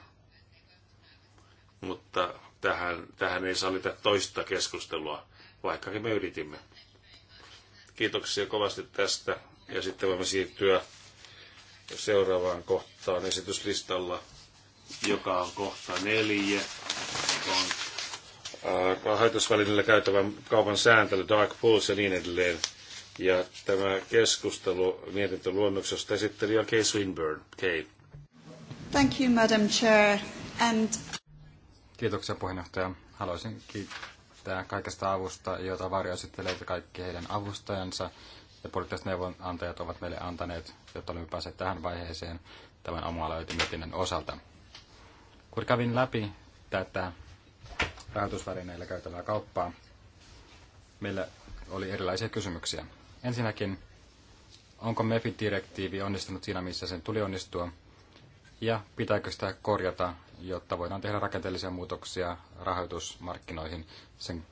Mutta tähän, tähän ei sallita toista keskustelua, vaikkakin me yritimme. Kiitoksia kovasti tästä ja sitten voimme siirtyä seuraavaan kohtaan esityslistalla, joka on kohta neljä. On äh, rahoitusvälineellä käytävän kaupan sääntely, dark pools ja niin edelleen. Ja tämä keskustelu mietintöluonnoksesta esitteli on Kay Swinburne. Kay. Thank you, Madam Chair. And... Kiitoksia puheenjohtaja. Haluaisin kiittää kaikesta avusta, jota varjoesittelijät ja kaikki heidän avustajansa ja poliittiset neuvonantajat ovat meille antaneet jotta olemme päässeet tähän vaiheeseen tämän omaa löytymätinen osalta. Kun kävin läpi tätä rahoitusvälineillä käytävää kauppaa, meillä oli erilaisia kysymyksiä. Ensinnäkin, onko MEFI-direktiivi onnistunut siinä, missä sen tuli onnistua, ja pitääkö sitä korjata, jotta voidaan tehdä rakenteellisia muutoksia rahoitusmarkkinoihin sen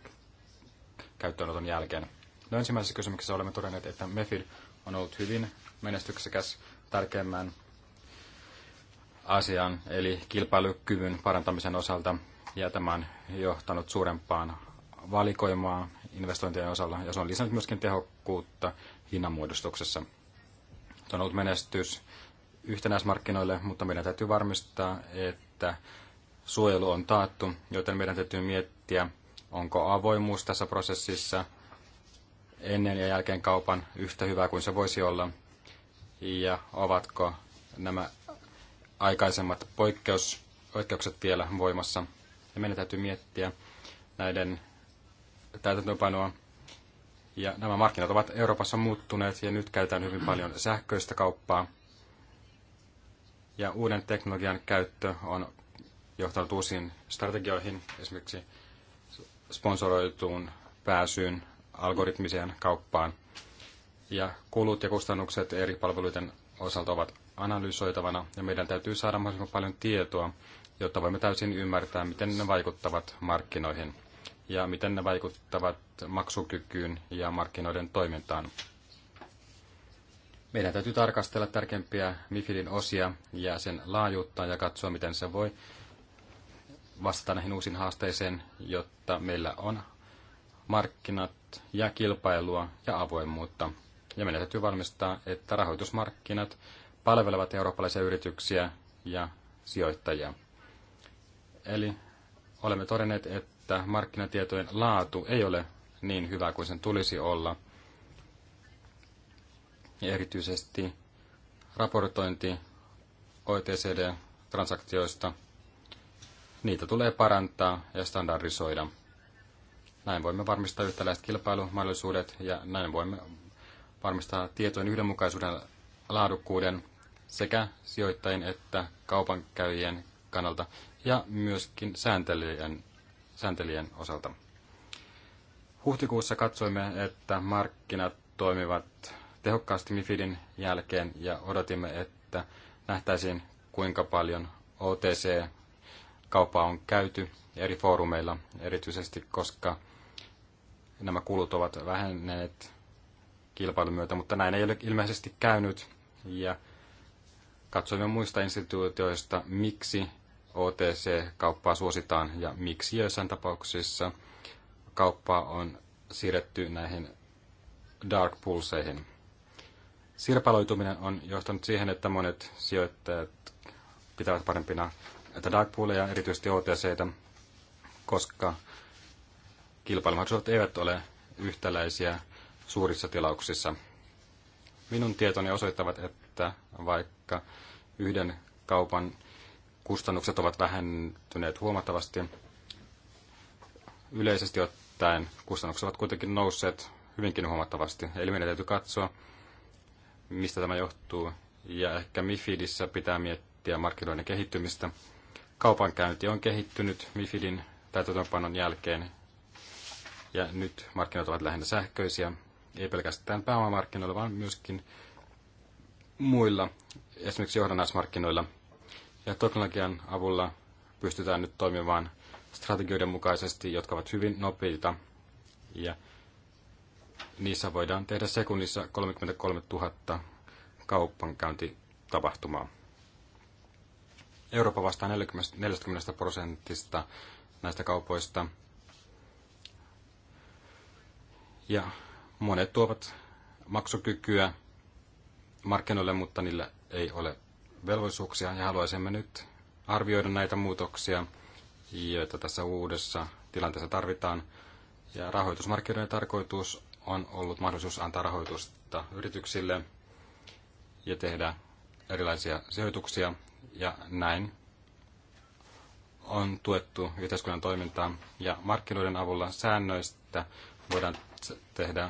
käyttöönoton jälkeen. No ensimmäisessä kysymyksessä olemme todenneet, että MEFID on ollut hyvin menestyksekäs tärkeimmän asian, eli kilpailukyvyn parantamisen osalta, ja tämä on johtanut suurempaan valikoimaan investointien osalla, ja se on lisännyt myöskin tehokkuutta hinnanmuodostuksessa. Se on ollut menestys yhtenäismarkkinoille, mutta meidän täytyy varmistaa, että suojelu on taattu, joten meidän täytyy miettiä, onko avoimuus tässä prosessissa ennen ja jälkeen kaupan yhtä hyvä kuin se voisi olla – ja ovatko nämä aikaisemmat poikkeus, poikkeukset vielä voimassa. Ja meidän täytyy miettiä näiden täytäntöönpanoa. Ja nämä markkinat ovat Euroopassa muuttuneet ja nyt käytetään hyvin paljon sähköistä kauppaa. Ja uuden teknologian käyttö on johtanut uusiin strategioihin, esimerkiksi sponsoroituun pääsyyn, algoritmiseen kauppaan – ja kulut ja kustannukset eri palveluiden osalta ovat analysoitavana ja meidän täytyy saada mahdollisimman paljon tietoa, jotta voimme täysin ymmärtää, miten ne vaikuttavat markkinoihin ja miten ne vaikuttavat maksukykyyn ja markkinoiden toimintaan. Meidän täytyy tarkastella tärkeimpiä MIFIDin osia ja sen laajuutta ja katsoa, miten se voi vastata näihin uusiin haasteisiin, jotta meillä on markkinat ja kilpailua ja avoimuutta ja meidän täytyy varmistaa, että rahoitusmarkkinat palvelevat eurooppalaisia yrityksiä ja sijoittajia. Eli olemme todenneet, että markkinatietojen laatu ei ole niin hyvä kuin sen tulisi olla. Ja erityisesti raportointi OECD-transaktioista, niitä tulee parantaa ja standardisoida. Näin voimme varmistaa yhtäläiset kilpailumahdollisuudet ja näin voimme varmistaa tietojen yhdenmukaisuuden laadukkuuden sekä sijoittajien että kaupankäyjien kannalta ja myöskin sääntelijän, sääntelijän osalta. Huhtikuussa katsoimme, että markkinat toimivat tehokkaasti MIFIDin jälkeen ja odotimme, että nähtäisiin kuinka paljon OTC-kaupaa on käyty eri foorumeilla, erityisesti koska nämä kulut ovat vähenneet kilpailun myötä, mutta näin ei ole ilmeisesti käynyt. Ja katsoimme muista instituutioista, miksi OTC-kauppaa suositaan ja miksi joissain tapauksissa kauppaa on siirretty näihin dark pulseihin. Sirpaloituminen on johtanut siihen, että monet sijoittajat pitävät parempina että dark pooleja, erityisesti OTC, koska kilpailumahdollisuudet eivät ole yhtäläisiä suurissa tilauksissa. Minun tietoni osoittavat, että vaikka yhden kaupan kustannukset ovat vähentyneet huomattavasti, yleisesti ottaen kustannukset ovat kuitenkin nousseet hyvinkin huomattavasti. Eli meidän täytyy katsoa, mistä tämä johtuu. Ja ehkä MIFIDissä pitää miettiä markkinoiden kehittymistä. Kaupankäynti on kehittynyt MIFIDin täytäntöönpanon jälkeen. Ja nyt markkinat ovat lähinnä sähköisiä ei pelkästään pääomamarkkinoilla, vaan myöskin muilla, esimerkiksi johdannaismarkkinoilla. Ja teknologian avulla pystytään nyt toimimaan strategioiden mukaisesti, jotka ovat hyvin nopeita. Ja niissä voidaan tehdä sekunnissa 33 000 kauppankäyntitapahtumaa. Eurooppa vastaa 40 prosentista näistä kaupoista. Ja monet tuovat maksukykyä markkinoille, mutta niillä ei ole velvollisuuksia ja haluaisimme nyt arvioida näitä muutoksia, joita tässä uudessa tilanteessa tarvitaan. Ja rahoitusmarkkinoiden tarkoitus on ollut mahdollisuus antaa rahoitusta yrityksille ja tehdä erilaisia sijoituksia ja näin on tuettu yhteiskunnan toimintaa ja markkinoiden avulla säännöistä voidaan tehdä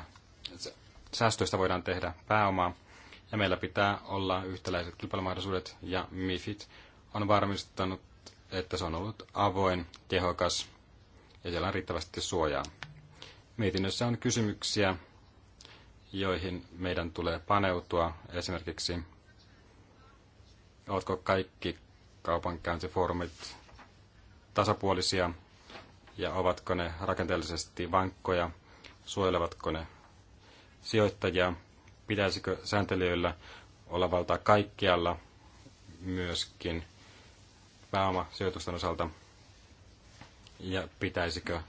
säästöistä voidaan tehdä pääomaa, ja meillä pitää olla yhtäläiset kilpailumahdollisuudet, ja MIFID on varmistanut, että se on ollut avoin, tehokas, ja siellä on riittävästi suojaa. Mietinnössä on kysymyksiä, joihin meidän tulee paneutua, esimerkiksi ovatko kaikki kaupankäyntifoorumit tasapuolisia ja ovatko ne rakenteellisesti vankkoja, suojelevatko ne sijoittajia, pitäisikö sääntelijöillä olla valtaa kaikkialla myöskin pääomasijoitusten osalta ja pitäisikö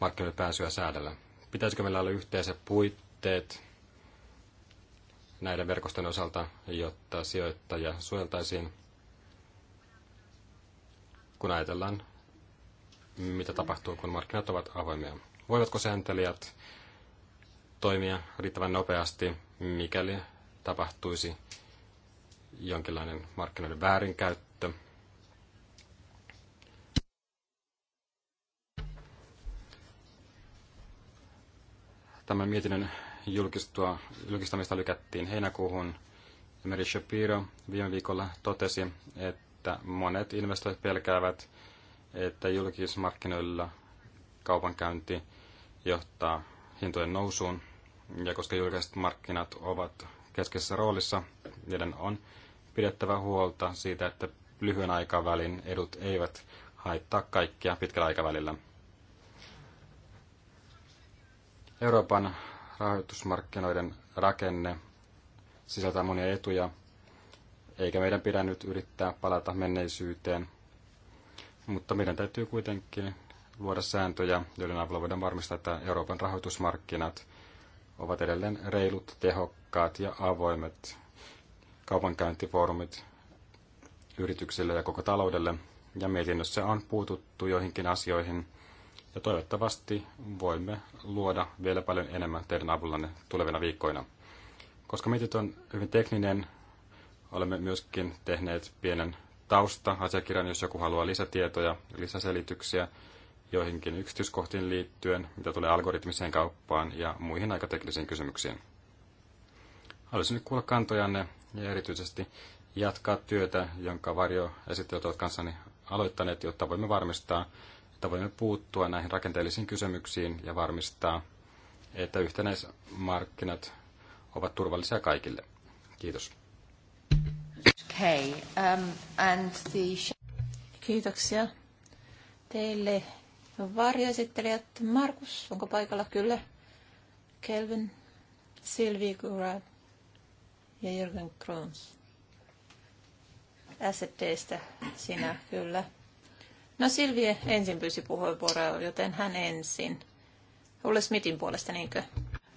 markkinoille pääsyä säädellä. Pitäisikö meillä olla yhteiset puitteet näiden verkostojen osalta, jotta sijoittajia suojeltaisiin, kun ajatellaan, mitä tapahtuu, kun markkinat ovat avoimia. Voivatko sääntelijät toimia riittävän nopeasti, mikäli tapahtuisi jonkinlainen markkinoiden väärinkäyttö. Tämän mietinnön julkistamista lykättiin heinäkuuhun. Mary Shapiro viime viikolla totesi, että monet investoijat pelkäävät, että julkismarkkinoilla kaupankäynti johtaa hintojen nousuun. Ja koska julkiset markkinat ovat keskeisessä roolissa, niiden on pidettävä huolta siitä, että lyhyen aikavälin edut eivät haittaa kaikkia pitkällä aikavälillä. Euroopan rahoitusmarkkinoiden rakenne sisältää monia etuja, eikä meidän pidä nyt yrittää palata menneisyyteen, mutta meidän täytyy kuitenkin luoda sääntöjä, joiden avulla voidaan varmistaa, että Euroopan rahoitusmarkkinat ovat edelleen reilut, tehokkaat ja avoimet kaupankäyntifoorumit yrityksille ja koko taloudelle. Ja mietinnössä on puututtu joihinkin asioihin, ja toivottavasti voimme luoda vielä paljon enemmän teidän avullanne tulevina viikkoina. Koska mietit on hyvin tekninen, olemme myöskin tehneet pienen tausta-asiakirjan, jos joku haluaa lisätietoja, lisäselityksiä joihinkin yksityiskohtiin liittyen, mitä tulee algoritmiseen kauppaan ja muihin aikateknisiin kysymyksiin. Haluaisin nyt kuulla kantojanne ja erityisesti jatkaa työtä, jonka esittelyt ovat kanssani aloittaneet, jotta voimme varmistaa, että voimme puuttua näihin rakenteellisiin kysymyksiin ja varmistaa, että yhtenäismarkkinat ovat turvallisia kaikille. Kiitos. Okay, um, and the... Kiitoksia teille varjoesittelijät. Markus, onko paikalla? Kyllä. Kelvin, Sylvie Gurad ja Jürgen Kroons. SDstä sinä, kyllä. No Silvie ensin pyysi puheenvuoroa, joten hän ensin. Ulle Smithin puolesta, niinkö?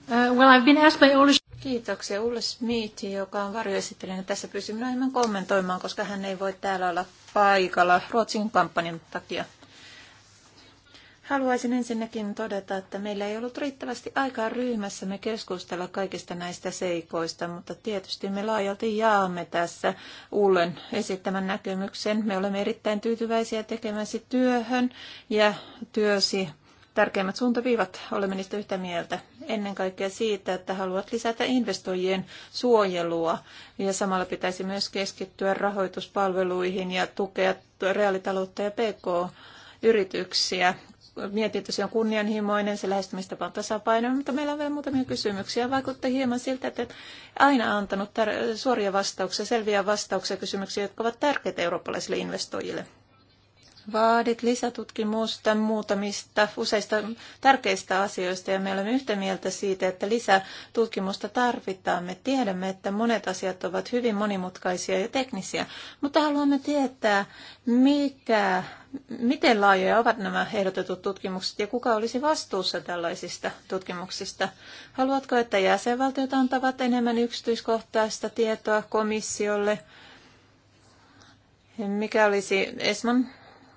Uh, well, I've been asked by Ulle... Kiitoksia. Ulle Smith, joka on varjoesittelijänä tässä pyysi minua enemmän kommentoimaan, koska hän ei voi täällä olla paikalla Ruotsin kampanjan takia. Haluaisin ensinnäkin todeta, että meillä ei ollut riittävästi aikaa ryhmässämme keskustella kaikista näistä seikoista, mutta tietysti me laajalti jaamme tässä Ullen esittämän näkemyksen. Me olemme erittäin tyytyväisiä tekemäsi työhön ja työsi tärkeimmät suuntaviivat, olemme niistä yhtä mieltä. Ennen kaikkea siitä, että haluat lisätä investoijien suojelua ja samalla pitäisi myös keskittyä rahoituspalveluihin ja tukea reaalitaloutta ja pk-yrityksiä, mietintö se on kunnianhimoinen, se lähestymistapa on tasapainoinen, mutta meillä on vielä muutamia kysymyksiä. Vaikutti hieman siltä, että aina antanut suoria vastauksia, selviä vastauksia kysymyksiä, jotka ovat tärkeitä eurooppalaisille investoijille vaadit lisätutkimusta muutamista useista tärkeistä asioista ja me olemme yhtä mieltä siitä, että lisätutkimusta tarvitaan. Me tiedämme, että monet asiat ovat hyvin monimutkaisia ja teknisiä, mutta haluamme tietää, mikä, miten laajoja ovat nämä ehdotetut tutkimukset ja kuka olisi vastuussa tällaisista tutkimuksista. Haluatko, että jäsenvaltiot antavat enemmän yksityiskohtaista tietoa komissiolle? Mikä olisi Esman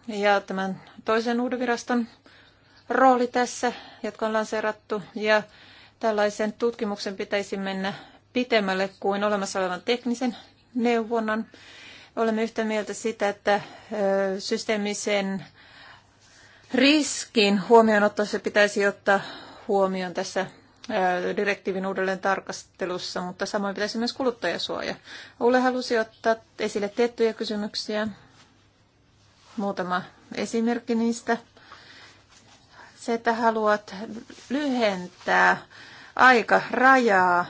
ja tämän toisen uuden viraston rooli tässä, jotka on lanseerattu. Ja tällaisen tutkimuksen pitäisi mennä pitemmälle kuin olemassa olevan teknisen neuvonnan. Olemme yhtä mieltä sitä, että systeemisen riskin huomioon se pitäisi ottaa huomioon tässä direktiivin uudelleen tarkastelussa, mutta samoin pitäisi myös kuluttajasuoja. Ulle halusi ottaa esille tiettyjä kysymyksiä, Muutama esimerkki niistä. Se, että haluat lyhentää aika rajaa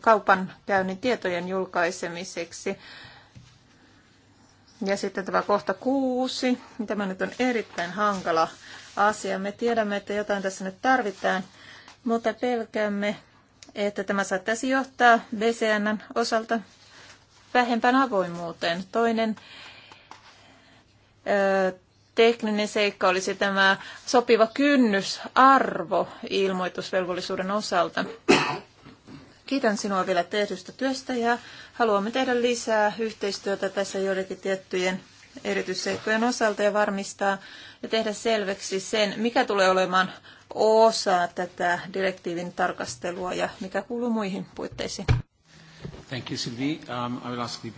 kaupan käynnin tietojen julkaisemiseksi. Ja sitten tämä kohta kuusi. Tämä nyt on erittäin hankala asia. Me tiedämme, että jotain tässä nyt tarvitaan, mutta pelkäämme, että tämä saattaisi johtaa BCN osalta vähempään avoimuuteen. Toinen tekninen seikka olisi tämä sopiva kynnysarvo ilmoitusvelvollisuuden osalta. Kiitän sinua vielä tehdystä työstä ja haluamme tehdä lisää yhteistyötä tässä joidenkin tiettyjen erityisseikkojen osalta ja varmistaa ja tehdä selväksi sen, mikä tulee olemaan osa tätä direktiivin tarkastelua ja mikä kuuluu muihin puitteisiin. Thank you, Sylvie. Um, I will ask the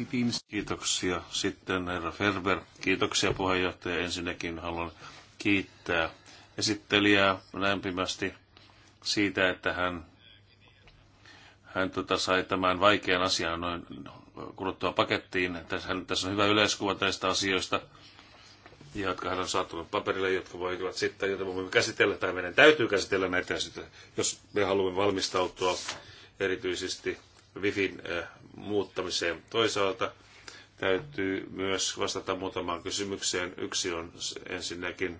Kiitoksia. Sitten herra Ferber. Kiitoksia puheenjohtaja. Ensinnäkin haluan kiittää esittelijää lämpimästi siitä, että hän, hän tota, sai tämän vaikean asian noin kuluttua pakettiin. Tässä, tässä on hyvä yleiskuva tästä asioista, jotka hän on saattanut paperille, jotka voivat sitten, joita voimme käsitellä, tai meidän täytyy käsitellä näitä asioita, jos me haluamme valmistautua erityisesti Wifin muuttamiseen. Toisaalta täytyy myös vastata muutamaan kysymykseen. Yksi on ensinnäkin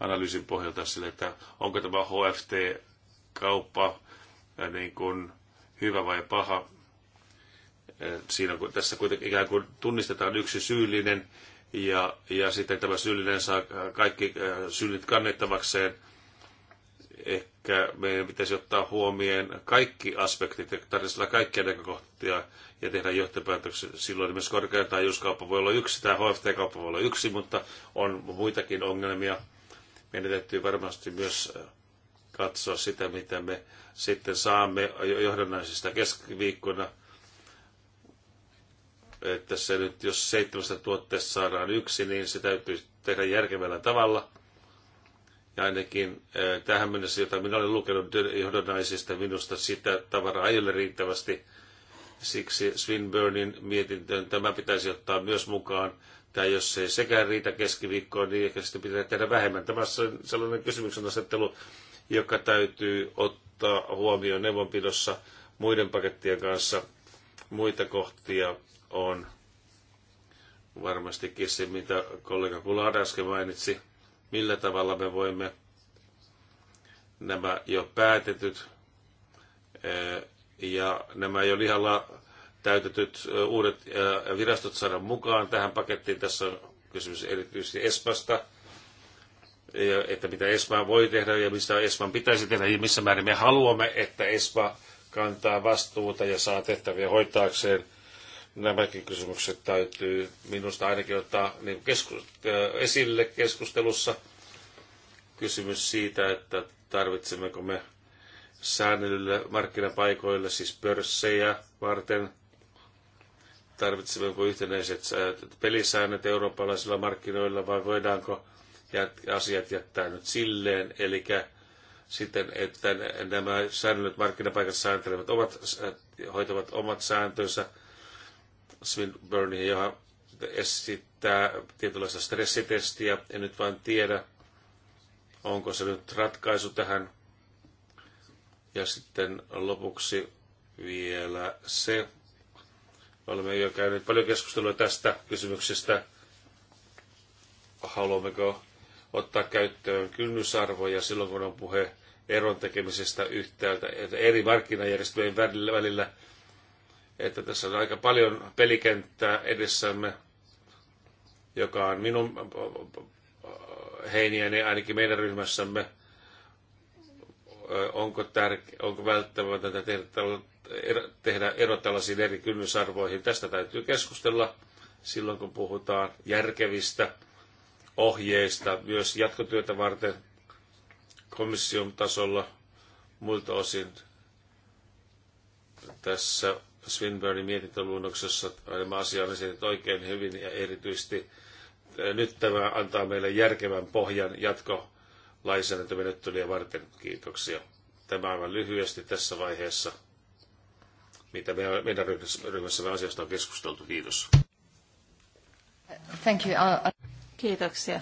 analyysin pohjalta sille, että onko tämä HFT-kauppa niin kuin hyvä vai paha. Siinä, kun tässä kuitenkin ikään kuin tunnistetaan yksi syyllinen ja, ja sitten tämä syyllinen saa kaikki syyllit kannettavakseen. Eh, meidän pitäisi ottaa huomioon kaikki aspektit ja tarkastella kaikkia näkökohtia ja tehdä johtopäätöksiä. Silloin myös korkeataajuuskauppa voi olla yksi tai HFT-kauppa voi olla yksi, mutta on muitakin ongelmia. Meidän täytyy varmasti myös äh, katsoa sitä, mitä me sitten saamme johdannaisista keskiviikkona. Että se nyt, jos seitsemästä tuotteesta saadaan yksi, niin se täytyy tehdä järkevällä tavalla – ja ainakin tähän mennessä, jota minä olen lukenut johdonaisista, minusta sitä tavaraa ei ole riittävästi. Siksi Swinburnin mietintöön tämä pitäisi ottaa myös mukaan. Tai jos ei sekään riitä keskiviikkoon, niin ehkä sitä pitää tehdä vähemmän. Tämä on sellainen kysymyksen asettelu, joka täytyy ottaa huomioon neuvonpidossa muiden pakettien kanssa. Muita kohtia on varmastikin se, mitä kollega Kula äsken mainitsi millä tavalla me voimme nämä jo päätetyt ja nämä jo lihalla täytetyt uudet virastot saada mukaan tähän pakettiin. Tässä on kysymys erityisesti ESPAsta, että mitä ESPA voi tehdä ja mistä ESPAn pitäisi tehdä ja missä määrin me haluamme, että ESPA kantaa vastuuta ja saa tehtäviä hoitaakseen Nämäkin kysymykset täytyy minusta ainakin ottaa niin keskus, äh, esille keskustelussa. Kysymys siitä, että tarvitsemmeko me säännöllille markkinapaikoille, siis pörssejä varten, tarvitsemmeko yhtenäiset pelisäännöt eurooppalaisilla markkinoilla vai voidaanko asiat jättää nyt silleen, eli sitten, että nämä säännöllyt markkinapaikat sääntelevät ovat hoitavat omat sääntönsä Swinburne, joka esittää tietynlaista stressitestiä. En nyt vain tiedä, onko se nyt ratkaisu tähän. Ja sitten lopuksi vielä se. Olemme jo käyneet paljon keskustelua tästä kysymyksestä. Haluammeko ottaa käyttöön kynnysarvoja silloin, kun on puhe eron tekemisestä yhtäältä eri markkinajärjestelmien välillä, välillä – että tässä on aika paljon pelikenttää edessämme, joka on minun heiniäni ainakin meidän ryhmässämme. Onko, tärke, onko välttämätöntä tehdä, tehdä ero tällaisiin eri kynnysarvoihin? Tästä täytyy keskustella silloin, kun puhutaan järkevistä ohjeista myös jatkotyötä varten komission tasolla muilta osin tässä Swinburnin mietintöluonnoksessa tämä asia on esitetty oikein hyvin ja erityisesti nyt tämä antaa meille järkevän pohjan jatko lainsäädäntömenettelyä varten. Kiitoksia. Tämä aivan lyhyesti tässä vaiheessa, mitä meidän ryhmässämme asiasta on keskusteltu. Kiitos. Thank you. Kiitoksia.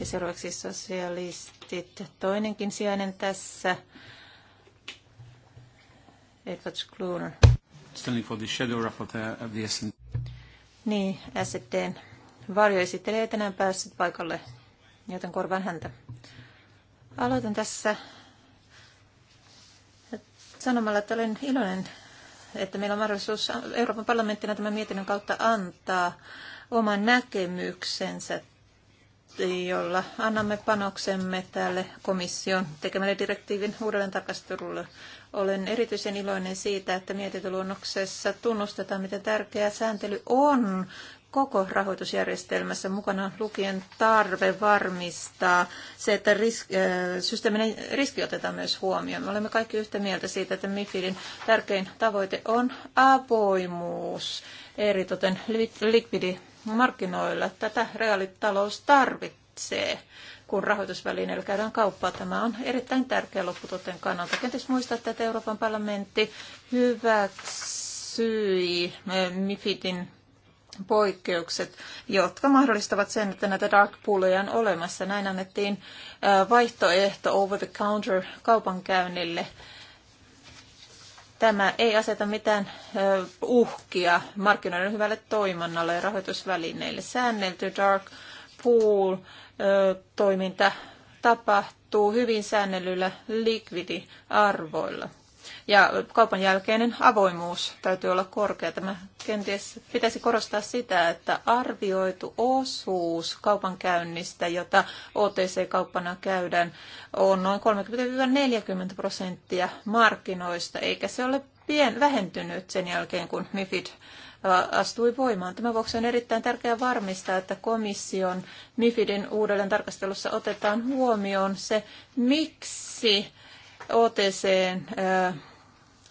Ja seuraavaksi sosialistit. Toinenkin sijainen tässä. Edward Kluner standing for the shadow rapporteur of the SND. Niin, SDn varjoesittelijä ei tänään päässyt paikalle, joten korvaan häntä. Aloitan tässä sanomalla, että olen iloinen, että meillä on mahdollisuus Euroopan parlamenttina tämän mietinnön kautta antaa oman näkemyksensä jolla annamme panoksemme tälle komission tekemälle direktiivin uudelleen tarkastelulle. Olen erityisen iloinen siitä, että mietintöluonnoksessa tunnustetaan, miten tärkeää sääntely on koko rahoitusjärjestelmässä mukana lukien tarve varmistaa se, että riski, äh, systeeminen riski otetaan myös huomioon. Me olemme kaikki yhtä mieltä siitä, että MIFIDin tärkein tavoite on avoimuus, eritoten likvidi markkinoilla. Tätä reaalitalous tarvitsee, kun rahoitusvälineillä käydään kauppaa. Tämä on erittäin tärkeä lopputuotteen kannalta. Kenties muistaa, että Euroopan parlamentti hyväksyi eh, mifitin poikkeukset, jotka mahdollistavat sen, että näitä dark pooleja on olemassa. Näin annettiin eh, vaihtoehto over the counter kaupankäynnille Tämä ei aseta mitään uhkia markkinoiden hyvälle toiminnalle ja rahoitusvälineille. Säännelty dark pool toiminta tapahtuu hyvin säännellyillä likvidiarvoilla ja kaupan jälkeinen avoimuus täytyy olla korkea. Tämä kenties pitäisi korostaa sitä, että arvioitu osuus kaupankäynnistä, jota OTC-kauppana käydään, on noin 30-40 prosenttia markkinoista, eikä se ole pien vähentynyt sen jälkeen, kun MIFID astui voimaan. Tämän vuoksi on erittäin tärkeää varmistaa, että komission MIFIDin uudelleen tarkastelussa otetaan huomioon se, miksi OTCn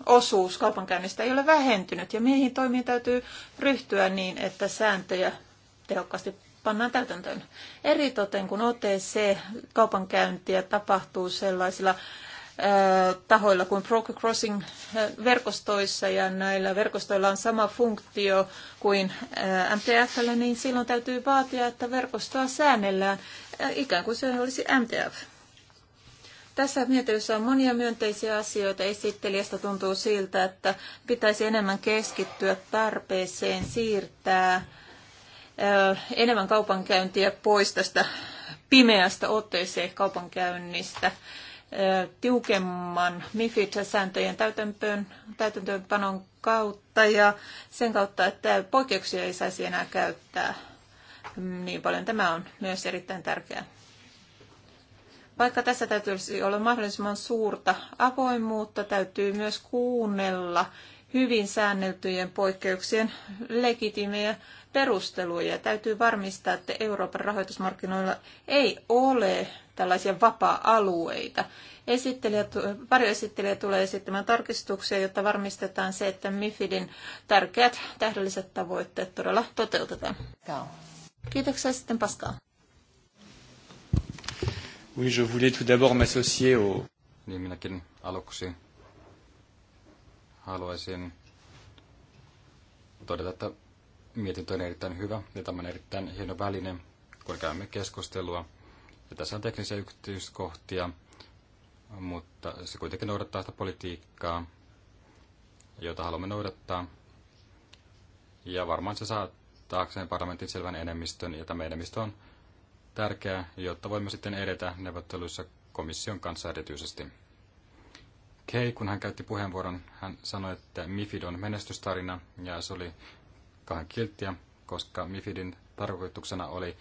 osuus kaupankäynnistä ei ole vähentynyt ja mihin toimiin täytyy ryhtyä niin, että sääntöjä tehokkaasti pannaan täytäntöön. Eritoten kun OTC-kaupankäyntiä tapahtuu sellaisilla tahoilla kuin Broker Crossing verkostoissa ja näillä verkostoilla on sama funktio kuin MTF, niin silloin täytyy vaatia, että verkostoa säännellään ikään kuin se olisi MTF. Tässä mietinnössä on monia myönteisiä asioita. Esittelijästä tuntuu siltä, että pitäisi enemmän keskittyä tarpeeseen siirtää enemmän kaupankäyntiä pois tästä pimeästä OTC-kaupankäynnistä tiukemman MIFID-sääntöjen täytäntöönpanon kautta ja sen kautta, että poikkeuksia ei saisi enää käyttää niin paljon. Tämä on myös erittäin tärkeää. Vaikka tässä täytyisi olla mahdollisimman suurta avoimuutta, täytyy myös kuunnella hyvin säänneltyjen poikkeuksien legitimejä perusteluja. Täytyy varmistaa, että Euroopan rahoitusmarkkinoilla ei ole tällaisia vapaa-alueita. Esittelijä, pari tulee esittämään tarkistuksia, jotta varmistetaan se, että MIFIDin tärkeät tähdelliset tavoitteet todella toteutetaan. Kiitoksia sitten Pascal. Oui, je voulais tout d'abord m'associer au... Niin minäkin aluksi haluaisin todeta, että mietintö on erittäin hyvä ja tämä on erittäin hieno väline, kun käymme keskustelua. Ja tässä on teknisiä yksityiskohtia, mutta se kuitenkin noudattaa sitä politiikkaa, jota haluamme noudattaa. Ja varmaan se saa taakseen parlamentin selvän enemmistön, ja tämä enemmistö on tärkeää, jotta voimme sitten edetä neuvotteluissa komission kanssa erityisesti. Kei, kun hän käytti puheenvuoron, hän sanoi, että Mifid on menestystarina ja se oli kahden kilttiä, koska Mifidin tarkoituksena oli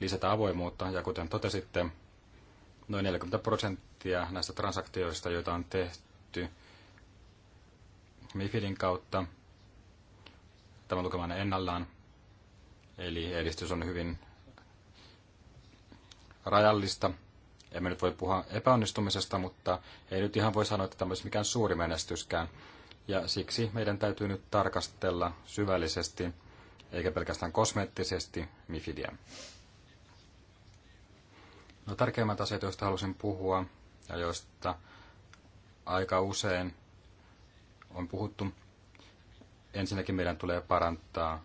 lisätä avoimuutta ja kuten totesitte, noin 40 prosenttia näistä transaktioista, joita on tehty Mifidin kautta, tämä lukemana ennallaan, eli edistys on hyvin rajallista. Emme nyt voi puhua epäonnistumisesta, mutta ei nyt ihan voi sanoa, että tämä olisi mikään suuri menestyskään. Ja siksi meidän täytyy nyt tarkastella syvällisesti, eikä pelkästään kosmeettisesti, Mifidia. No, tärkeimmät asiat, joista halusin puhua ja joista aika usein on puhuttu. Ensinnäkin meidän tulee parantaa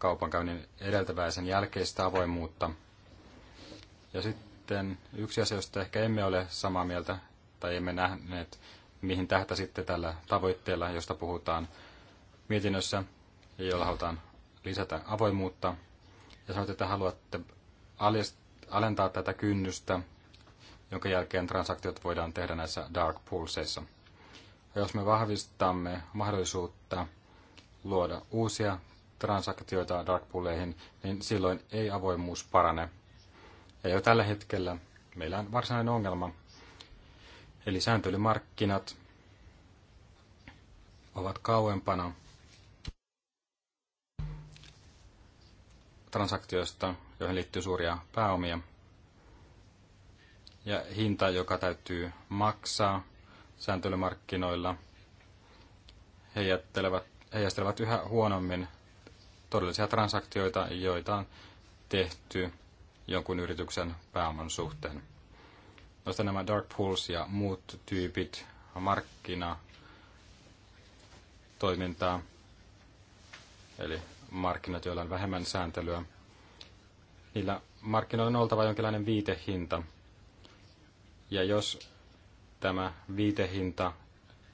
kaupankäynnin edeltävää ja sen jälkeistä avoimuutta. Ja sitten yksi asia, josta ehkä emme ole samaa mieltä tai emme nähneet, mihin tähtä sitten tällä tavoitteella, josta puhutaan mietinnössä, ja jolla halutaan lisätä avoimuutta. Ja sanoit, että haluatte alentaa tätä kynnystä, jonka jälkeen transaktiot voidaan tehdä näissä dark poolseissa. Ja jos me vahvistamme mahdollisuutta luoda uusia transaktioita dark pooleihin, niin silloin ei avoimuus parane. Ja jo tällä hetkellä meillä on varsinainen ongelma. Eli sääntelymarkkinat ovat kauempana transaktioista, joihin liittyy suuria pääomia. Ja hinta, joka täytyy maksaa sääntelymarkkinoilla, heijastelevat yhä huonommin todellisia transaktioita, joita on tehty jonkun yrityksen pääoman suhteen. Noista nämä dark pools ja muut tyypit, markkina, toimintaa, eli markkinat, joilla on vähemmän sääntelyä. Niillä markkinoilla on oltava jonkinlainen viitehinta. Ja jos tämä viitehinta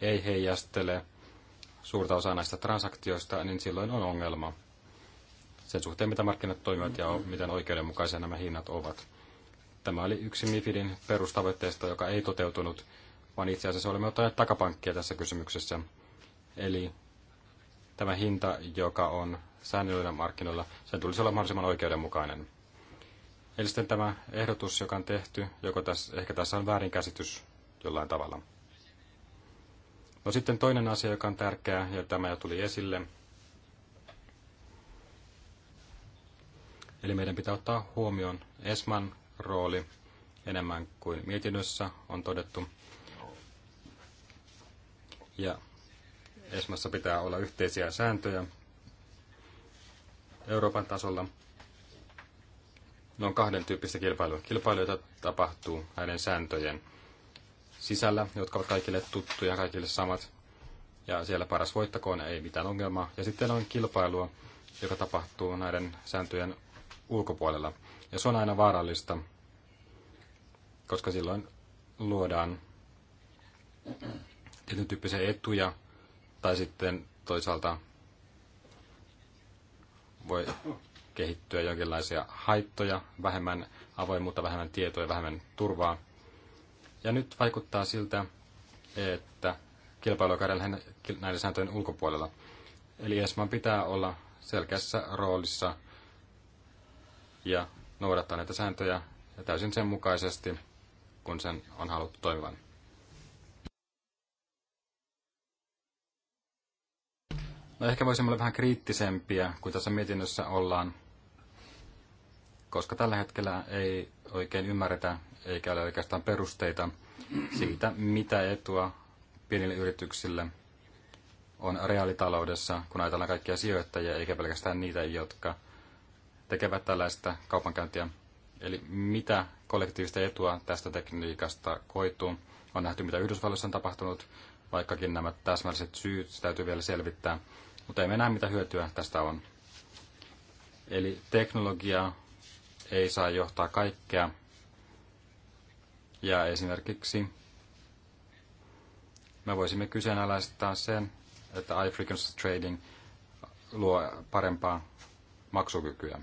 ei heijastele suurta osaa näistä transaktioista, niin silloin on ongelma – sen suhteen, mitä markkinat toimivat ja miten oikeudenmukaisia nämä hinnat ovat. Tämä oli yksi MIFIDin perustavoitteista, joka ei toteutunut, vaan itse asiassa olemme ottaneet takapankkia tässä kysymyksessä. Eli tämä hinta, joka on säännöllinen markkinoilla, sen tulisi olla mahdollisimman oikeudenmukainen. Eli sitten tämä ehdotus, joka on tehty, joko tässä, ehkä tässä on väärinkäsitys jollain tavalla. No sitten toinen asia, joka on tärkeä, ja tämä jo tuli esille, Eli meidän pitää ottaa huomioon ESMAn rooli enemmän kuin mietinnössä on todettu. Ja ESMassa pitää olla yhteisiä sääntöjä Euroopan tasolla. Ne on kahden tyyppistä kilpailua. Kilpailuja tapahtuu näiden sääntöjen sisällä, jotka ovat kaikille tuttuja, kaikille samat. Ja siellä paras voittakoon ei mitään ongelmaa. Ja sitten on kilpailua, joka tapahtuu näiden sääntöjen ulkopuolella. Ja se on aina vaarallista, koska silloin luodaan tietyn tyyppisiä etuja, tai sitten toisaalta voi kehittyä jonkinlaisia haittoja, vähemmän avoimuutta, vähemmän tietoa vähemmän turvaa. Ja nyt vaikuttaa siltä, että kilpailu käydään näiden sääntöjen ulkopuolella. Eli ESMAn pitää olla selkeässä roolissa ja noudattaa näitä sääntöjä ja täysin sen mukaisesti, kun sen on haluttu toimivan. No ehkä voisimme olla vähän kriittisempiä kuin tässä mietinnössä ollaan, koska tällä hetkellä ei oikein ymmärretä eikä ole oikeastaan perusteita siitä, mitä etua pienille yrityksille on reaalitaloudessa, kun ajatellaan kaikkia sijoittajia, eikä pelkästään niitä, jotka tekevät tällaista kaupankäyntiä. Eli mitä kollektiivista etua tästä tekniikasta koituu? On nähty, mitä Yhdysvalloissa on tapahtunut, vaikkakin nämä täsmälliset syyt täytyy vielä selvittää. Mutta emme näe, mitä hyötyä tästä on. Eli teknologia ei saa johtaa kaikkea. Ja esimerkiksi me voisimme kyseenalaistaa sen, että iFrequency Trading luo parempaa maksukykyä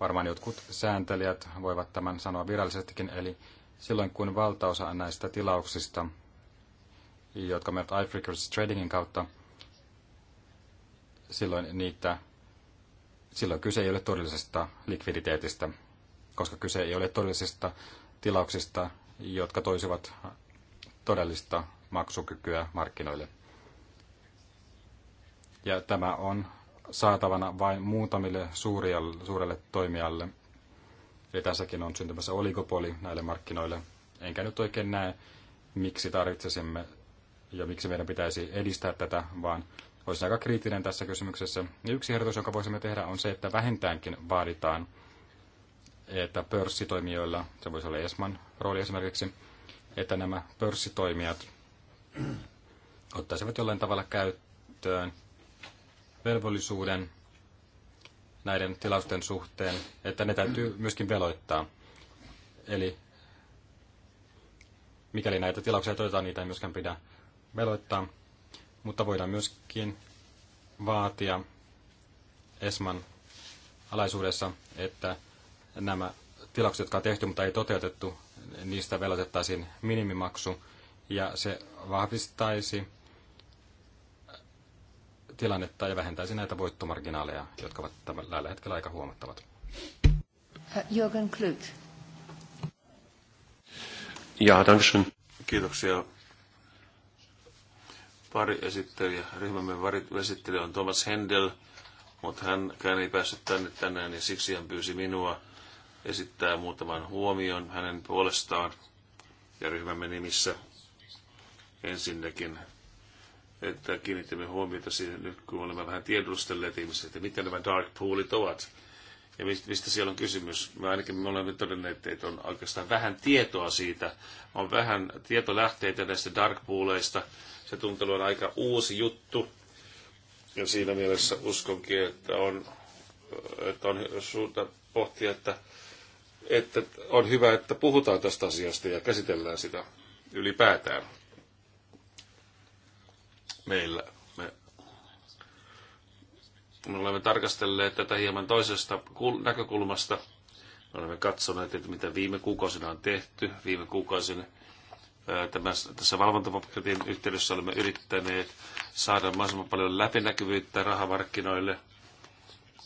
varmaan jotkut sääntelijät voivat tämän sanoa virallisestikin, eli silloin kun valtaosa näistä tilauksista, jotka menevät iFrequency Tradingin kautta, silloin niitä silloin kyse ei ole todellisesta likviditeetistä, koska kyse ei ole todellisista tilauksista, jotka toisivat todellista maksukykyä markkinoille. Ja tämä on saatavana vain muutamille suurelle toimijalle. Eli tässäkin on syntymässä oligopoli näille markkinoille. Enkä nyt oikein näe, miksi tarvitsisimme ja miksi meidän pitäisi edistää tätä, vaan olisi aika kriittinen tässä kysymyksessä. Ja yksi ehdotus, jonka voisimme tehdä, on se, että vähintäänkin vaaditaan, että pörssitoimijoilla, se voisi olla Esman rooli esimerkiksi, että nämä pörssitoimijat ottaisivat jollain tavalla käyttöön – velvollisuuden näiden tilausten suhteen, että ne täytyy myöskin veloittaa. Eli mikäli näitä tilauksia todetaan, niitä ei myöskään pidä veloittaa, mutta voidaan myöskin vaatia ESMAN alaisuudessa, että nämä tilaukset, jotka on tehty, mutta ei toteutettu, niistä velotettaisiin minimimaksu, ja se vahvistaisi tilannetta ja vähentäisi näitä voittomarginaaleja, jotka ovat tällä hetkellä aika huomattavat. Jürgen Klut. Ja, dankeschön. Kiitoksia. Pari esittelijä. Ryhmämme esittelijä on Thomas Hendel, mutta hän ei päässyt tänne tänään ja siksi hän pyysi minua esittää muutaman huomion hänen puolestaan ja ryhmämme nimissä. Ensinnäkin että kiinnitimme huomiota siihen nyt, kun olemme vähän tiedustelleet ihmisiä, että mitä nämä dark poolit ovat ja mistä siellä on kysymys. Me ainakin me olemme todenneet, että on oikeastaan vähän tietoa siitä. On vähän tietolähteitä näistä dark pooleista. Se tuntelu on aika uusi juttu. Ja siinä mielessä uskonkin, että on, että on suurta pohtia, että, että on hyvä, että puhutaan tästä asiasta ja käsitellään sitä ylipäätään meillä. Me, me olemme tarkastelleet tätä hieman toisesta näkökulmasta. Me olemme katsoneet, että mitä viime kuukausina on tehty. Viime kuukausina tämän, tässä valvontapaketin yhteydessä olemme yrittäneet saada mahdollisimman paljon läpinäkyvyyttä rahamarkkinoille.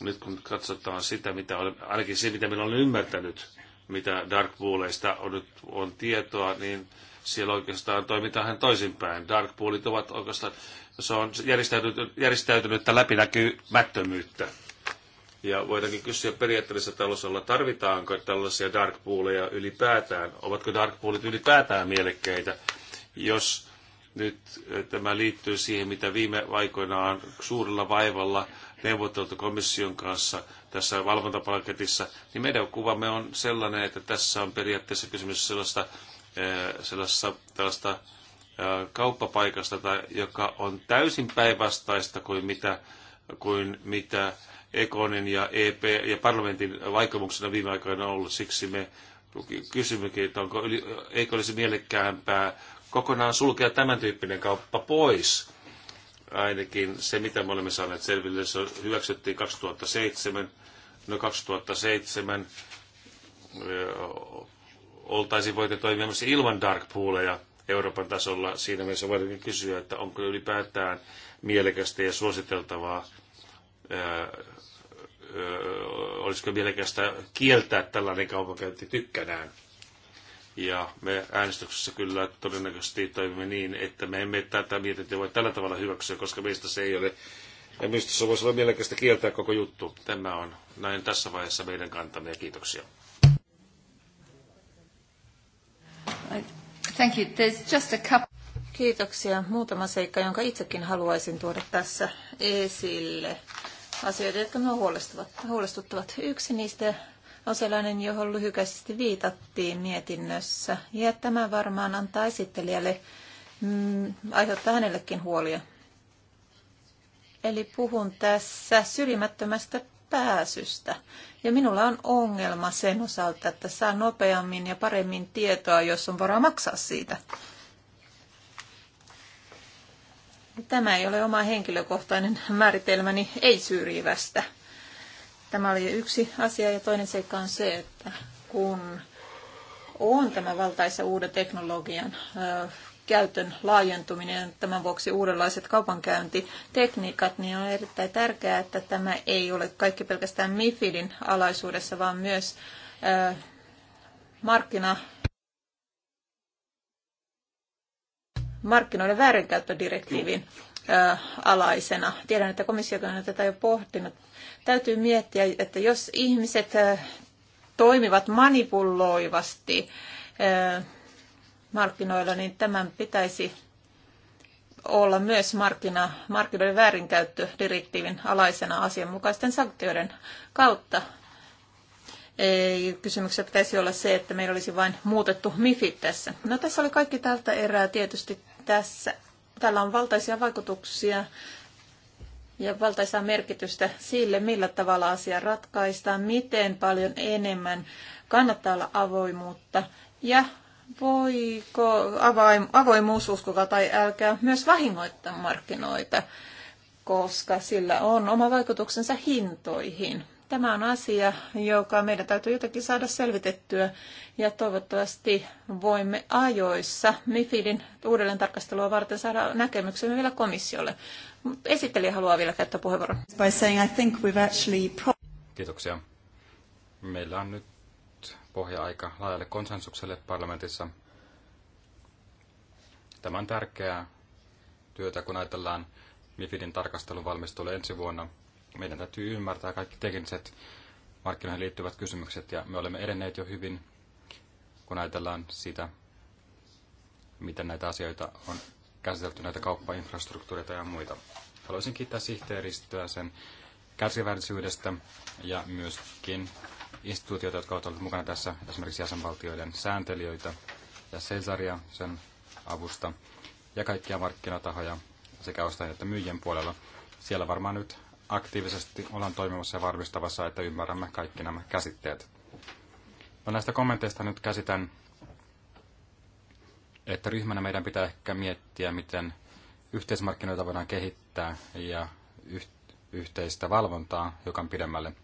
Nyt kun katsotaan sitä, mitä olen, ainakin se, mitä minä olen ymmärtänyt, mitä Dark Pooleista on on tietoa, niin siellä oikeastaan toimitaan toisinpäin. Dark poolit ovat oikeastaan, se on järjestäytynyt, järjestäytynyttä läpinäkymättömyyttä. Ja voidaankin kysyä periaatteessa talousolla, tarvitaanko tällaisia dark pooleja ylipäätään? Ovatko dark poolit ylipäätään mielekkäitä, jos nyt eh, tämä liittyy siihen, mitä viime aikoinaan suurella vaivalla neuvoteltu komission kanssa tässä valvontapaketissa, niin meidän kuvamme on sellainen, että tässä on periaatteessa kysymys sellaista sellaista, tällaista kauppapaikasta, tai, joka on täysin päinvastaista kuin mitä, kuin mitä Ekonin ja EP ja parlamentin vaikutuksena viime aikoina on ollut. Siksi me kysymmekin, että onko, eikö olisi mielekkäämpää kokonaan sulkea tämän tyyppinen kauppa pois. Ainakin se, mitä me olemme saaneet selville, se hyväksyttiin 2007. No 2007 oltaisiin voitu toimia myös ilman dark pooleja Euroopan tasolla. Siinä mielessä voidaan kysyä, että onko ylipäätään mielekästä ja suositeltavaa, ää, ää, olisiko mielekästä kieltää tällainen kaupankäynti tykkänään. Ja me äänestyksessä kyllä todennäköisesti toimimme niin, että me emme tätä mietintöä voi tällä tavalla hyväksyä, koska meistä se ei ole, ja minusta se voisi olla mielekästä kieltää koko juttu. Tämä on näin tässä vaiheessa meidän kantamme ja kiitoksia. Thank you. There's just a couple. Kiitoksia. Muutama seikka, jonka itsekin haluaisin tuoda tässä esille. Asioita, jotka minua huolestuttavat. huolestuttavat. Yksi niistä on sellainen, johon lyhykäisesti viitattiin mietinnössä. Ja tämä varmaan antaa esittelijälle, mm, aiheuttaa hänellekin huolia. Eli puhun tässä syrjimättömästä pääsystä. Ja minulla on ongelma sen osalta, että saa nopeammin ja paremmin tietoa, jos on varaa maksaa siitä. Tämä ei ole oma henkilökohtainen määritelmäni ei-syrjivästä. Tämä oli yksi asia ja toinen seikka on se, että kun on tämä valtaisa uuden teknologian käytön laajentuminen, tämän vuoksi uudenlaiset kaupankäyntitekniikat, niin on erittäin tärkeää, että tämä ei ole kaikki pelkästään MIFIDin alaisuudessa, vaan myös ö, markkina, markkinoiden väärinkäyttödirektiivin ö, alaisena. Tiedän, että komissio on tätä jo pohtinut. Täytyy miettiä, että jos ihmiset ö, toimivat manipuloivasti, ö, markkinoilla, niin tämän pitäisi olla myös markkina, markkinoiden väärinkäyttö direktiivin alaisena asianmukaisten sanktioiden kautta. Ei, kysymyksessä pitäisi olla se, että meillä olisi vain muutettu MIFI tässä. No tässä oli kaikki tältä erää tietysti tässä. Tällä on valtaisia vaikutuksia ja valtaisaa merkitystä sille, millä tavalla asia ratkaistaan, miten paljon enemmän kannattaa olla avoimuutta ja voiko avoimuususkoka tai älkää myös vahingoittaa markkinoita, koska sillä on oma vaikutuksensa hintoihin. Tämä on asia, joka meidän täytyy jotenkin saada selvitettyä ja toivottavasti voimme ajoissa MIFIDin uudelleen tarkastelua varten saada näkemyksemme vielä komissiolle. Esittelijä haluaa vielä käyttää puheenvuoron. Kiitoksia. Meillä on nyt pohja aika laajalle konsensukselle parlamentissa. Tämä on tärkeää työtä, kun ajatellaan MIFIDin tarkastelun valmistelua ensi vuonna. Meidän täytyy ymmärtää kaikki tekniset markkinoihin liittyvät kysymykset, ja me olemme edenneet jo hyvin, kun ajatellaan sitä, miten näitä asioita on käsitelty, näitä kauppainfrastruktuureita ja muita. Haluaisin kiittää sihteeristöä sen kärsivällisyydestä ja myöskin instituutioita, jotka ovat olleet mukana tässä, esimerkiksi jäsenvaltioiden sääntelijöitä ja Cesaria sen avusta ja kaikkia markkinatahoja sekä ostajien että myyjien puolella. Siellä varmaan nyt aktiivisesti ollaan toimimassa ja varmistavassa, että ymmärrämme kaikki nämä käsitteet. No näistä kommenteista nyt käsitän, että ryhmänä meidän pitää ehkä miettiä, miten yhteismarkkinoita voidaan kehittää ja yhteistä valvontaa, joka on pidemmälle –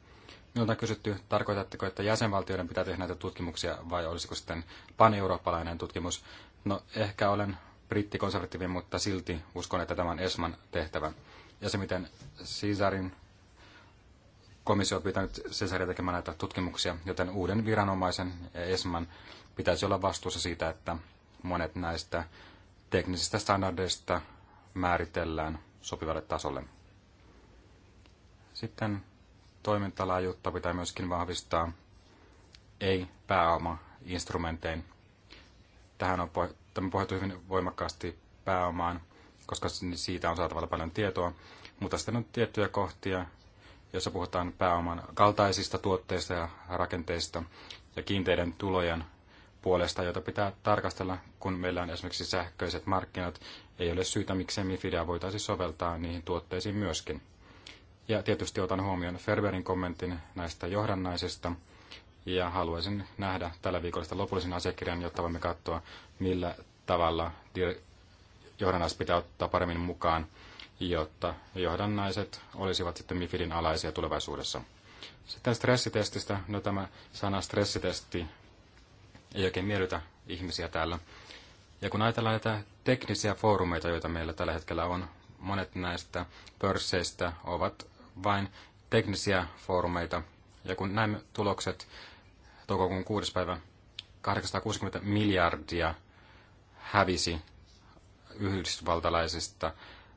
Minulta on kysytty, tarkoitatteko, että jäsenvaltioiden pitää tehdä näitä tutkimuksia vai olisiko sitten paneurooppalainen tutkimus? No ehkä olen brittikonservatiivi, mutta silti uskon, että tämä on ESMAn tehtävä. Ja se, miten Caesarin komissio on pitänyt Caesaria tekemään näitä tutkimuksia, joten uuden viranomaisen ESMAn pitäisi olla vastuussa siitä, että monet näistä teknisistä standardeista määritellään sopivalle tasolle. Sitten toimintalaajuutta pitää myöskin vahvistaa, ei pääoma-instrumentein. Tähän on tämä pohjattu hyvin voimakkaasti pääomaan, koska niin siitä on saatavalla paljon tietoa. Mutta sitten on tiettyjä kohtia, joissa puhutaan pääoman kaltaisista tuotteista ja rakenteista ja kiinteiden tulojen puolesta, joita pitää tarkastella, kun meillä on esimerkiksi sähköiset markkinat. Ei ole syytä, miksei MIFIDA voitaisiin soveltaa niihin tuotteisiin myöskin. Ja tietysti otan huomioon Ferberin kommentin näistä johdannaisista. Ja haluaisin nähdä tällä viikolla lopullisen asiakirjan, jotta voimme katsoa, millä tavalla johdannais pitää ottaa paremmin mukaan, jotta johdannaiset olisivat sitten MIFIDin alaisia tulevaisuudessa. Sitten stressitestistä. No tämä sana stressitesti ei oikein miellytä ihmisiä täällä. Ja kun ajatellaan näitä teknisiä foorumeita, joita meillä tällä hetkellä on, monet näistä pörsseistä ovat vain teknisiä foorumeita. Ja kun näemme tulokset toukokuun 6. päivä, 860 miljardia hävisi yhdysvaltalaisista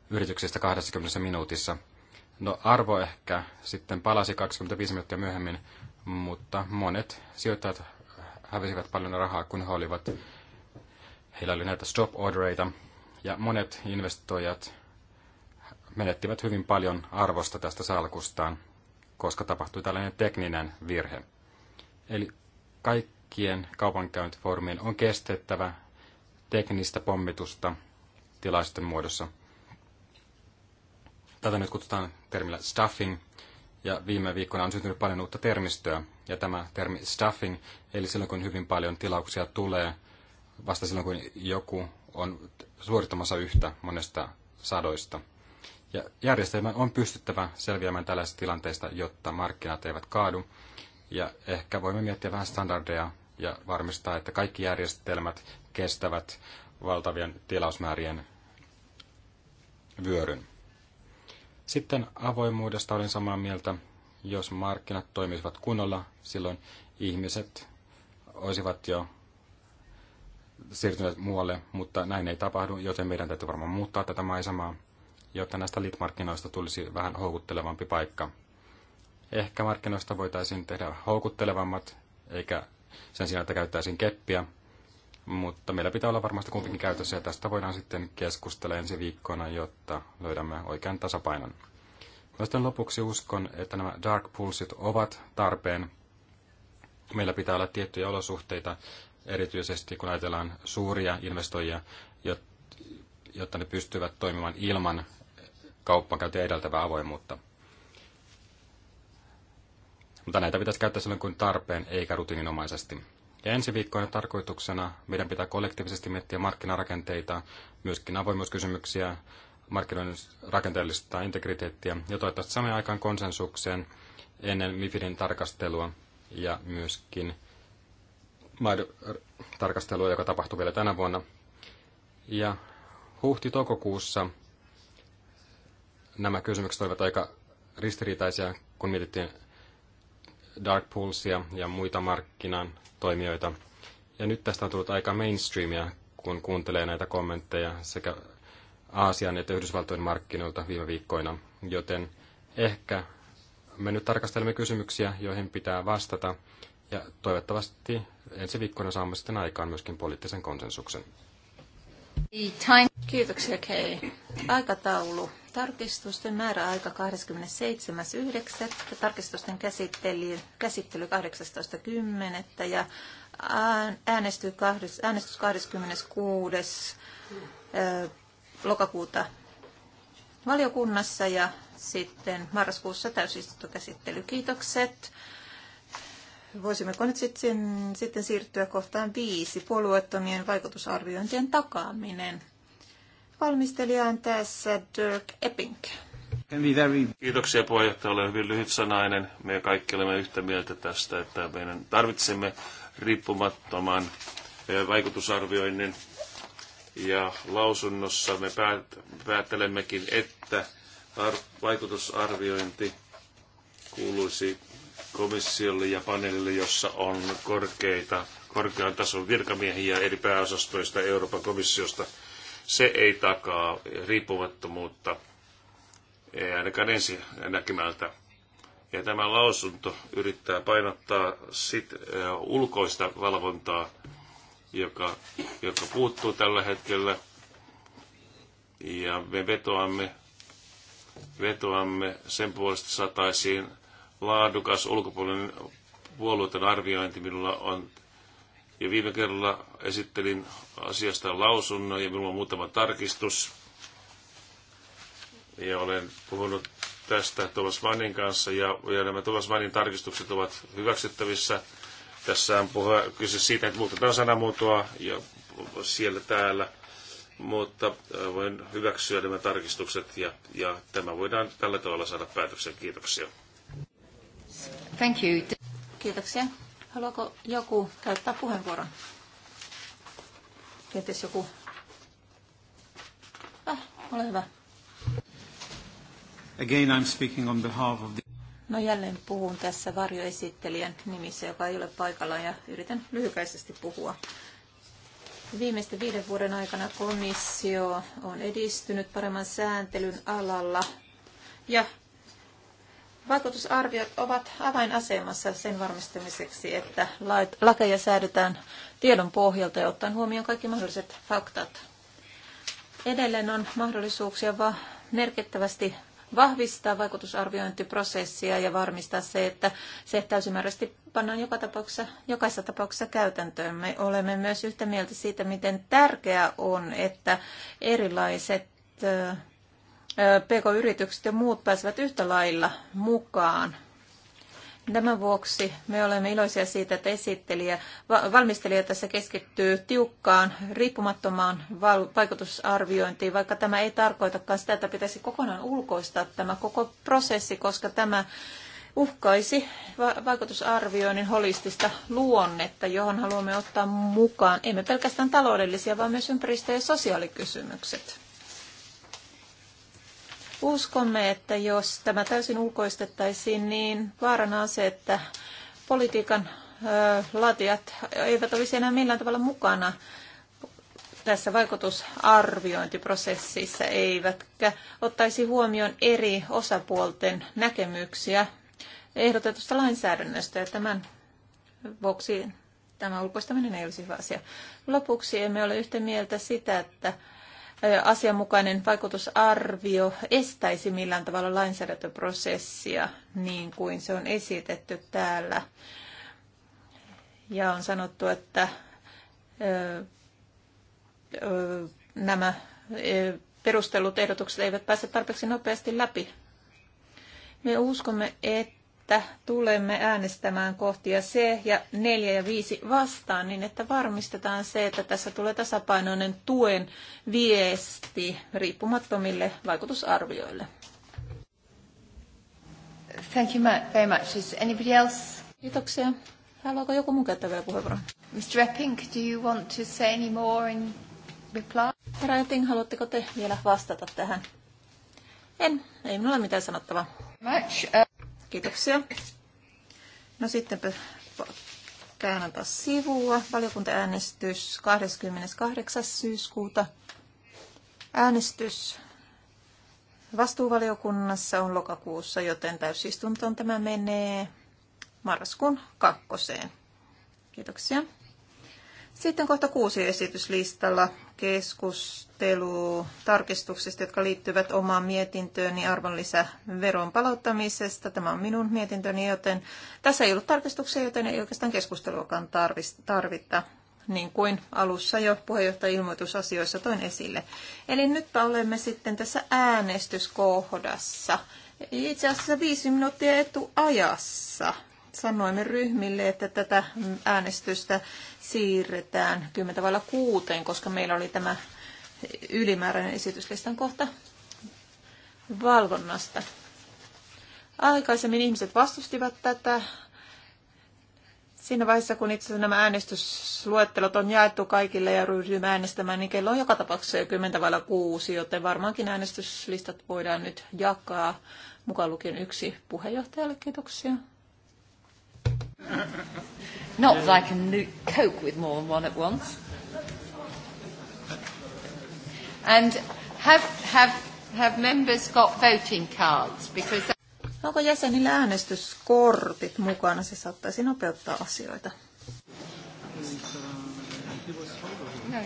yrityksistä 20 minuutissa. No arvo ehkä sitten palasi 25 minuuttia myöhemmin, mutta monet sijoittajat hävisivät paljon rahaa, kun he olivat, heillä oli näitä stop ordereita, ja monet investoijat menettivät hyvin paljon arvosta tästä salkustaan, koska tapahtui tällainen tekninen virhe. Eli kaikkien kaupankäyntifoorumien on kestettävä teknistä pommitusta tilaisten muodossa. Tätä nyt kutsutaan termillä stuffing, ja viime viikkoina on syntynyt paljon uutta termistöä, ja tämä termi stuffing, eli silloin kun hyvin paljon tilauksia tulee, vasta silloin kun joku on suorittamassa yhtä monesta sadoista. Ja järjestelmän on pystyttävä selviämään tällaisista tilanteista, jotta markkinat eivät kaadu. Ja ehkä voimme miettiä vähän standardeja ja varmistaa, että kaikki järjestelmät kestävät valtavien tilausmäärien vyöryn. Sitten avoimuudesta olin samaa mieltä. Jos markkinat toimisivat kunnolla, silloin ihmiset olisivat jo siirtyneet muualle, mutta näin ei tapahdu, joten meidän täytyy varmaan muuttaa tätä maisemaa jotta näistä lead-markkinoista tulisi vähän houkuttelevampi paikka. Ehkä markkinoista voitaisiin tehdä houkuttelevammat, eikä sen sijaan, että käyttäisiin keppiä, mutta meillä pitää olla varmasti kumpikin käytössä ja tästä voidaan sitten keskustella ensi viikkoina, jotta löydämme oikean tasapainon. sitten lopuksi uskon, että nämä dark pulsit ovat tarpeen. Meillä pitää olla tiettyjä olosuhteita, erityisesti kun ajatellaan suuria investoijia, jotta ne pystyvät toimimaan ilman kauppankäyntiä edeltävää avoimuutta. Mutta näitä pitäisi käyttää silloin kuin tarpeen, eikä rutiininomaisesti. Ja ensi viikkoina tarkoituksena meidän pitää kollektiivisesti miettiä markkinarakenteita, myöskin avoimuuskysymyksiä, markkinoiden rakenteellista integriteettiä ja toivottavasti samaan aikaan konsensukseen ennen MIFIDin tarkastelua ja myöskin tarkastelua, joka tapahtuu vielä tänä vuonna. Ja huhti tokokuussa nämä kysymykset olivat aika ristiriitaisia, kun mietittiin Dark Pulsia ja muita markkinan toimijoita. Ja nyt tästä on tullut aika mainstreamia, kun kuuntelee näitä kommentteja sekä Aasian että Yhdysvaltojen markkinoilta viime viikkoina. Joten ehkä me nyt tarkastelemme kysymyksiä, joihin pitää vastata. Ja toivottavasti ensi viikkoina saamme sitten aikaan myöskin poliittisen konsensuksen. Kiitoksia, Kei. Aikataulu. Tarkistusten määrä aika 27.9. Tarkistusten käsittely, käsittely 18.10. ja äänestys 26. lokakuuta valiokunnassa ja sitten marraskuussa täysistuntokäsittely. Kiitokset voisimmeko nyt sitten, sitten siirtyä kohtaan viisi, puolueettomien vaikutusarviointien takaaminen. Valmistelija on tässä Dirk Epping. Kiitoksia puheenjohtaja, olen hyvin sanainen. Me kaikki olemme yhtä mieltä tästä, että meidän tarvitsemme riippumattoman vaikutusarvioinnin. Ja lausunnossa me päättelemmekin, että vaikutusarviointi kuuluisi komissiolle ja paneelille, jossa on korkeita, korkean tason virkamiehiä eri pääosastoista Euroopan komissiosta. Se ei takaa riippumattomuutta, ei ainakaan ensi näkymältä. Ja tämä lausunto yrittää painottaa sit, ä, ulkoista valvontaa, joka, joka puuttuu tällä hetkellä. Ja me vetoamme, vetoamme sen puolesta saataisiin laadukas ulkopuolinen puolueiden arviointi minulla on. Ja viime kerralla esittelin asiasta lausunnon ja minulla on muutama tarkistus. Ja olen puhunut tästä Thomas Mannin kanssa ja, ja nämä Thomas Mannin tarkistukset ovat hyväksyttävissä. Tässä on puhe, kyse siitä, että muutetaan sanamuotoa ja siellä täällä, mutta äh, voin hyväksyä nämä tarkistukset ja, ja tämä voidaan tällä tavalla saada päätöksen. Kiitoksia. Thank you. Kiitoksia. Haluaako joku käyttää puheenvuoron? Kenties joku? Ah, ole hyvä. Again, I'm speaking on behalf of the... No jälleen puhun tässä varjoesittelijän nimissä, joka ei ole paikalla ja yritän lyhykäisesti puhua. Viimeisten viiden vuoden aikana komissio on edistynyt paremman sääntelyn alalla ja Vaikutusarviot ovat avainasemassa sen varmistamiseksi, että lakeja säädetään tiedon pohjalta ja ottaen huomioon kaikki mahdolliset faktat. Edelleen on mahdollisuuksia va- merkittävästi vahvistaa vaikutusarviointiprosessia ja varmistaa se, että se täysimääräisesti pannaan joka tapauksessa, jokaisessa tapauksessa käytäntöön. Me olemme myös yhtä mieltä siitä, miten tärkeää on, että erilaiset PK-yritykset ja muut pääsevät yhtä lailla mukaan. Tämän vuoksi me olemme iloisia siitä, että esittelijä, valmistelija tässä keskittyy tiukkaan, riippumattomaan vaikutusarviointiin, vaikka tämä ei tarkoitakaan sitä, että pitäisi kokonaan ulkoistaa tämä koko prosessi, koska tämä uhkaisi vaikutusarvioinnin holistista luonnetta, johon haluamme ottaa mukaan emme pelkästään taloudellisia, vaan myös ympäristö- ja sosiaalikysymykset. Uskomme, että jos tämä täysin ulkoistettaisiin, niin vaarana on se, että politiikan laatijat eivät olisi enää millään tavalla mukana tässä vaikutusarviointiprosessissa, eivätkä ottaisi huomioon eri osapuolten näkemyksiä ehdotetusta lainsäädännöstä. Ja tämän vuoksi tämä ulkoistaminen ei olisi hyvä asia. Lopuksi emme ole yhtä mieltä sitä, että asianmukainen vaikutusarvio estäisi millään tavalla lainsäädäntöprosessia niin kuin se on esitetty täällä. Ja on sanottu, että nämä perustellut ehdotukset eivät pääse tarpeeksi nopeasti läpi. Me uskomme, että että tulemme äänestämään kohtia C ja 4 ja 5 vastaan, niin että varmistetaan se, että tässä tulee tasapainoinen tuen viesti riippumattomille vaikutusarvioille. Thank you very much. Is anybody else? Kiitoksia. Haluaako joku muu käyttää vielä puheenvuoron? Mr. Epping, do you want to say any more in reply? Herra Epping, haluatteko te vielä vastata tähän? En, ei minulla mitään sanottavaa. Much. Uh... Kiitoksia. No sitten käännän taas sivua. Valiokuntaäänestys 28. syyskuuta. Äänestys vastuuvaliokunnassa on lokakuussa, joten täysistuntoon tämä menee marraskuun kakkoseen. Kiitoksia. Sitten kohta kuusi esityslistalla keskustelu tarkistuksista, jotka liittyvät omaan mietintööni arvonlisäveron palauttamisesta. Tämä on minun mietintöni, joten tässä ei ollut tarkistuksia, joten ei oikeastaan keskusteluakaan tarvita, niin kuin alussa jo puheenjohtaja-ilmoitusasioissa toin esille. Eli nyt olemme sitten tässä äänestyskohdassa. Itse asiassa viisi minuuttia etuajassa sanoimme ryhmille, että tätä äänestystä siirretään 10 vailla kuuteen, koska meillä oli tämä ylimääräinen esityslistan kohta valvonnasta. Aikaisemmin ihmiset vastustivat tätä. Siinä vaiheessa, kun itse asiassa nämä äänestysluettelot on jaettu kaikille ja ryhdymme äänestämään, niin kello on joka tapauksessa jo 10 vailla joten varmaankin äänestyslistat voidaan nyt jakaa. Mukaan lukien yksi puheenjohtajalle. Kiitoksia. Not that I can cope with more than one at once. And have, have, have members got voting cards? Because that... Onko jäsenillä äänestyskortit mukana? Se saattaisi nopeuttaa asioita. No,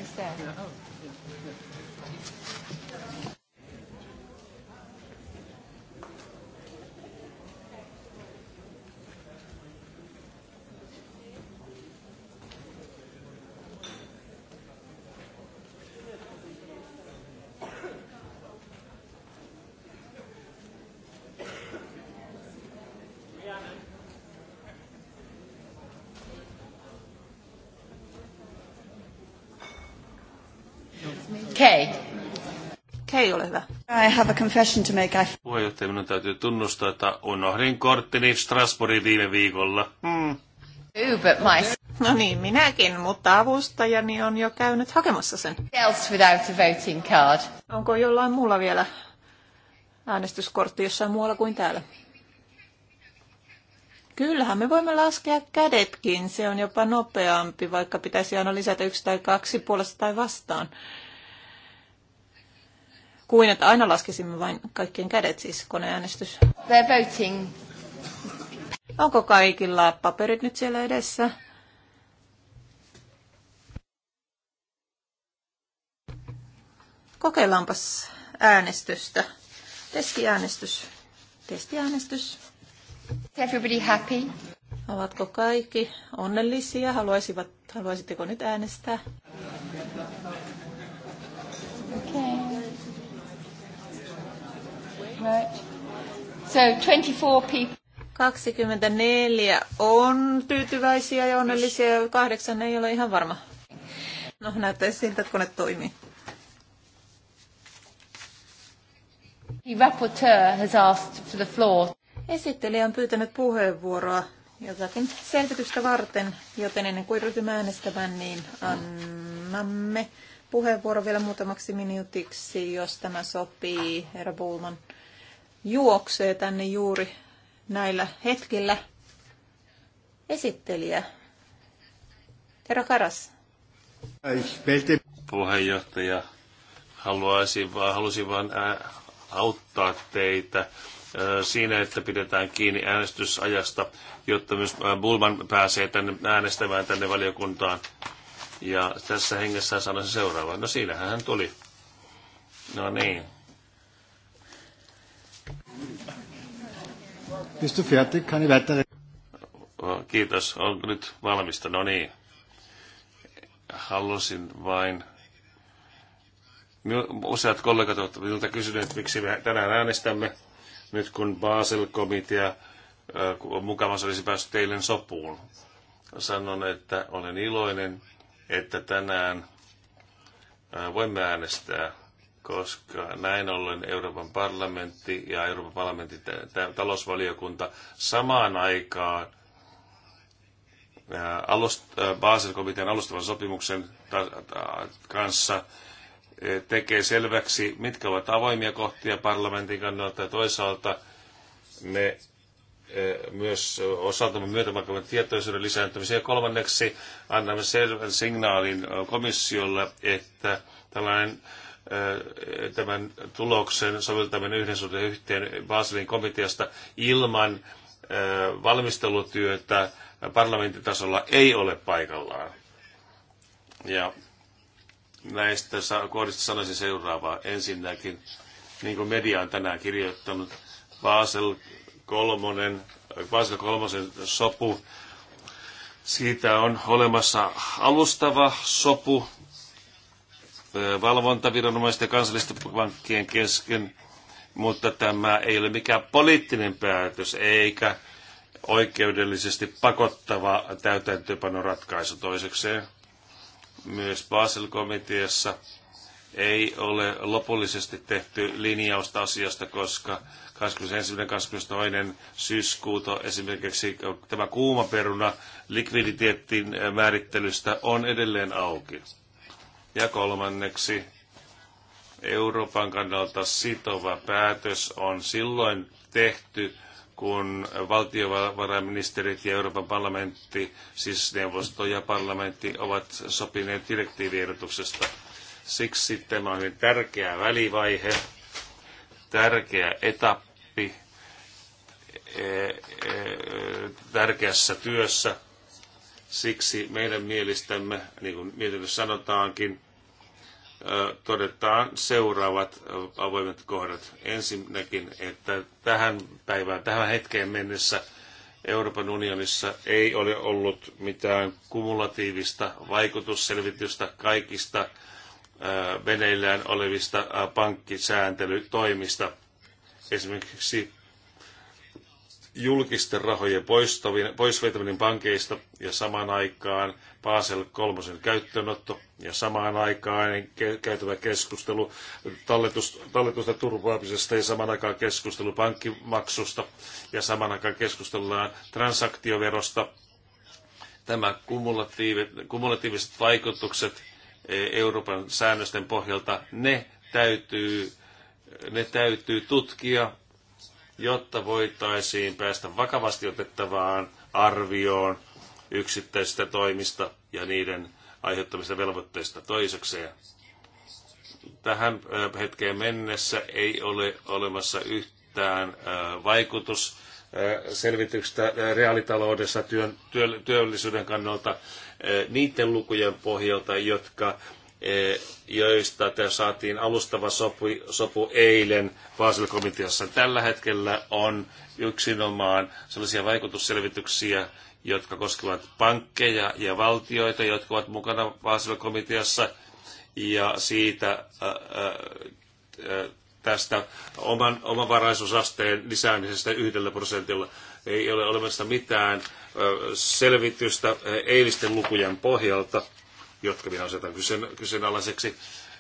ei ole hyvä. I have a confession to make. I... Puheenjohtaja, minun täytyy tunnustaa, että unohdin korttini Strasbourgin viime viikolla. Hmm. Uber, my... No niin, minäkin, mutta avustajani on jo käynyt hakemassa sen. Else without a voting card. Onko jollain muulla vielä äänestyskortti jossain muualla kuin täällä? Kyllähän me voimme laskea kädetkin, se on jopa nopeampi, vaikka pitäisi aina lisätä yksi tai kaksi puolesta tai vastaan kuin että aina laskisimme vain kaikkien kädet, siis koneäänestys. They're voting. Onko kaikilla paperit nyt siellä edessä? Kokeillaanpas äänestystä. Testiäänestys. Testiäänestys. Everybody happy? Ovatko kaikki onnellisia? Haluaisivat, haluaisitteko nyt äänestää? 24 on tyytyväisiä ja onnellisia, ja kahdeksan ei ole ihan varma. No näyttää siltä, että kone toimii. The rapporteur has asked for the floor. Esittelijä on pyytänyt puheenvuoroa jotakin selvitystä varten, joten ennen kuin ryhdymme äänestämään, niin annamme puheenvuoro vielä muutamaksi minuutiksi, jos tämä sopii, herra Bullman juoksee tänne juuri näillä hetkillä. Esittelijä. Tero Karas. Puheenjohtaja, haluaisin vaan, halusin vaan auttaa teitä siinä, että pidetään kiinni äänestysajasta, jotta myös Bulman pääsee tänne äänestämään tänne valiokuntaan. Ja tässä hengessä sanoisin seuraavaa. No siinähän hän tuli. No niin. Bist du fertig? Kann ich weitere? Kiitos. Onko nyt valmista? No niin. Halusin vain useat kollegat ovat minulta kysyneet, miksi me tänään äänestämme, nyt kun Basel-komitea on mukavasti olisi päässyt teille sopuun. Sanon, että olen iloinen, että tänään voimme äänestää koska näin ollen Euroopan parlamentti ja Euroopan parlamentin talousvaliokunta samaan aikaan alust- Basel-komitean alustavan sopimuksen kanssa tekee selväksi, mitkä ovat avoimia kohtia parlamentin kannalta ja toisaalta ne myös osaltamme myötämäkämme tietoisuuden lisääntymiseen. Ja kolmanneksi annamme selvän signaalin komissiolle, että tällainen tämän tuloksen soveltaminen yhden suhteen yhteen Baselin komiteasta ilman valmistelutyötä parlamenttitasolla ei ole paikallaan. Ja näistä kohdista sanoisin seuraavaa. Ensinnäkin, niin kuin media on tänään kirjoittanut, Basel kolmonen, Basel kolmosen sopu, siitä on olemassa alustava sopu, valvontaviranomaisten ja kansallisten pankkien kesken, mutta tämä ei ole mikään poliittinen päätös eikä oikeudellisesti pakottava täytäntöönpanoratkaisu toisekseen. Myös Basel-komiteassa ei ole lopullisesti tehty linjausta asiasta, koska 21.22. syyskuuta esimerkiksi tämä kuuma peruna likviditeettiin määrittelystä on edelleen auki. Ja kolmanneksi, Euroopan kannalta sitova päätös on silloin tehty, kun valtiovarainministerit ja Euroopan parlamentti, siis neuvosto ja parlamentti, ovat sopineet direktiiviehdotuksesta. Siksi tämä on hyvin tärkeä välivaihe, tärkeä etappi e, e, tärkeässä työssä. Siksi meidän mielestämme, niin kuin mietinnössä sanotaankin, todetaan seuraavat avoimet kohdat. Ensinnäkin, että tähän päivään, tähän hetkeen mennessä Euroopan unionissa ei ole ollut mitään kumulatiivista vaikutusselvitystä kaikista veneillään olevista pankkisääntelytoimista. Esimerkiksi julkisten rahojen poistaminen pankeista ja samaan aikaan Basel kolmosen käyttöönotto ja samaan aikaan käytävä keskustelu talletusta, talletusta turvaamisesta ja samaan aikaan keskustelu pankkimaksusta ja samaan aikaan keskustellaan transaktioverosta. Tämä kumulatiiviset vaikutukset e, Euroopan säännösten pohjalta, ne täytyy, ne täytyy tutkia, jotta voitaisiin päästä vakavasti otettavaan arvioon yksittäisistä toimista ja niiden aiheuttamista velvoitteista toisekseen. Tähän hetkeen mennessä ei ole olemassa yhtään vaikutus selvityksestä reaalitaloudessa työn, työllisyyden kannalta niiden lukujen pohjalta, jotka joista te saatiin alustava sopu, sopu eilen Basel-komiteassa. Tällä hetkellä on yksinomaan sellaisia vaikutusselvityksiä, jotka koskevat pankkeja ja valtioita, jotka ovat mukana vaasilokomiteassa, ja siitä ää, ää, tästä oman, varaisuusasteen lisäämisestä yhdellä prosentilla. Ei ole olemassa mitään ää, selvitystä eilisten lukujen pohjalta, jotka minä asetan kyse, kyseenalaiseksi,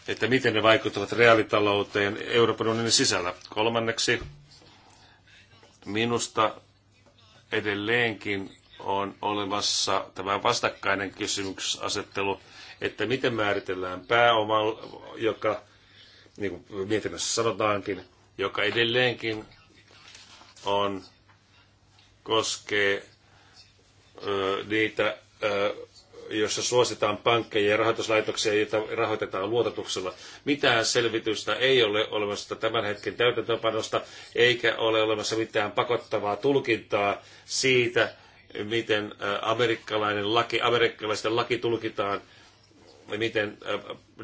että miten ne vaikuttavat reaalitalouteen Euroopan unionin sisällä. Kolmanneksi, minusta edelleenkin on olemassa tämä vastakkainen kysymyksasettelu, että miten määritellään pääoma, joka, niin kuin mietinnössä sanotaankin, joka edelleenkin on, koskee ö, niitä, ö, jossa suositaan pankkeja ja rahoituslaitoksia, joita rahoitetaan luototuksella. Mitään selvitystä ei ole olemassa tämän hetken täytäntöönpanosta, eikä ole olemassa mitään pakottavaa tulkintaa siitä, miten amerikkalainen laki, amerikkalaisten laki tulkitaan, miten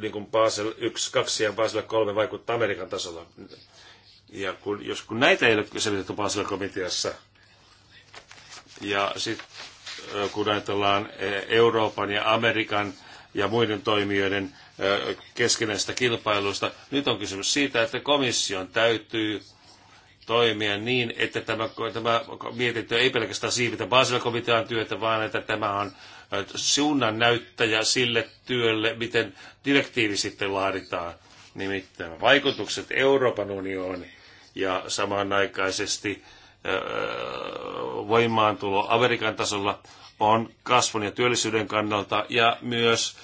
niin kuin Basel 1, 2 ja Basel 3 vaikuttaa Amerikan tasolla. Ja kun, jos, kun näitä ei ole selvitetty Basel-komiteassa, ja sitten kun ajatellaan Euroopan ja Amerikan ja muiden toimijoiden keskinäistä kilpailusta, nyt on kysymys siitä, että komission täytyy toimia niin, että tämä, tämä mietintö ei pelkästään siivitä Basel-komitean työtä, vaan että tämä on suunnan näyttäjä sille työlle, miten direktiivi sitten laaditaan. Nimittäin vaikutukset Euroopan unioniin ja samanaikaisesti voimaantulo Amerikan tasolla on kasvun ja työllisyyden kannalta ja myös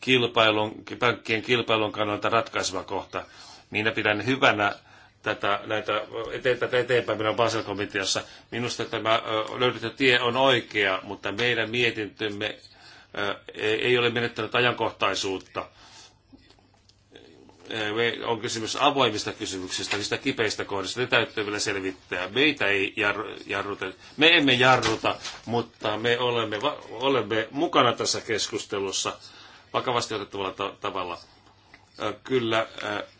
kilpailun, pankkien kilpailun kannalta ratkaiseva kohta. Minä pidän hyvänä tätä, näitä, tätä eteenpäin meillä Basel-komiteassa. Minusta tämä löydetty tie on oikea, mutta meidän mietintömme ei ole menettänyt ajankohtaisuutta. On kysymys avoimista kysymyksistä, niistä kipeistä kohdista. Ne täytyy vielä selvittää. Meitä ei jarruta. Me emme jarruta, mutta me olemme, olemme mukana tässä keskustelussa vakavasti otettavalla tavalla kyllä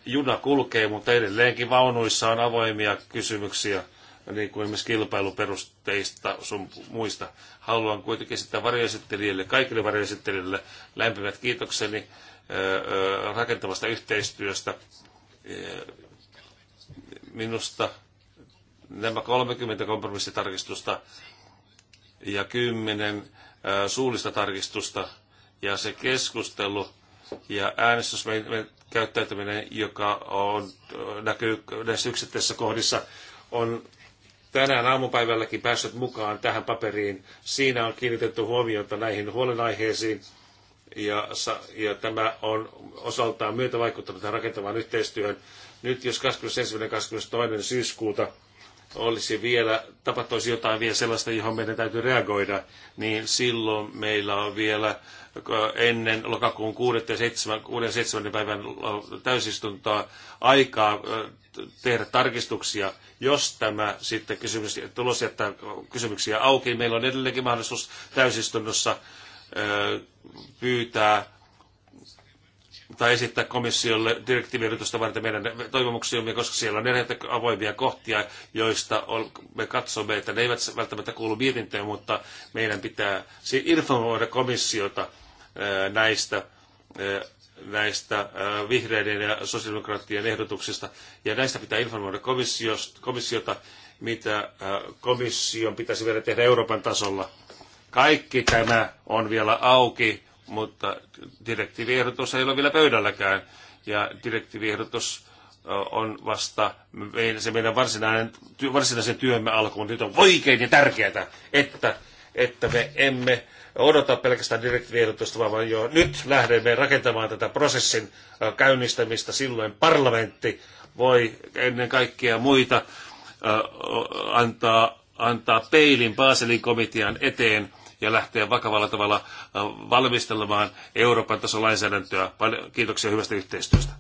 juna kulkee, mutta edelleenkin vaunuissa on avoimia kysymyksiä, niin kuin esimerkiksi kilpailuperusteista sun muista. Haluan kuitenkin sitä varjoesittelijöille, kaikille varjoesittelijöille lämpimät kiitokseni rakentavasta yhteistyöstä. Minusta nämä 30 kompromissitarkistusta ja 10 suullista tarkistusta ja se keskustelu, ja äänestyskäyttäytyminen, joka on, näkyy näissä yksittäisissä kohdissa, on tänään aamupäivälläkin päässyt mukaan tähän paperiin. Siinä on kiinnitetty huomiota näihin huolenaiheisiin ja, ja tämä on osaltaan myötä vaikuttanut tähän rakentavaan yhteistyöhön. Nyt jos 21.22. syyskuuta olisi vielä, tapahtuisi jotain vielä sellaista, johon meidän täytyy reagoida, niin silloin meillä on vielä ennen lokakuun 6. ja 7, 6. ja 7. päivän täysistuntoa aikaa tehdä tarkistuksia, jos tämä sitten kysymys, tulos jättää kysymyksiä auki. Meillä on edelleenkin mahdollisuus täysistunnossa pyytää tai esittää komissiolle direktiivirjoitusta varten meidän toivomuksiamme, koska siellä on erittäin avoimia kohtia, joista me katsomme, että ne eivät välttämättä kuulu mietintöön, mutta meidän pitää informoida komissiota näistä, näistä vihreiden ja sosiaalidemokraattien ehdotuksista. Ja näistä pitää informoida komissiota, mitä komission pitäisi vielä tehdä Euroopan tasolla. Kaikki tämä on vielä auki, mutta direktiiviehdotus ei ole vielä pöydälläkään. Ja direktiiviehdotus on vasta se meidän varsinainen, varsinaisen työmme alkuun. Nyt on oikein ja tärkeää, että, että me emme odota pelkästään direktiiviehdotusta, vaan jo nyt lähdemme rakentamaan tätä prosessin käynnistämistä. Silloin parlamentti voi ennen kaikkea muita antaa, antaa peilin Baselin komitean eteen ja lähteä vakavalla tavalla valmistelemaan Euroopan tason lainsäädäntöä. Kiitoksia hyvästä yhteistyöstä.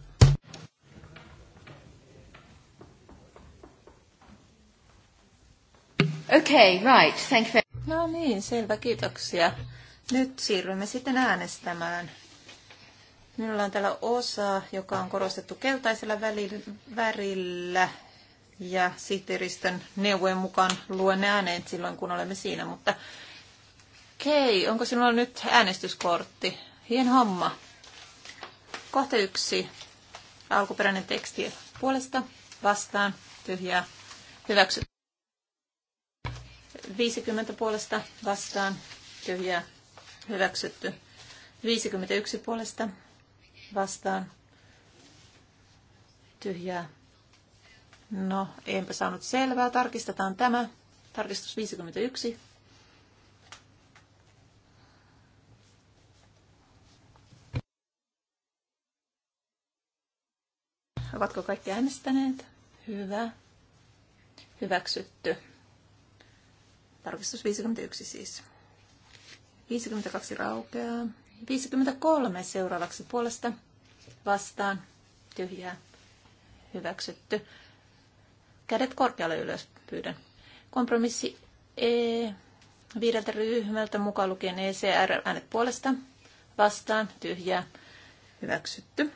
Okay, right. Thank you very No niin, selvä, kiitoksia. Nyt siirrymme sitten äänestämään. Minulla on täällä osa, joka on korostettu keltaisella värillä. Ja sihteeristön neuvojen mukaan luen ääneen silloin, kun olemme siinä. Mutta Kei, onko sinulla nyt äänestyskortti? Hien homma. Kohta yksi. Alkuperäinen teksti puolesta vastaan. Tyhjää. Hyväksy. 50 puolesta vastaan tyhjää hyväksytty. 51 puolesta vastaan tyhjää. No, enpä saanut selvää. Tarkistetaan tämä. Tarkistus 51. Ovatko kaikki äänestäneet? Hyvä. Hyväksytty. Tarkistus 51 siis. 52 raukeaa. 53 seuraavaksi puolesta vastaan. Tyhjää. Hyväksytty. Kädet korkealle ylös pyydän. Kompromissi E. Viideltä ryhmältä mukaan lukien ECR äänet puolesta. Vastaan. Tyhjää. Hyväksytty.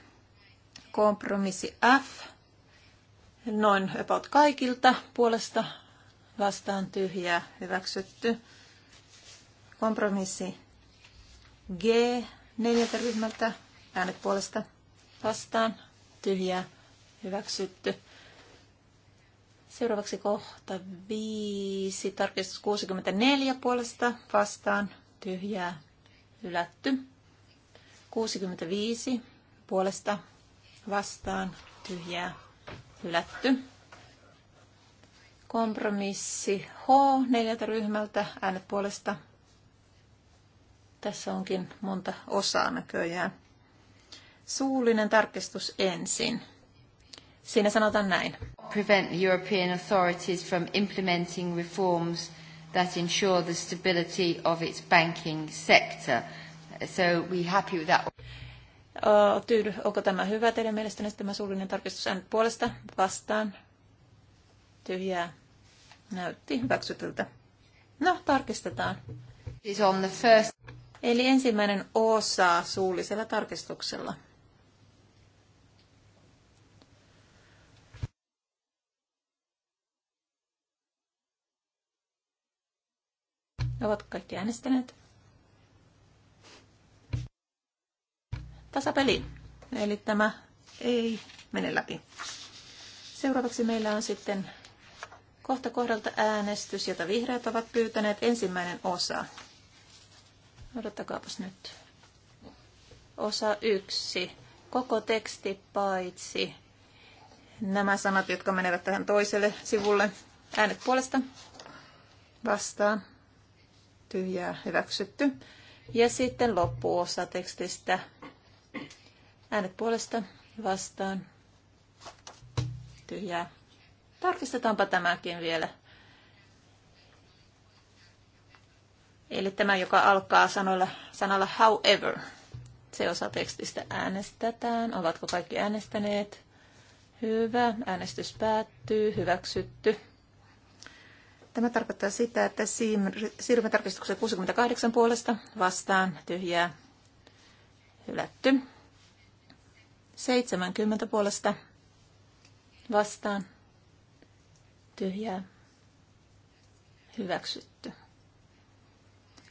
Kompromissi F. Noin about kaikilta puolesta vastaan tyhjä hyväksytty. Kompromissi G neljältä ryhmältä äänet puolesta vastaan tyhjä hyväksytty. Seuraavaksi kohta 5, tarkistus 64 puolesta vastaan tyhjää hylätty. 65 puolesta vastaan tyhjää hylätty. Kompromissi H neljältä ryhmältä äänet puolesta. Tässä onkin monta osaa näköjään. Suullinen tarkistus ensin. Siinä sanotaan näin. Prevent European authorities from implementing reforms that ensure the stability of its banking sector. So we happy with that. Tyydy, onko tämä hyvä teidän mielestänne tämä suullinen tarkistus äänet puolesta vastaan? tyhjää näytti hyväksytyltä. No, tarkistetaan. Is on the first. Eli ensimmäinen osa suullisella tarkistuksella. Ovat kaikki äänestäneet. Tasapeli. Eli tämä ei mene läpi. Seuraavaksi meillä on sitten Kohta kohdalta äänestys, jota vihreät ovat pyytäneet. Ensimmäinen osa. Odottakaapas nyt. Osa yksi. Koko teksti paitsi nämä sanat, jotka menevät tähän toiselle sivulle. Äänet puolesta. Vastaan. Tyhjää. Hyväksytty. Ja sitten loppuosa tekstistä. Äänet puolesta. Vastaan. Tyhjää Tarkistetaanpa tämäkin vielä. Eli tämä, joka alkaa sanoilla, sanalla however. Se osa tekstistä äänestetään. Ovatko kaikki äänestäneet? Hyvä. Äänestys päättyy. Hyväksytty. Tämä tarkoittaa sitä, että siirrymme tarkistukseen 68 puolesta vastaan tyhjää hylätty. 70 puolesta vastaan tyhjää hyväksytty.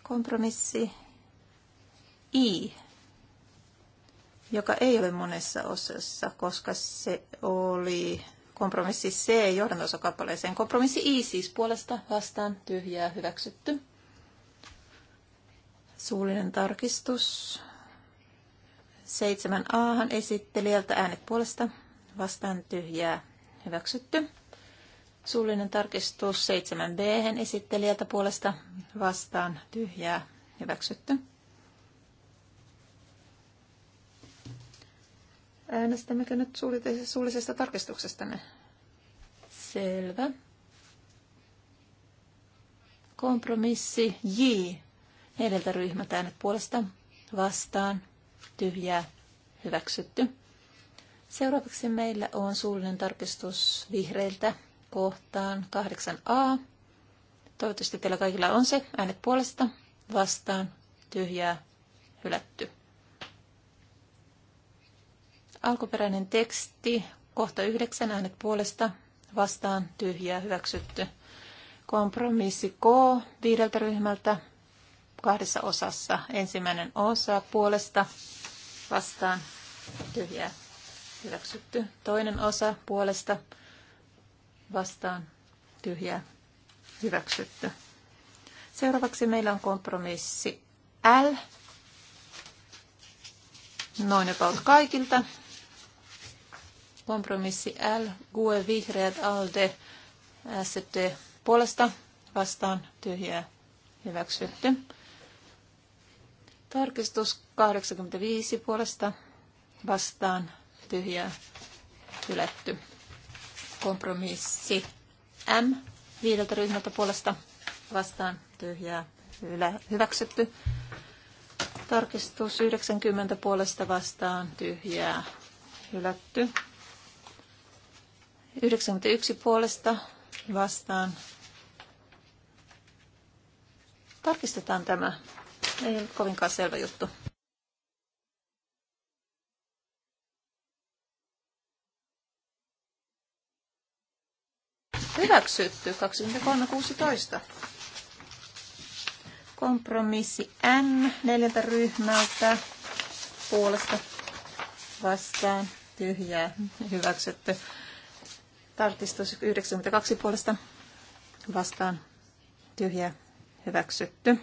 Kompromissi I, joka ei ole monessa osassa, koska se oli kompromissi C johdannosokappaleeseen. Kompromissi I siis puolesta vastaan tyhjää hyväksytty. Suullinen tarkistus. 7a esittelijältä äänet puolesta vastaan tyhjää hyväksytty. Suullinen tarkistus 7b esittelijältä puolesta vastaan tyhjää hyväksytty. Äänestämmekö nyt suullisesta ne? Selvä. Kompromissi J. Edeltä ryhmät äänet puolesta vastaan tyhjää hyväksytty. Seuraavaksi meillä on suullinen tarkistus vihreiltä kohtaan 8a. Toivottavasti teillä kaikilla on se. Äänet puolesta, vastaan, tyhjää, hylätty. Alkuperäinen teksti, kohta 9, äänet puolesta, vastaan, tyhjää, hyväksytty. Kompromissi K viideltä ryhmältä kahdessa osassa. Ensimmäinen osa puolesta, vastaan, tyhjää, hyväksytty. Toinen osa puolesta, vastaan tyhjä hyväksytty. Seuraavaksi meillä on kompromissi L. Noin about kaikilta. Kompromissi L, GUE, vihreät, ALDE, ST puolesta vastaan tyhjää hyväksytty. Tarkistus 85 puolesta vastaan tyhjää hylätty. Kompromissi M viideltä ryhmältä puolesta vastaan tyhjää hyväksytty. Tarkistus 90 puolesta vastaan tyhjää hylätty. 91 puolesta vastaan. Tarkistetaan tämä. Ei ole kovinkaan selvä juttu. hyväksytty 23.16. Kompromissi N neljältä ryhmältä puolesta vastaan tyhjää hyväksytty. Tarkistus 92 puolesta vastaan tyhjää hyväksytty.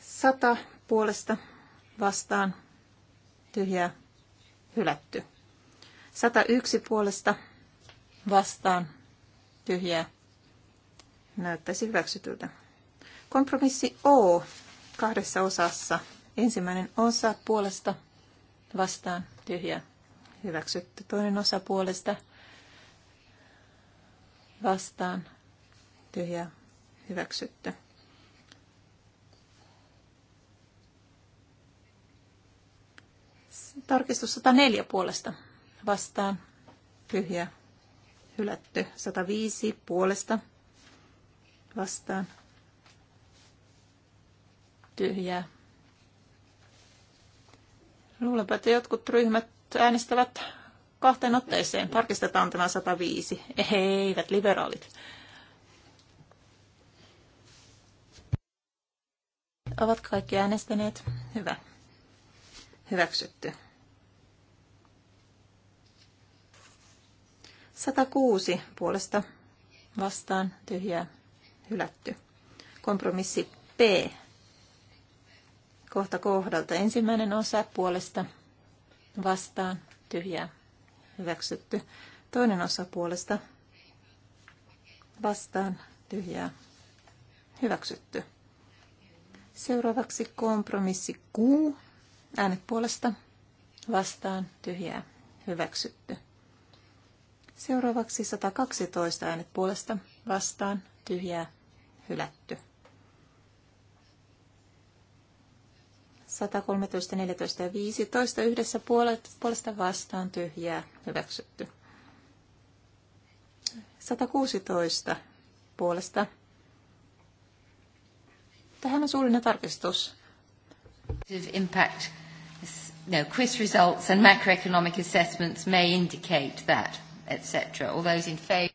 100 puolesta vastaan tyhjää hylätty. 101 puolesta vastaan tyhjää näyttäisi hyväksytyltä. Kompromissi O kahdessa osassa. Ensimmäinen osa puolesta vastaan tyhjää hyväksytty. Toinen osa puolesta vastaan tyhjää hyväksytty. Tarkistus 104 puolesta vastaan tyhjää hylätty. 105 puolesta vastaan tyhjää. Luulenpa, että jotkut ryhmät äänestävät kahteen otteeseen. Tarkistetaan tämä 105. Eivät liberaalit. Ovat kaikki äänestäneet? Hyvä. Hyväksytty. 106 puolesta vastaan tyhjää hylätty. Kompromissi P. Kohta kohdalta ensimmäinen osa puolesta vastaan tyhjää hyväksytty. Toinen osa puolesta vastaan tyhjää hyväksytty. Seuraavaksi kompromissi Q. Äänet puolesta vastaan tyhjää hyväksytty. Seuraavaksi 112 äänet puolesta vastaan tyhjää hylätty. 113, 14 ja 15 yhdessä puolet, puolesta vastaan tyhjää hyväksytty. 116 puolesta. Tähän on suullinen tarkistus. Impact, no, quiz results and macroeconomic assessments may indicate that etc. All those in favour?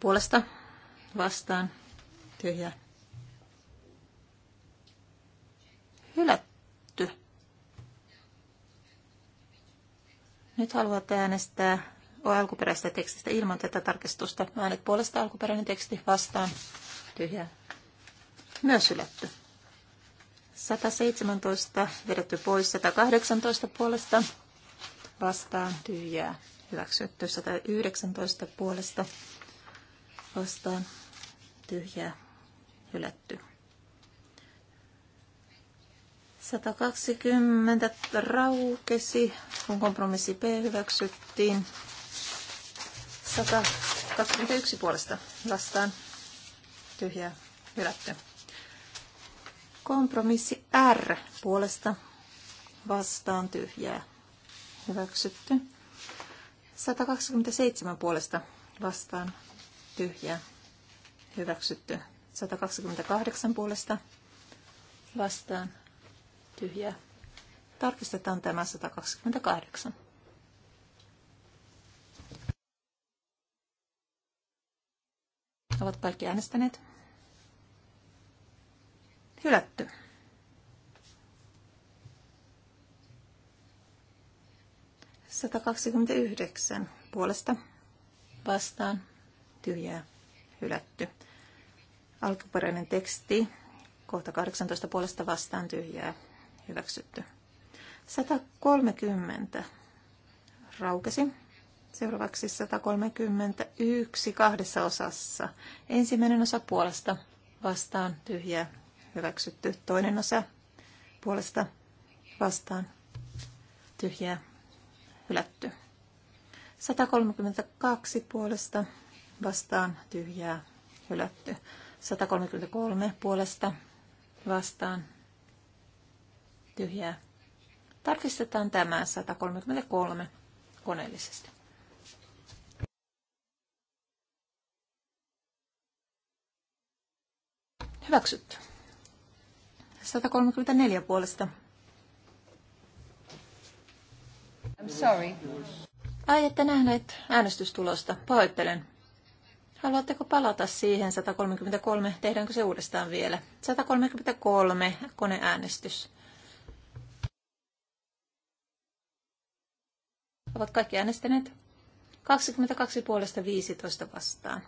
Puolesta vastaan tyhjä. Hylätty. Nyt haluat äänestää alkuperäisestä tekstistä ilman tätä tarkistusta. Äänet puolesta alkuperäinen teksti vastaan tyhjä. Myös hylätty. 117 vedetty pois 118 puolesta vastaan tyhjää hyväksytty 119 puolesta vastaan tyhjää hylätty. 120 raukesi, kun kompromissi B hyväksyttiin. 121 puolesta vastaan tyhjää hylätty. Kompromissi R puolesta vastaan tyhjää hyväksytty. 127 puolesta vastaan tyhjä hyväksytty. 128 puolesta vastaan tyhjä Tarkistetaan tämä 128. Ovat kaikki äänestäneet. Hylätty. 129 puolesta vastaan tyhjää hylätty. Alkuperäinen teksti kohta 18 puolesta vastaan tyhjää hyväksytty. 130 raukesi. Seuraavaksi 131 kahdessa osassa. Ensimmäinen osa puolesta vastaan tyhjää hyväksytty. Toinen osa puolesta vastaan tyhjää hylätty. 132 puolesta vastaan tyhjää hylätty. 133 puolesta vastaan tyhjää. Tarkistetaan tämä 133 koneellisesti. Hyväksytty. 134 puolesta Sorry. Ai, ette nähneet äänestystulosta. Pahoittelen. Haluatteko palata siihen 133? Tehdäänkö se uudestaan vielä? 133 koneäänestys. Ovat kaikki äänestäneet 22 puolesta 15 vastaan.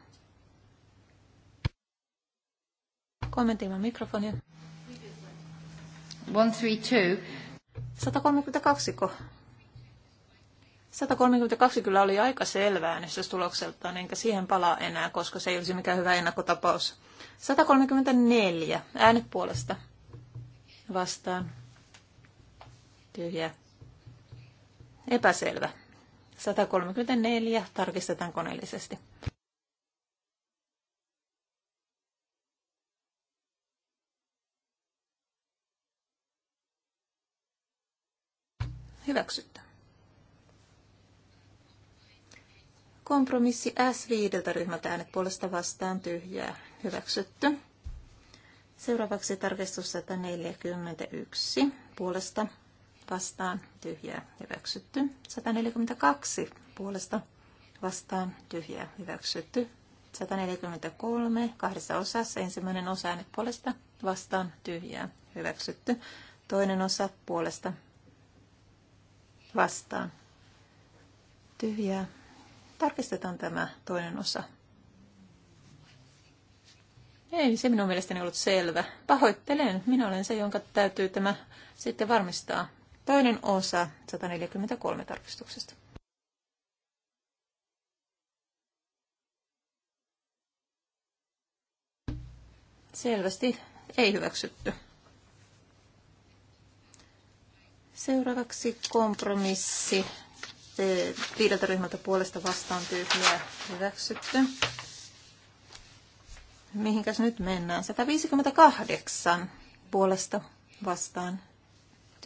Kommentoimaan mikrofonia. 132. 132 132 kyllä oli aika selvä äänestystulokseltaan, niin enkä siihen palaa enää, koska se ei olisi mikään hyvä ennakkotapaus. 134. Äänet puolesta. Vastaan. Tyhjä. Epäselvä. 134. Tarkistetaan koneellisesti. Hyväksytty. Kompromissi S5 ryhmältä äänet puolesta vastaan tyhjää. Hyväksytty. Seuraavaksi tarkistus 141 puolesta vastaan tyhjää hyväksytty. 142 puolesta vastaan tyhjää hyväksytty. 143 kahdessa osassa ensimmäinen osa äänet puolesta vastaan tyhjää hyväksytty. Toinen osa puolesta vastaan tyhjää Tarkistetaan tämä toinen osa. Ei, se minun mielestäni ollut selvä. Pahoittelen, minä olen se, jonka täytyy tämä sitten varmistaa. Toinen osa 143 tarkistuksesta. Selvästi ei hyväksytty. Seuraavaksi kompromissi viideltä ryhmältä puolesta vastaan tyhjää hyväksytty. Mihinkäs nyt mennään? 158 puolesta vastaan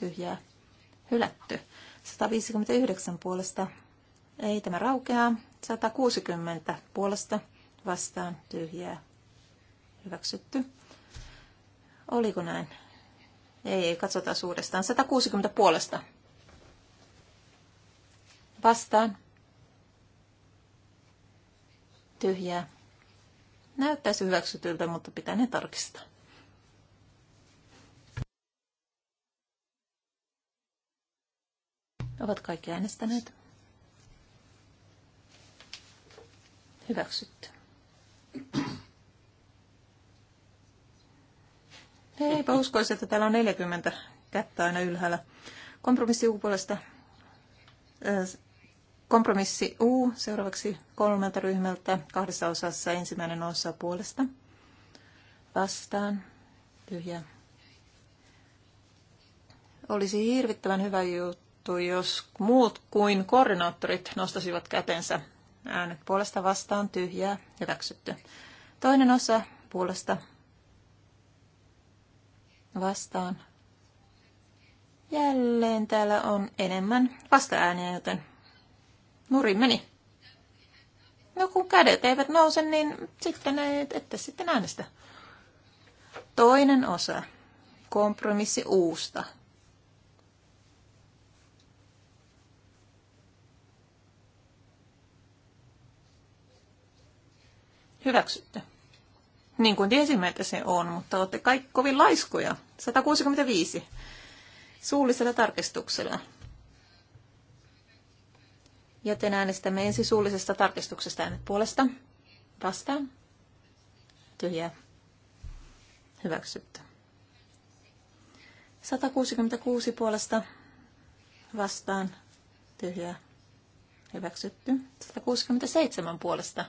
tyhjää hylätty. 159 puolesta ei tämä raukeaa. 160 puolesta vastaan tyhjää hyväksytty. Oliko näin? Ei, katsotaan uudestaan. 160 puolesta Vastaan. Tyhjää. Näyttäisi hyväksytyltä, mutta pitää ne tarkistaa. Ovat kaikki äänestäneet. Hyväksytty. Eipä uskoisi, että täällä on 40 kättä aina ylhäällä. Kompromissi puolesta Kompromissi U seuraavaksi kolmelta ryhmältä kahdessa osassa ensimmäinen osa puolesta. Vastaan. Tyhjä. Olisi hirvittävän hyvä juttu, jos muut kuin koordinaattorit nostasivat kätensä. Äänet puolesta vastaan tyhjää hyväksytty. Toinen osa puolesta vastaan. Jälleen täällä on enemmän vasta-ääniä, joten Nurin meni. No kun kädet eivät nouse, niin sitten et, ette sitten äänestä. Toinen osa. Kompromissi uusta. Hyväksytte. Niin kuin tiesimme, että se on, mutta olette kaikki kovin laiskoja. 165. Suullisella tarkistuksella. Joten äänestämme ensi suullisesta tarkistuksesta äänet puolesta. Vastaan. Tyhjää. Hyväksytty. 166 puolesta vastaan. Tyhjää. Hyväksytty. 167 puolesta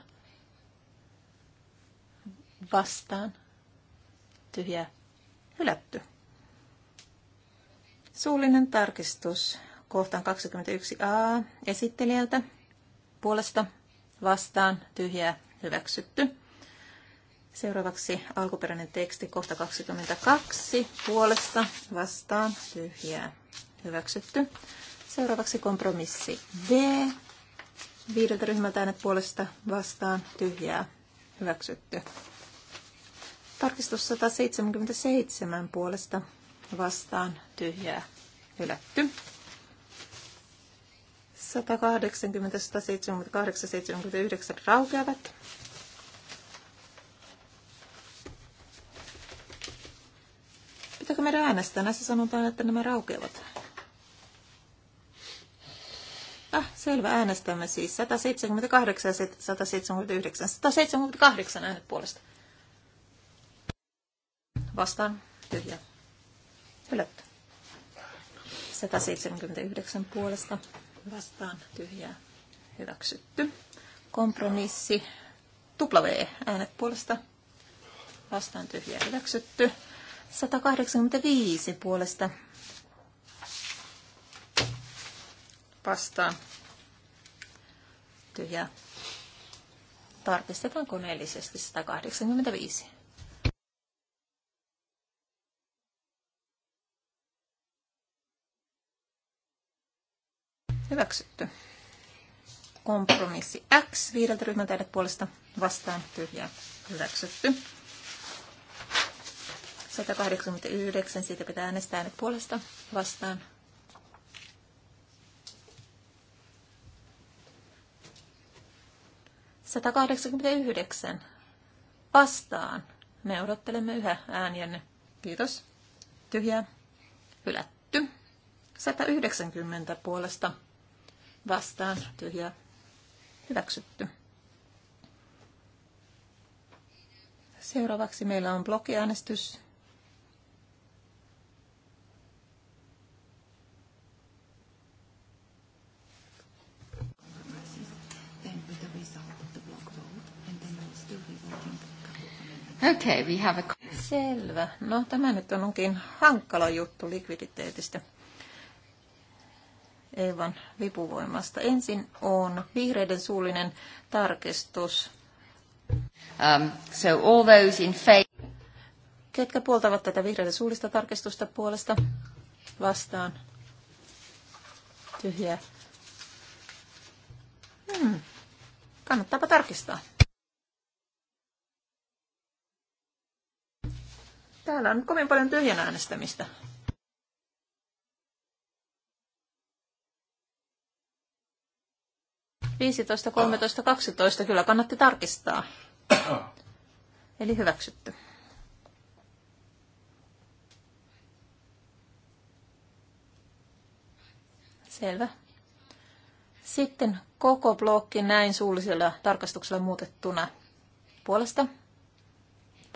vastaan. Tyhjää. Hylätty. Suullinen tarkistus kohtaan 21a esittelijältä puolesta vastaan tyhjää hyväksytty. Seuraavaksi alkuperäinen teksti kohta 22 puolesta vastaan tyhjää hyväksytty. Seuraavaksi kompromissi D. Viideltä ryhmältä äänet puolesta vastaan tyhjää hyväksytty. Tarkistus 177 puolesta vastaan tyhjää hylätty. 180, 178, 79 raukeavat. Pitääkö meidän äänestää? Näissä sanotaan, että nämä raukeavat. Ah, selvä, äänestämme siis 178 ja 179. 178 äänet puolesta. Vastaan, tyhjä. Hylätty. 179 puolesta vastaan tyhjää hyväksytty. Kompromissi W äänet puolesta vastaan tyhjää hyväksytty. 185 puolesta vastaan tyhjää. Tarkistetaan koneellisesti 185. Hyväksytty. Kompromissi X viideltä ryhmältä äänet puolesta vastaan tyhjää. Hyväksytty. 189, siitä pitää äänestää äänet puolesta vastaan. Satakahdeksankymmentäyhdeksän vastaan. Me odottelemme yhä äänienne. Kiitos. Tyhjää. Hylätty. 190 puolesta vastaan tyhjä, hyväksytty. Seuraavaksi meillä on blogiäänestys. Okay, we have a... Selvä. No tämä nyt onkin hankala juttu likviditeetistä. Eevan vipuvoimasta. Ensin on vihreiden suullinen tarkistus. Um, so all those in faith. Ketkä puoltavat tätä vihreiden suullista tarkistusta puolesta? Vastaan. Tyhjä. Hmm. Kannattaapa tarkistaa. Täällä on kovin paljon tyhjän äänestämistä. 15, 13, 12 kyllä kannatti tarkistaa. <coughs> Eli hyväksytty. Selvä. Sitten koko blokki näin suullisella tarkastuksella muutettuna puolesta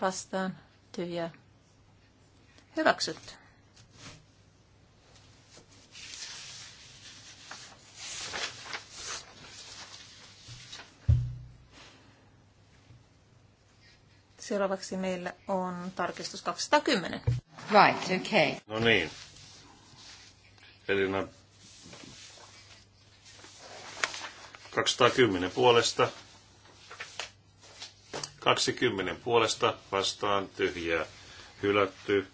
vastaan tyhjää. Hyväksytty. Seuraavaksi meillä on tarkistus 210. Right, okay. No niin. Elina 210 puolesta. 20 puolesta vastaan tyhjää hylätty.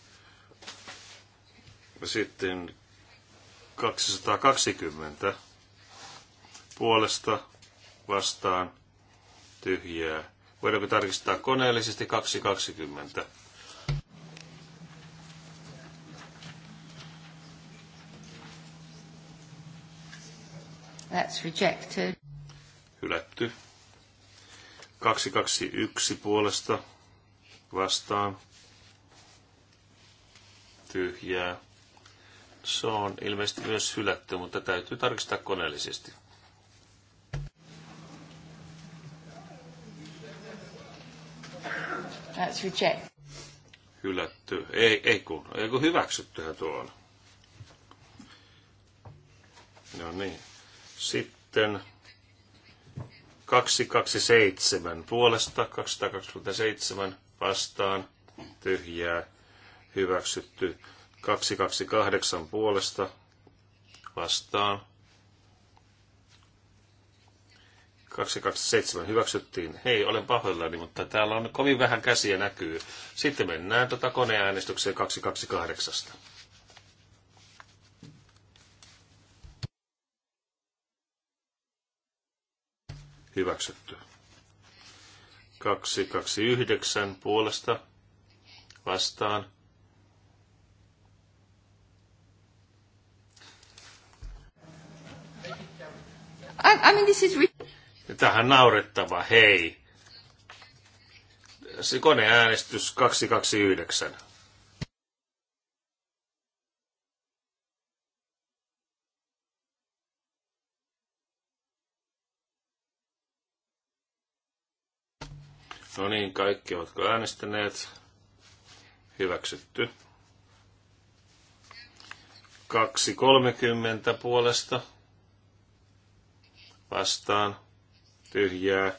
Sitten 220 puolesta vastaan tyhjää Voidaanko tarkistaa koneellisesti 220? That's rejected. Hylätty. 221 puolesta vastaan. Tyhjää. Se on ilmeisesti myös hylätty, mutta täytyy tarkistaa koneellisesti. That's reject. Hylätty. Ei, ei kun, ei kun hyväksyttyhän tuo on. No niin. Sitten 227 puolesta, 227 vastaan, tyhjää, hyväksytty. 228 puolesta vastaan, 227 hyväksyttiin. Hei, olen pahoillani, mutta täällä on kovin vähän käsiä näkyy. Sitten mennään tota koneäänestykseen 228. Hyväksytty. 229 puolesta vastaan. I, I mean, this is... Tähän naurettava, hei. Koneäänestys 229. No niin, kaikki ovatko äänestäneet? Hyväksytty. 2.30 puolesta vastaan tyhjää.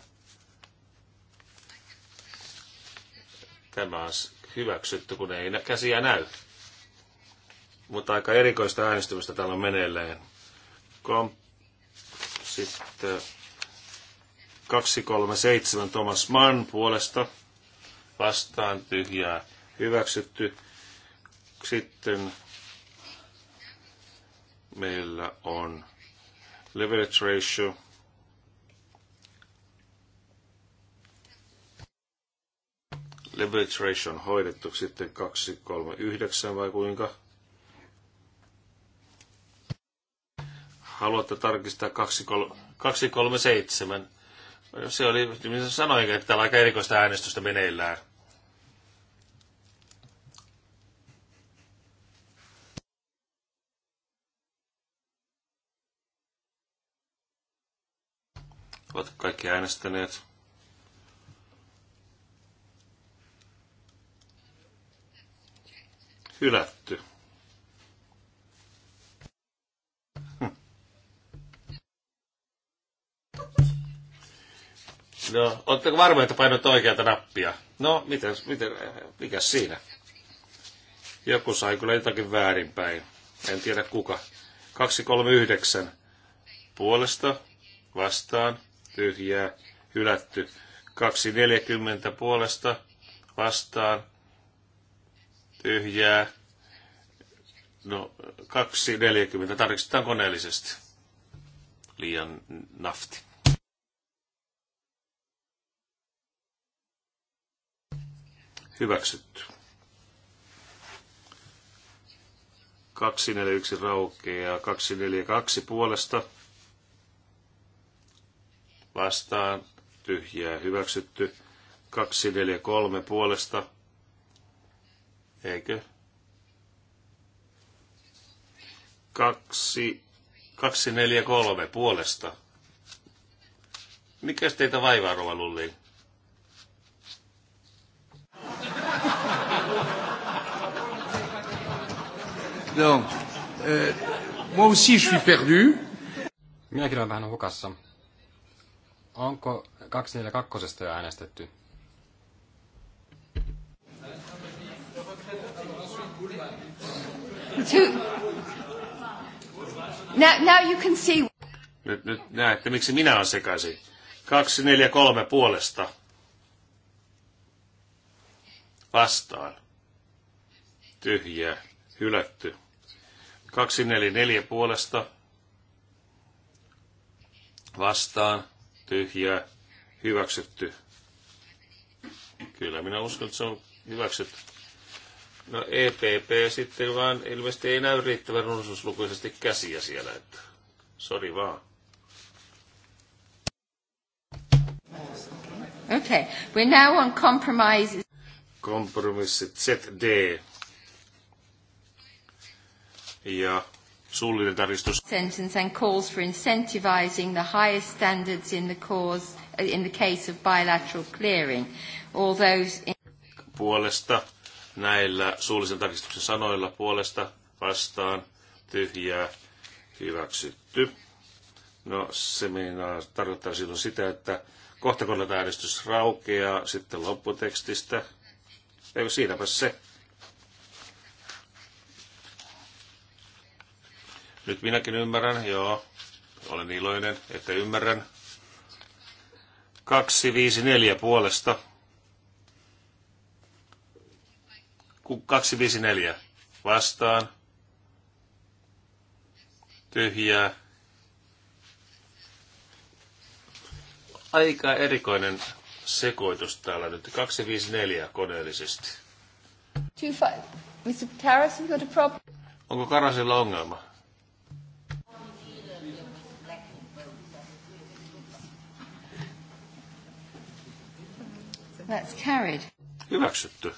Tämä on hyväksytty, kun ei käsiä näy. Mutta aika erikoista äänestymistä täällä on meneillään. Kom- Sitten 237 Thomas Mann puolesta vastaan tyhjää hyväksytty. Sitten meillä on leverage ratio leverage ratio on hoidettu sitten 239 vai kuinka? Haluatte tarkistaa 237. Se oli, mitä niin sanoinkin, että täällä on aika erikoista äänestystä meneillään. Ovat kaikki äänestäneet. Hylätty. Hmm. No, oletteko varmoja, että painoitte oikeata nappia? No, miten, miten, mikä siinä? Joku sai kyllä jotakin väärinpäin. En tiedä kuka. 239 puolesta vastaan tyhjää hylätty. 240 puolesta vastaan tyhjää. No, 2.40. Tarkistetaan koneellisesti. Liian nafti. Hyväksytty. 241 raukeaa. 242 puolesta vastaan tyhjää hyväksytty. 243 puolesta Eikö? Kaksi, kaksi neljä kolme puolesta. Mikäs teitä vaivaa, Rova Lulli? No, euh, moi aussi je suis perdu. Minäkin olen vähän hukassa. Onko 242 jo äänestetty? to... Now, now you can see... Nyt, nyt näette, miksi minä olen sekaisin. 243 puolesta. Vastaan. Tyhjä. Hylätty. 244 puolesta. Vastaan. Tyhjä. Hyväksytty. Kyllä, minä uskon, että se on hyväksytty. No EPP sitten vaan ilmeisesti ei näy riittävän runsuslukuisesti käsiä siellä, että sori vaan. Okay, we're now on compromises. Kompromissit ZD. Ja suullinen tarkistus. Sentence and calls for incentivizing the highest standards in the, cause, in the case of bilateral clearing. All those in... Puolesta näillä suullisen tarkistuksen sanoilla puolesta vastaan tyhjää hyväksytty. No se meinaa, tarkoittaa silloin sitä, että kohta kun äänestys raukeaa sitten lopputekstistä. ei siinäpä se? Nyt minäkin ymmärrän, joo. Olen iloinen, että ymmärrän. 254 puolesta 254 vastaan. Tyhjää. Aika erikoinen sekoitus täällä nyt. 254 koneellisesti. Two five. Mr. Karas, got a problem. Onko Karasilla ongelma? That's carried. Hyväksytty.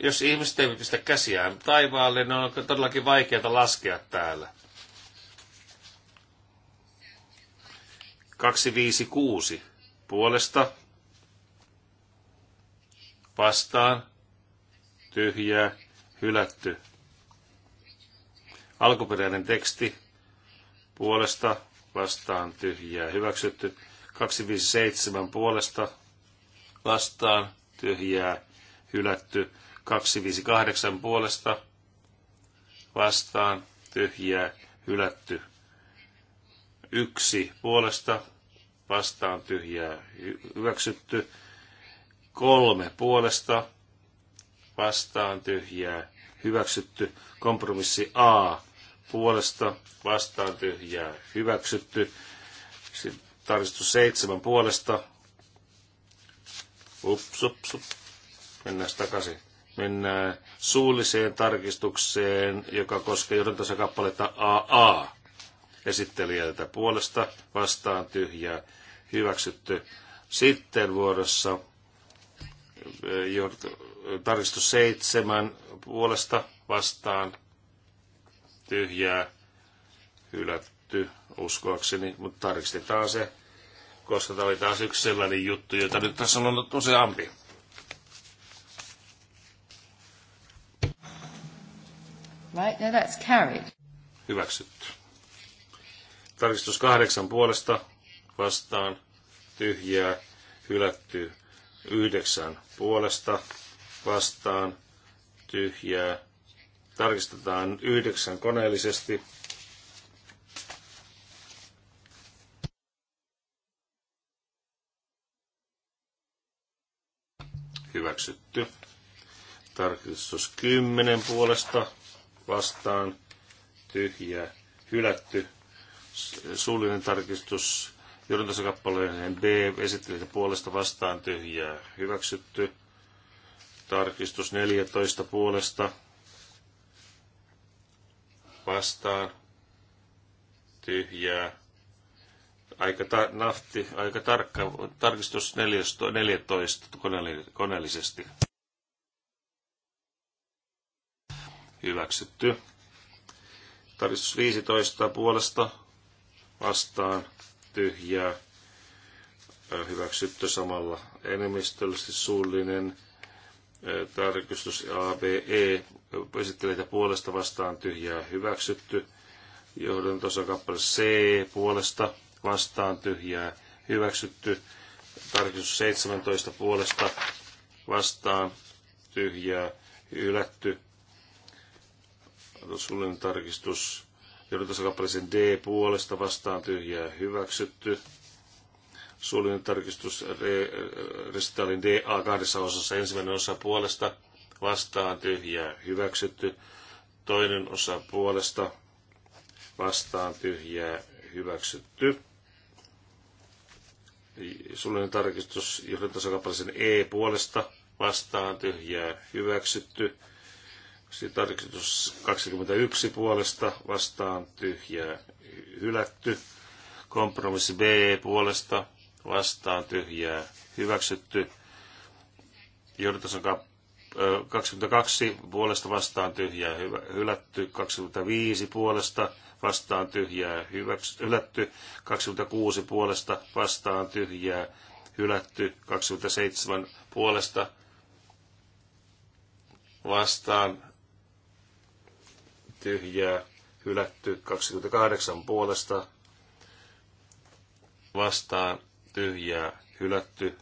Jos ihmiset eivät pistä käsiään taivaalle, niin on todellakin vaikeaa laskea täällä. 256 puolesta vastaan tyhjää hylätty. Alkuperäinen teksti puolesta vastaan tyhjää hyväksytty. 257 puolesta vastaan tyhjää hylätty. 258 puolesta vastaan tyhjää hylätty. Yksi puolesta vastaan tyhjää hyväksytty. Kolme puolesta vastaan tyhjää hyväksytty. Kompromissi A puolesta vastaan tyhjää hyväksytty. tarkistus seitsemän puolesta. Ups, ups, ups. Mennään takaisin mennään suulliseen tarkistukseen, joka koskee johdantonsa kappaletta AA esittelijältä puolesta vastaan tyhjää hyväksytty. Sitten vuorossa eh, tarkistus seitsemän puolesta vastaan tyhjää hylätty uskoakseni, mutta tarkistetaan se, koska tämä oli taas yksi sellainen juttu, jota nyt tässä on ollut useampi. Right, now that's carried. Hyväksytty. Tarkistus kahdeksan puolesta vastaan tyhjää hylätty. Yhdeksän puolesta vastaan tyhjää. Tarkistetaan yhdeksän koneellisesti. Hyväksytty. Tarkistus 10 puolesta vastaan tyhjää hylätty. Suullinen tarkistus johdantosakappaleen B esittelijä puolesta vastaan tyhjää hyväksytty. Tarkistus 14 puolesta vastaan tyhjää. Aika ta- nafti, aika tarkka tarkistus 14, 14 koneellisesti. hyväksytty. Tarkistus 15 puolesta vastaan tyhjää hyväksytty samalla enemmistöllisesti suullinen tarkistus ABE esitteleitä puolesta vastaan tyhjää hyväksytty. Johdon kappale C puolesta vastaan tyhjää hyväksytty. Tarkistus 17 puolesta vastaan tyhjää hylätty suullinen tarkistus johdantosakappaleeseen D puolesta vastaan tyhjää hyväksytty. Suullinen tarkistus resitaalin DA kahdessa osassa ensimmäinen osa puolesta vastaan tyhjää hyväksytty. Toinen osa puolesta vastaan tyhjää hyväksytty. Suullinen tarkistus johdantosakappaleeseen E puolesta vastaan tyhjää hyväksytty sitten tarkistus 21 puolesta vastaan tyhjää hylätty. Kompromissi B puolesta vastaan tyhjää hyväksytty. Johdatus on 22 puolesta vastaan tyhjää hylätty, 25 puolesta vastaan tyhjää hylätty, 26 puolesta vastaan tyhjää hylätty, 27 puolesta vastaan tyhjää, hylätty 28 puolesta, vastaan tyhjää, hylätty.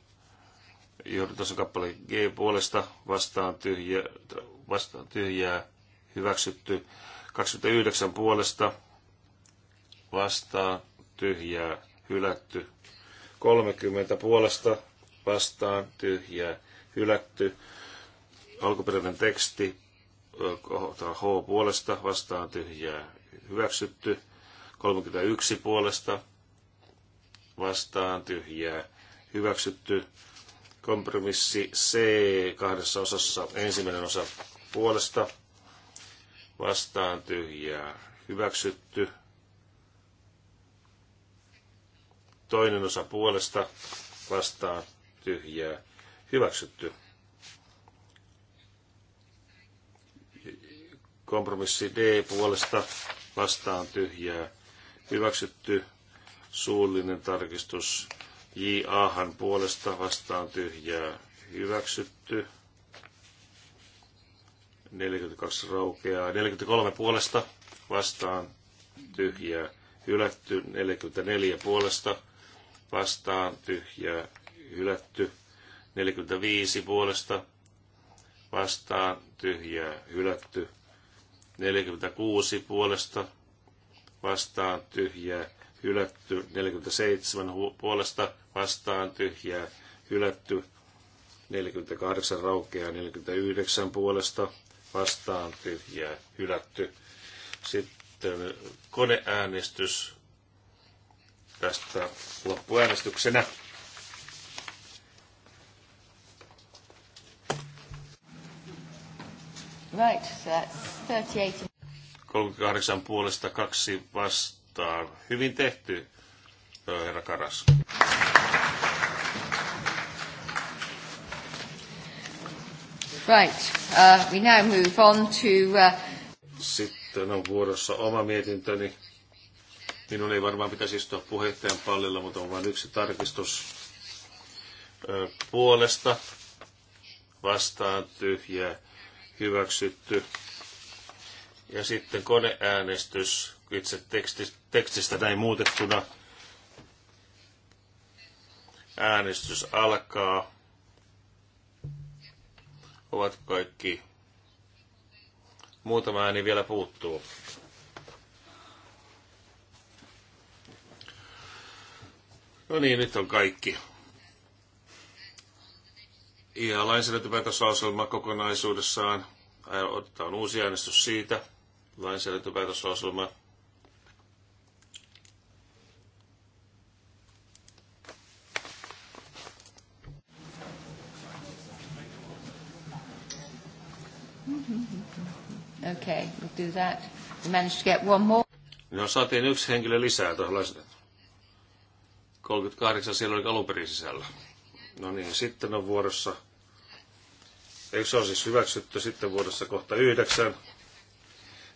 tuossa kappale G puolesta vastaan tyhjää, vastaan tyhjää, hyväksytty. 29 puolesta vastaan tyhjää, hylätty. 30 puolesta vastaan tyhjää, hylätty. Alkuperäinen teksti H puolesta vastaan tyhjää hyväksytty. 31 puolesta vastaan tyhjää hyväksytty. Kompromissi C kahdessa osassa ensimmäinen osa puolesta vastaan tyhjää hyväksytty. Toinen osa puolesta vastaan tyhjää hyväksytty. Kompromissi D puolesta vastaan tyhjää. Hyväksytty suullinen tarkistus JAhan puolesta vastaan tyhjää. Hyväksytty. 42 raukeaa. 43 puolesta vastaan tyhjää. Hylätty 44 puolesta vastaan tyhjää. Hylätty 45 puolesta vastaan tyhjää. Hylätty 46 puolesta vastaan tyhjää hylätty. 47 puolesta vastaan tyhjää hylätty. 48 raukeaa 49 puolesta vastaan tyhjää hylätty. Sitten koneäänestys tästä loppuäänestyksenä. Right, so that's 38. 38 puolesta kaksi vastaan. Hyvin tehty, herra Karas. Right, uh, we now move on to... Uh... Sitten on vuorossa oma mietintöni. Minun ei varmaan pitäisi istua puheenjohtajan pallilla, mutta on vain yksi tarkistus puolesta vastaan tyhjää hyväksytty. Ja sitten koneäänestys itse tekstistä, tekstistä näin muutettuna. Äänestys alkaa. Ovat kaikki. Muutama ääni vielä puuttuu. No niin, nyt on kaikki ja lainsäädäntöpäätöslauselma kokonaisuudessaan. Otetaan uusi äänestys siitä. Lainsäädäntöpäätöslauselma. Okay, we'll do that. We managed to get one more. No saatiin yksi henkilö lisää tuohon lainsäädäntöön. 38 siellä oli alun perin sisällä. No niin, sitten on vuorossa se on siis hyväksytty sitten vuodessa kohta yhdeksän.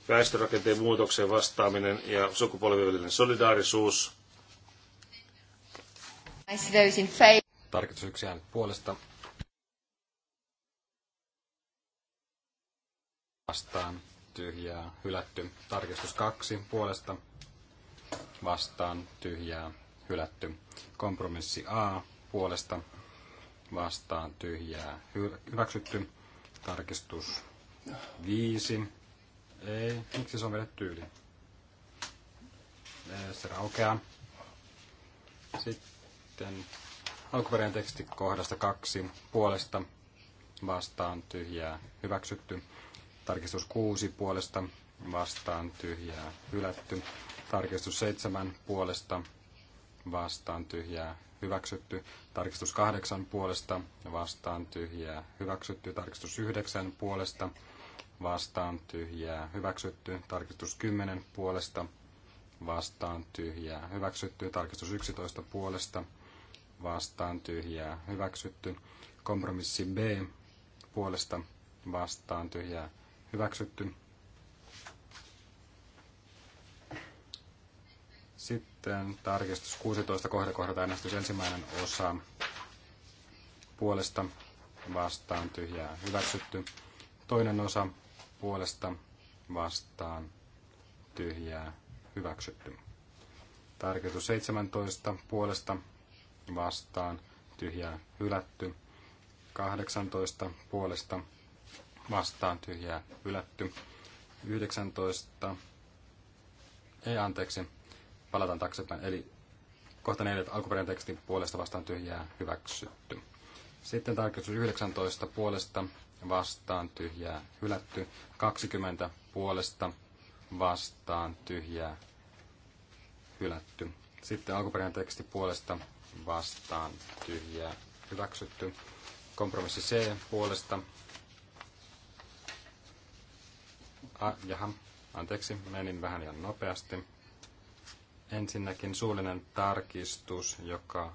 Väestörakenteen muutokseen vastaaminen ja sukupolvivälinen solidaarisuus. Tarkistus puolesta. Vastaan tyhjää hylätty. Tarkistus kaksi puolesta. Vastaan tyhjää hylätty. Kompromissi A puolesta vastaan tyhjää hyväksytty. Tarkistus 5. Ei, miksi se on vedetty yli? Se raukeaa. Sitten alkuperäinen teksti kohdasta kaksi puolesta vastaan tyhjää hyväksytty. Tarkistus 6 puolesta vastaan tyhjää hylätty. Tarkistus 7 puolesta vastaan tyhjää hyväksytty. Tarkistus 8 puolesta vastaan tyhjää hyväksytty. Tarkistus 9 puolesta vastaan tyhjää hyväksytty. Tarkistus 10 puolesta vastaan tyhjää hyväksytty. Tarkistus 11 puolesta vastaan tyhjää hyväksytty. Kompromissi B puolesta vastaan tyhjää hyväksytty. Sitten tarkistus 16 kohdata äänestys ensimmäinen osa puolesta vastaan tyhjää hyväksytty. Toinen osa puolesta vastaan tyhjää hyväksytty. Tarkistus 17 puolesta vastaan tyhjää hylätty. 18 puolesta vastaan tyhjää hylätty. 19 ei anteeksi palataan taaksepäin. Eli kohta neljä alkuperäinen teksti puolesta vastaan tyhjää hyväksytty. Sitten tarkistus 19 puolesta vastaan tyhjää hylätty. 20 puolesta vastaan tyhjää hylätty. Sitten alkuperäinen teksti puolesta vastaan tyhjää hyväksytty. Kompromissi C puolesta. A, ah, jaha, anteeksi, menin vähän liian nopeasti. Ensinnäkin suullinen tarkistus, joka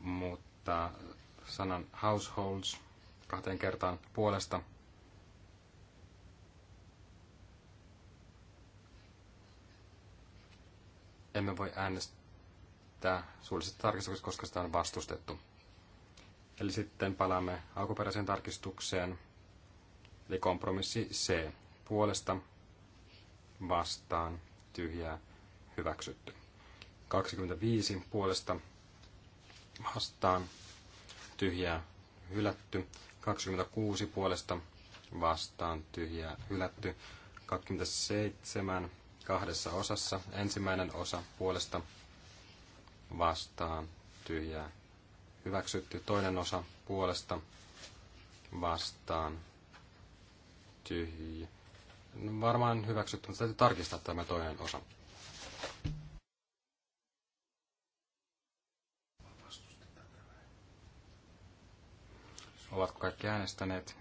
muuttaa sanan households kahteen kertaan puolesta. Emme voi äänestää suullisesta tarkistuksesta, koska sitä on vastustettu. Eli sitten palaamme alkuperäiseen tarkistukseen, eli kompromissi C puolesta vastaan tyhjää hyväksytty. 25 puolesta vastaan tyhjää hylätty. 26 puolesta vastaan tyhjää hylätty. 27 kahdessa osassa. Ensimmäinen osa puolesta vastaan tyhjää hyväksytty. Toinen osa puolesta vastaan tyhjää. No varmaan hyväksytty, mutta täytyy tarkistaa tämä toinen osa. Ovatko kaikki äänestäneet?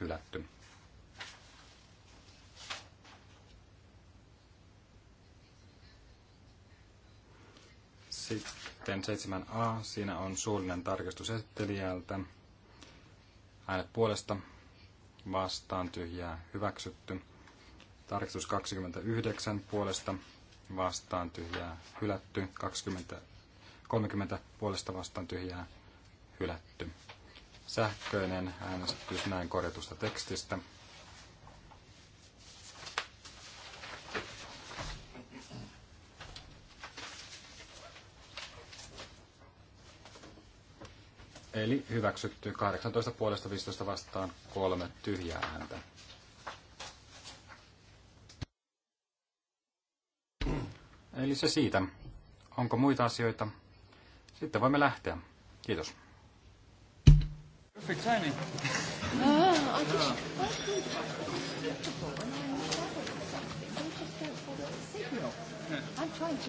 Hylätty. Sitten 7a. Siinä on suullinen tarkistus esittelijältä. Äänet puolesta vastaan tyhjää hyväksytty. Tarkistus 29 puolesta vastaan tyhjää hylätty. 20, 30 puolesta vastaan tyhjää hylätty. Sähköinen äänestys näin korjatusta tekstistä. Eli hyväksytty 18 puolesta 15 vastaan kolme tyhjää ääntä. Eli se siitä. Onko muita asioita? Sitten voimme lähteä. Kiitos. Perfect timing. <laughs> I'm trying to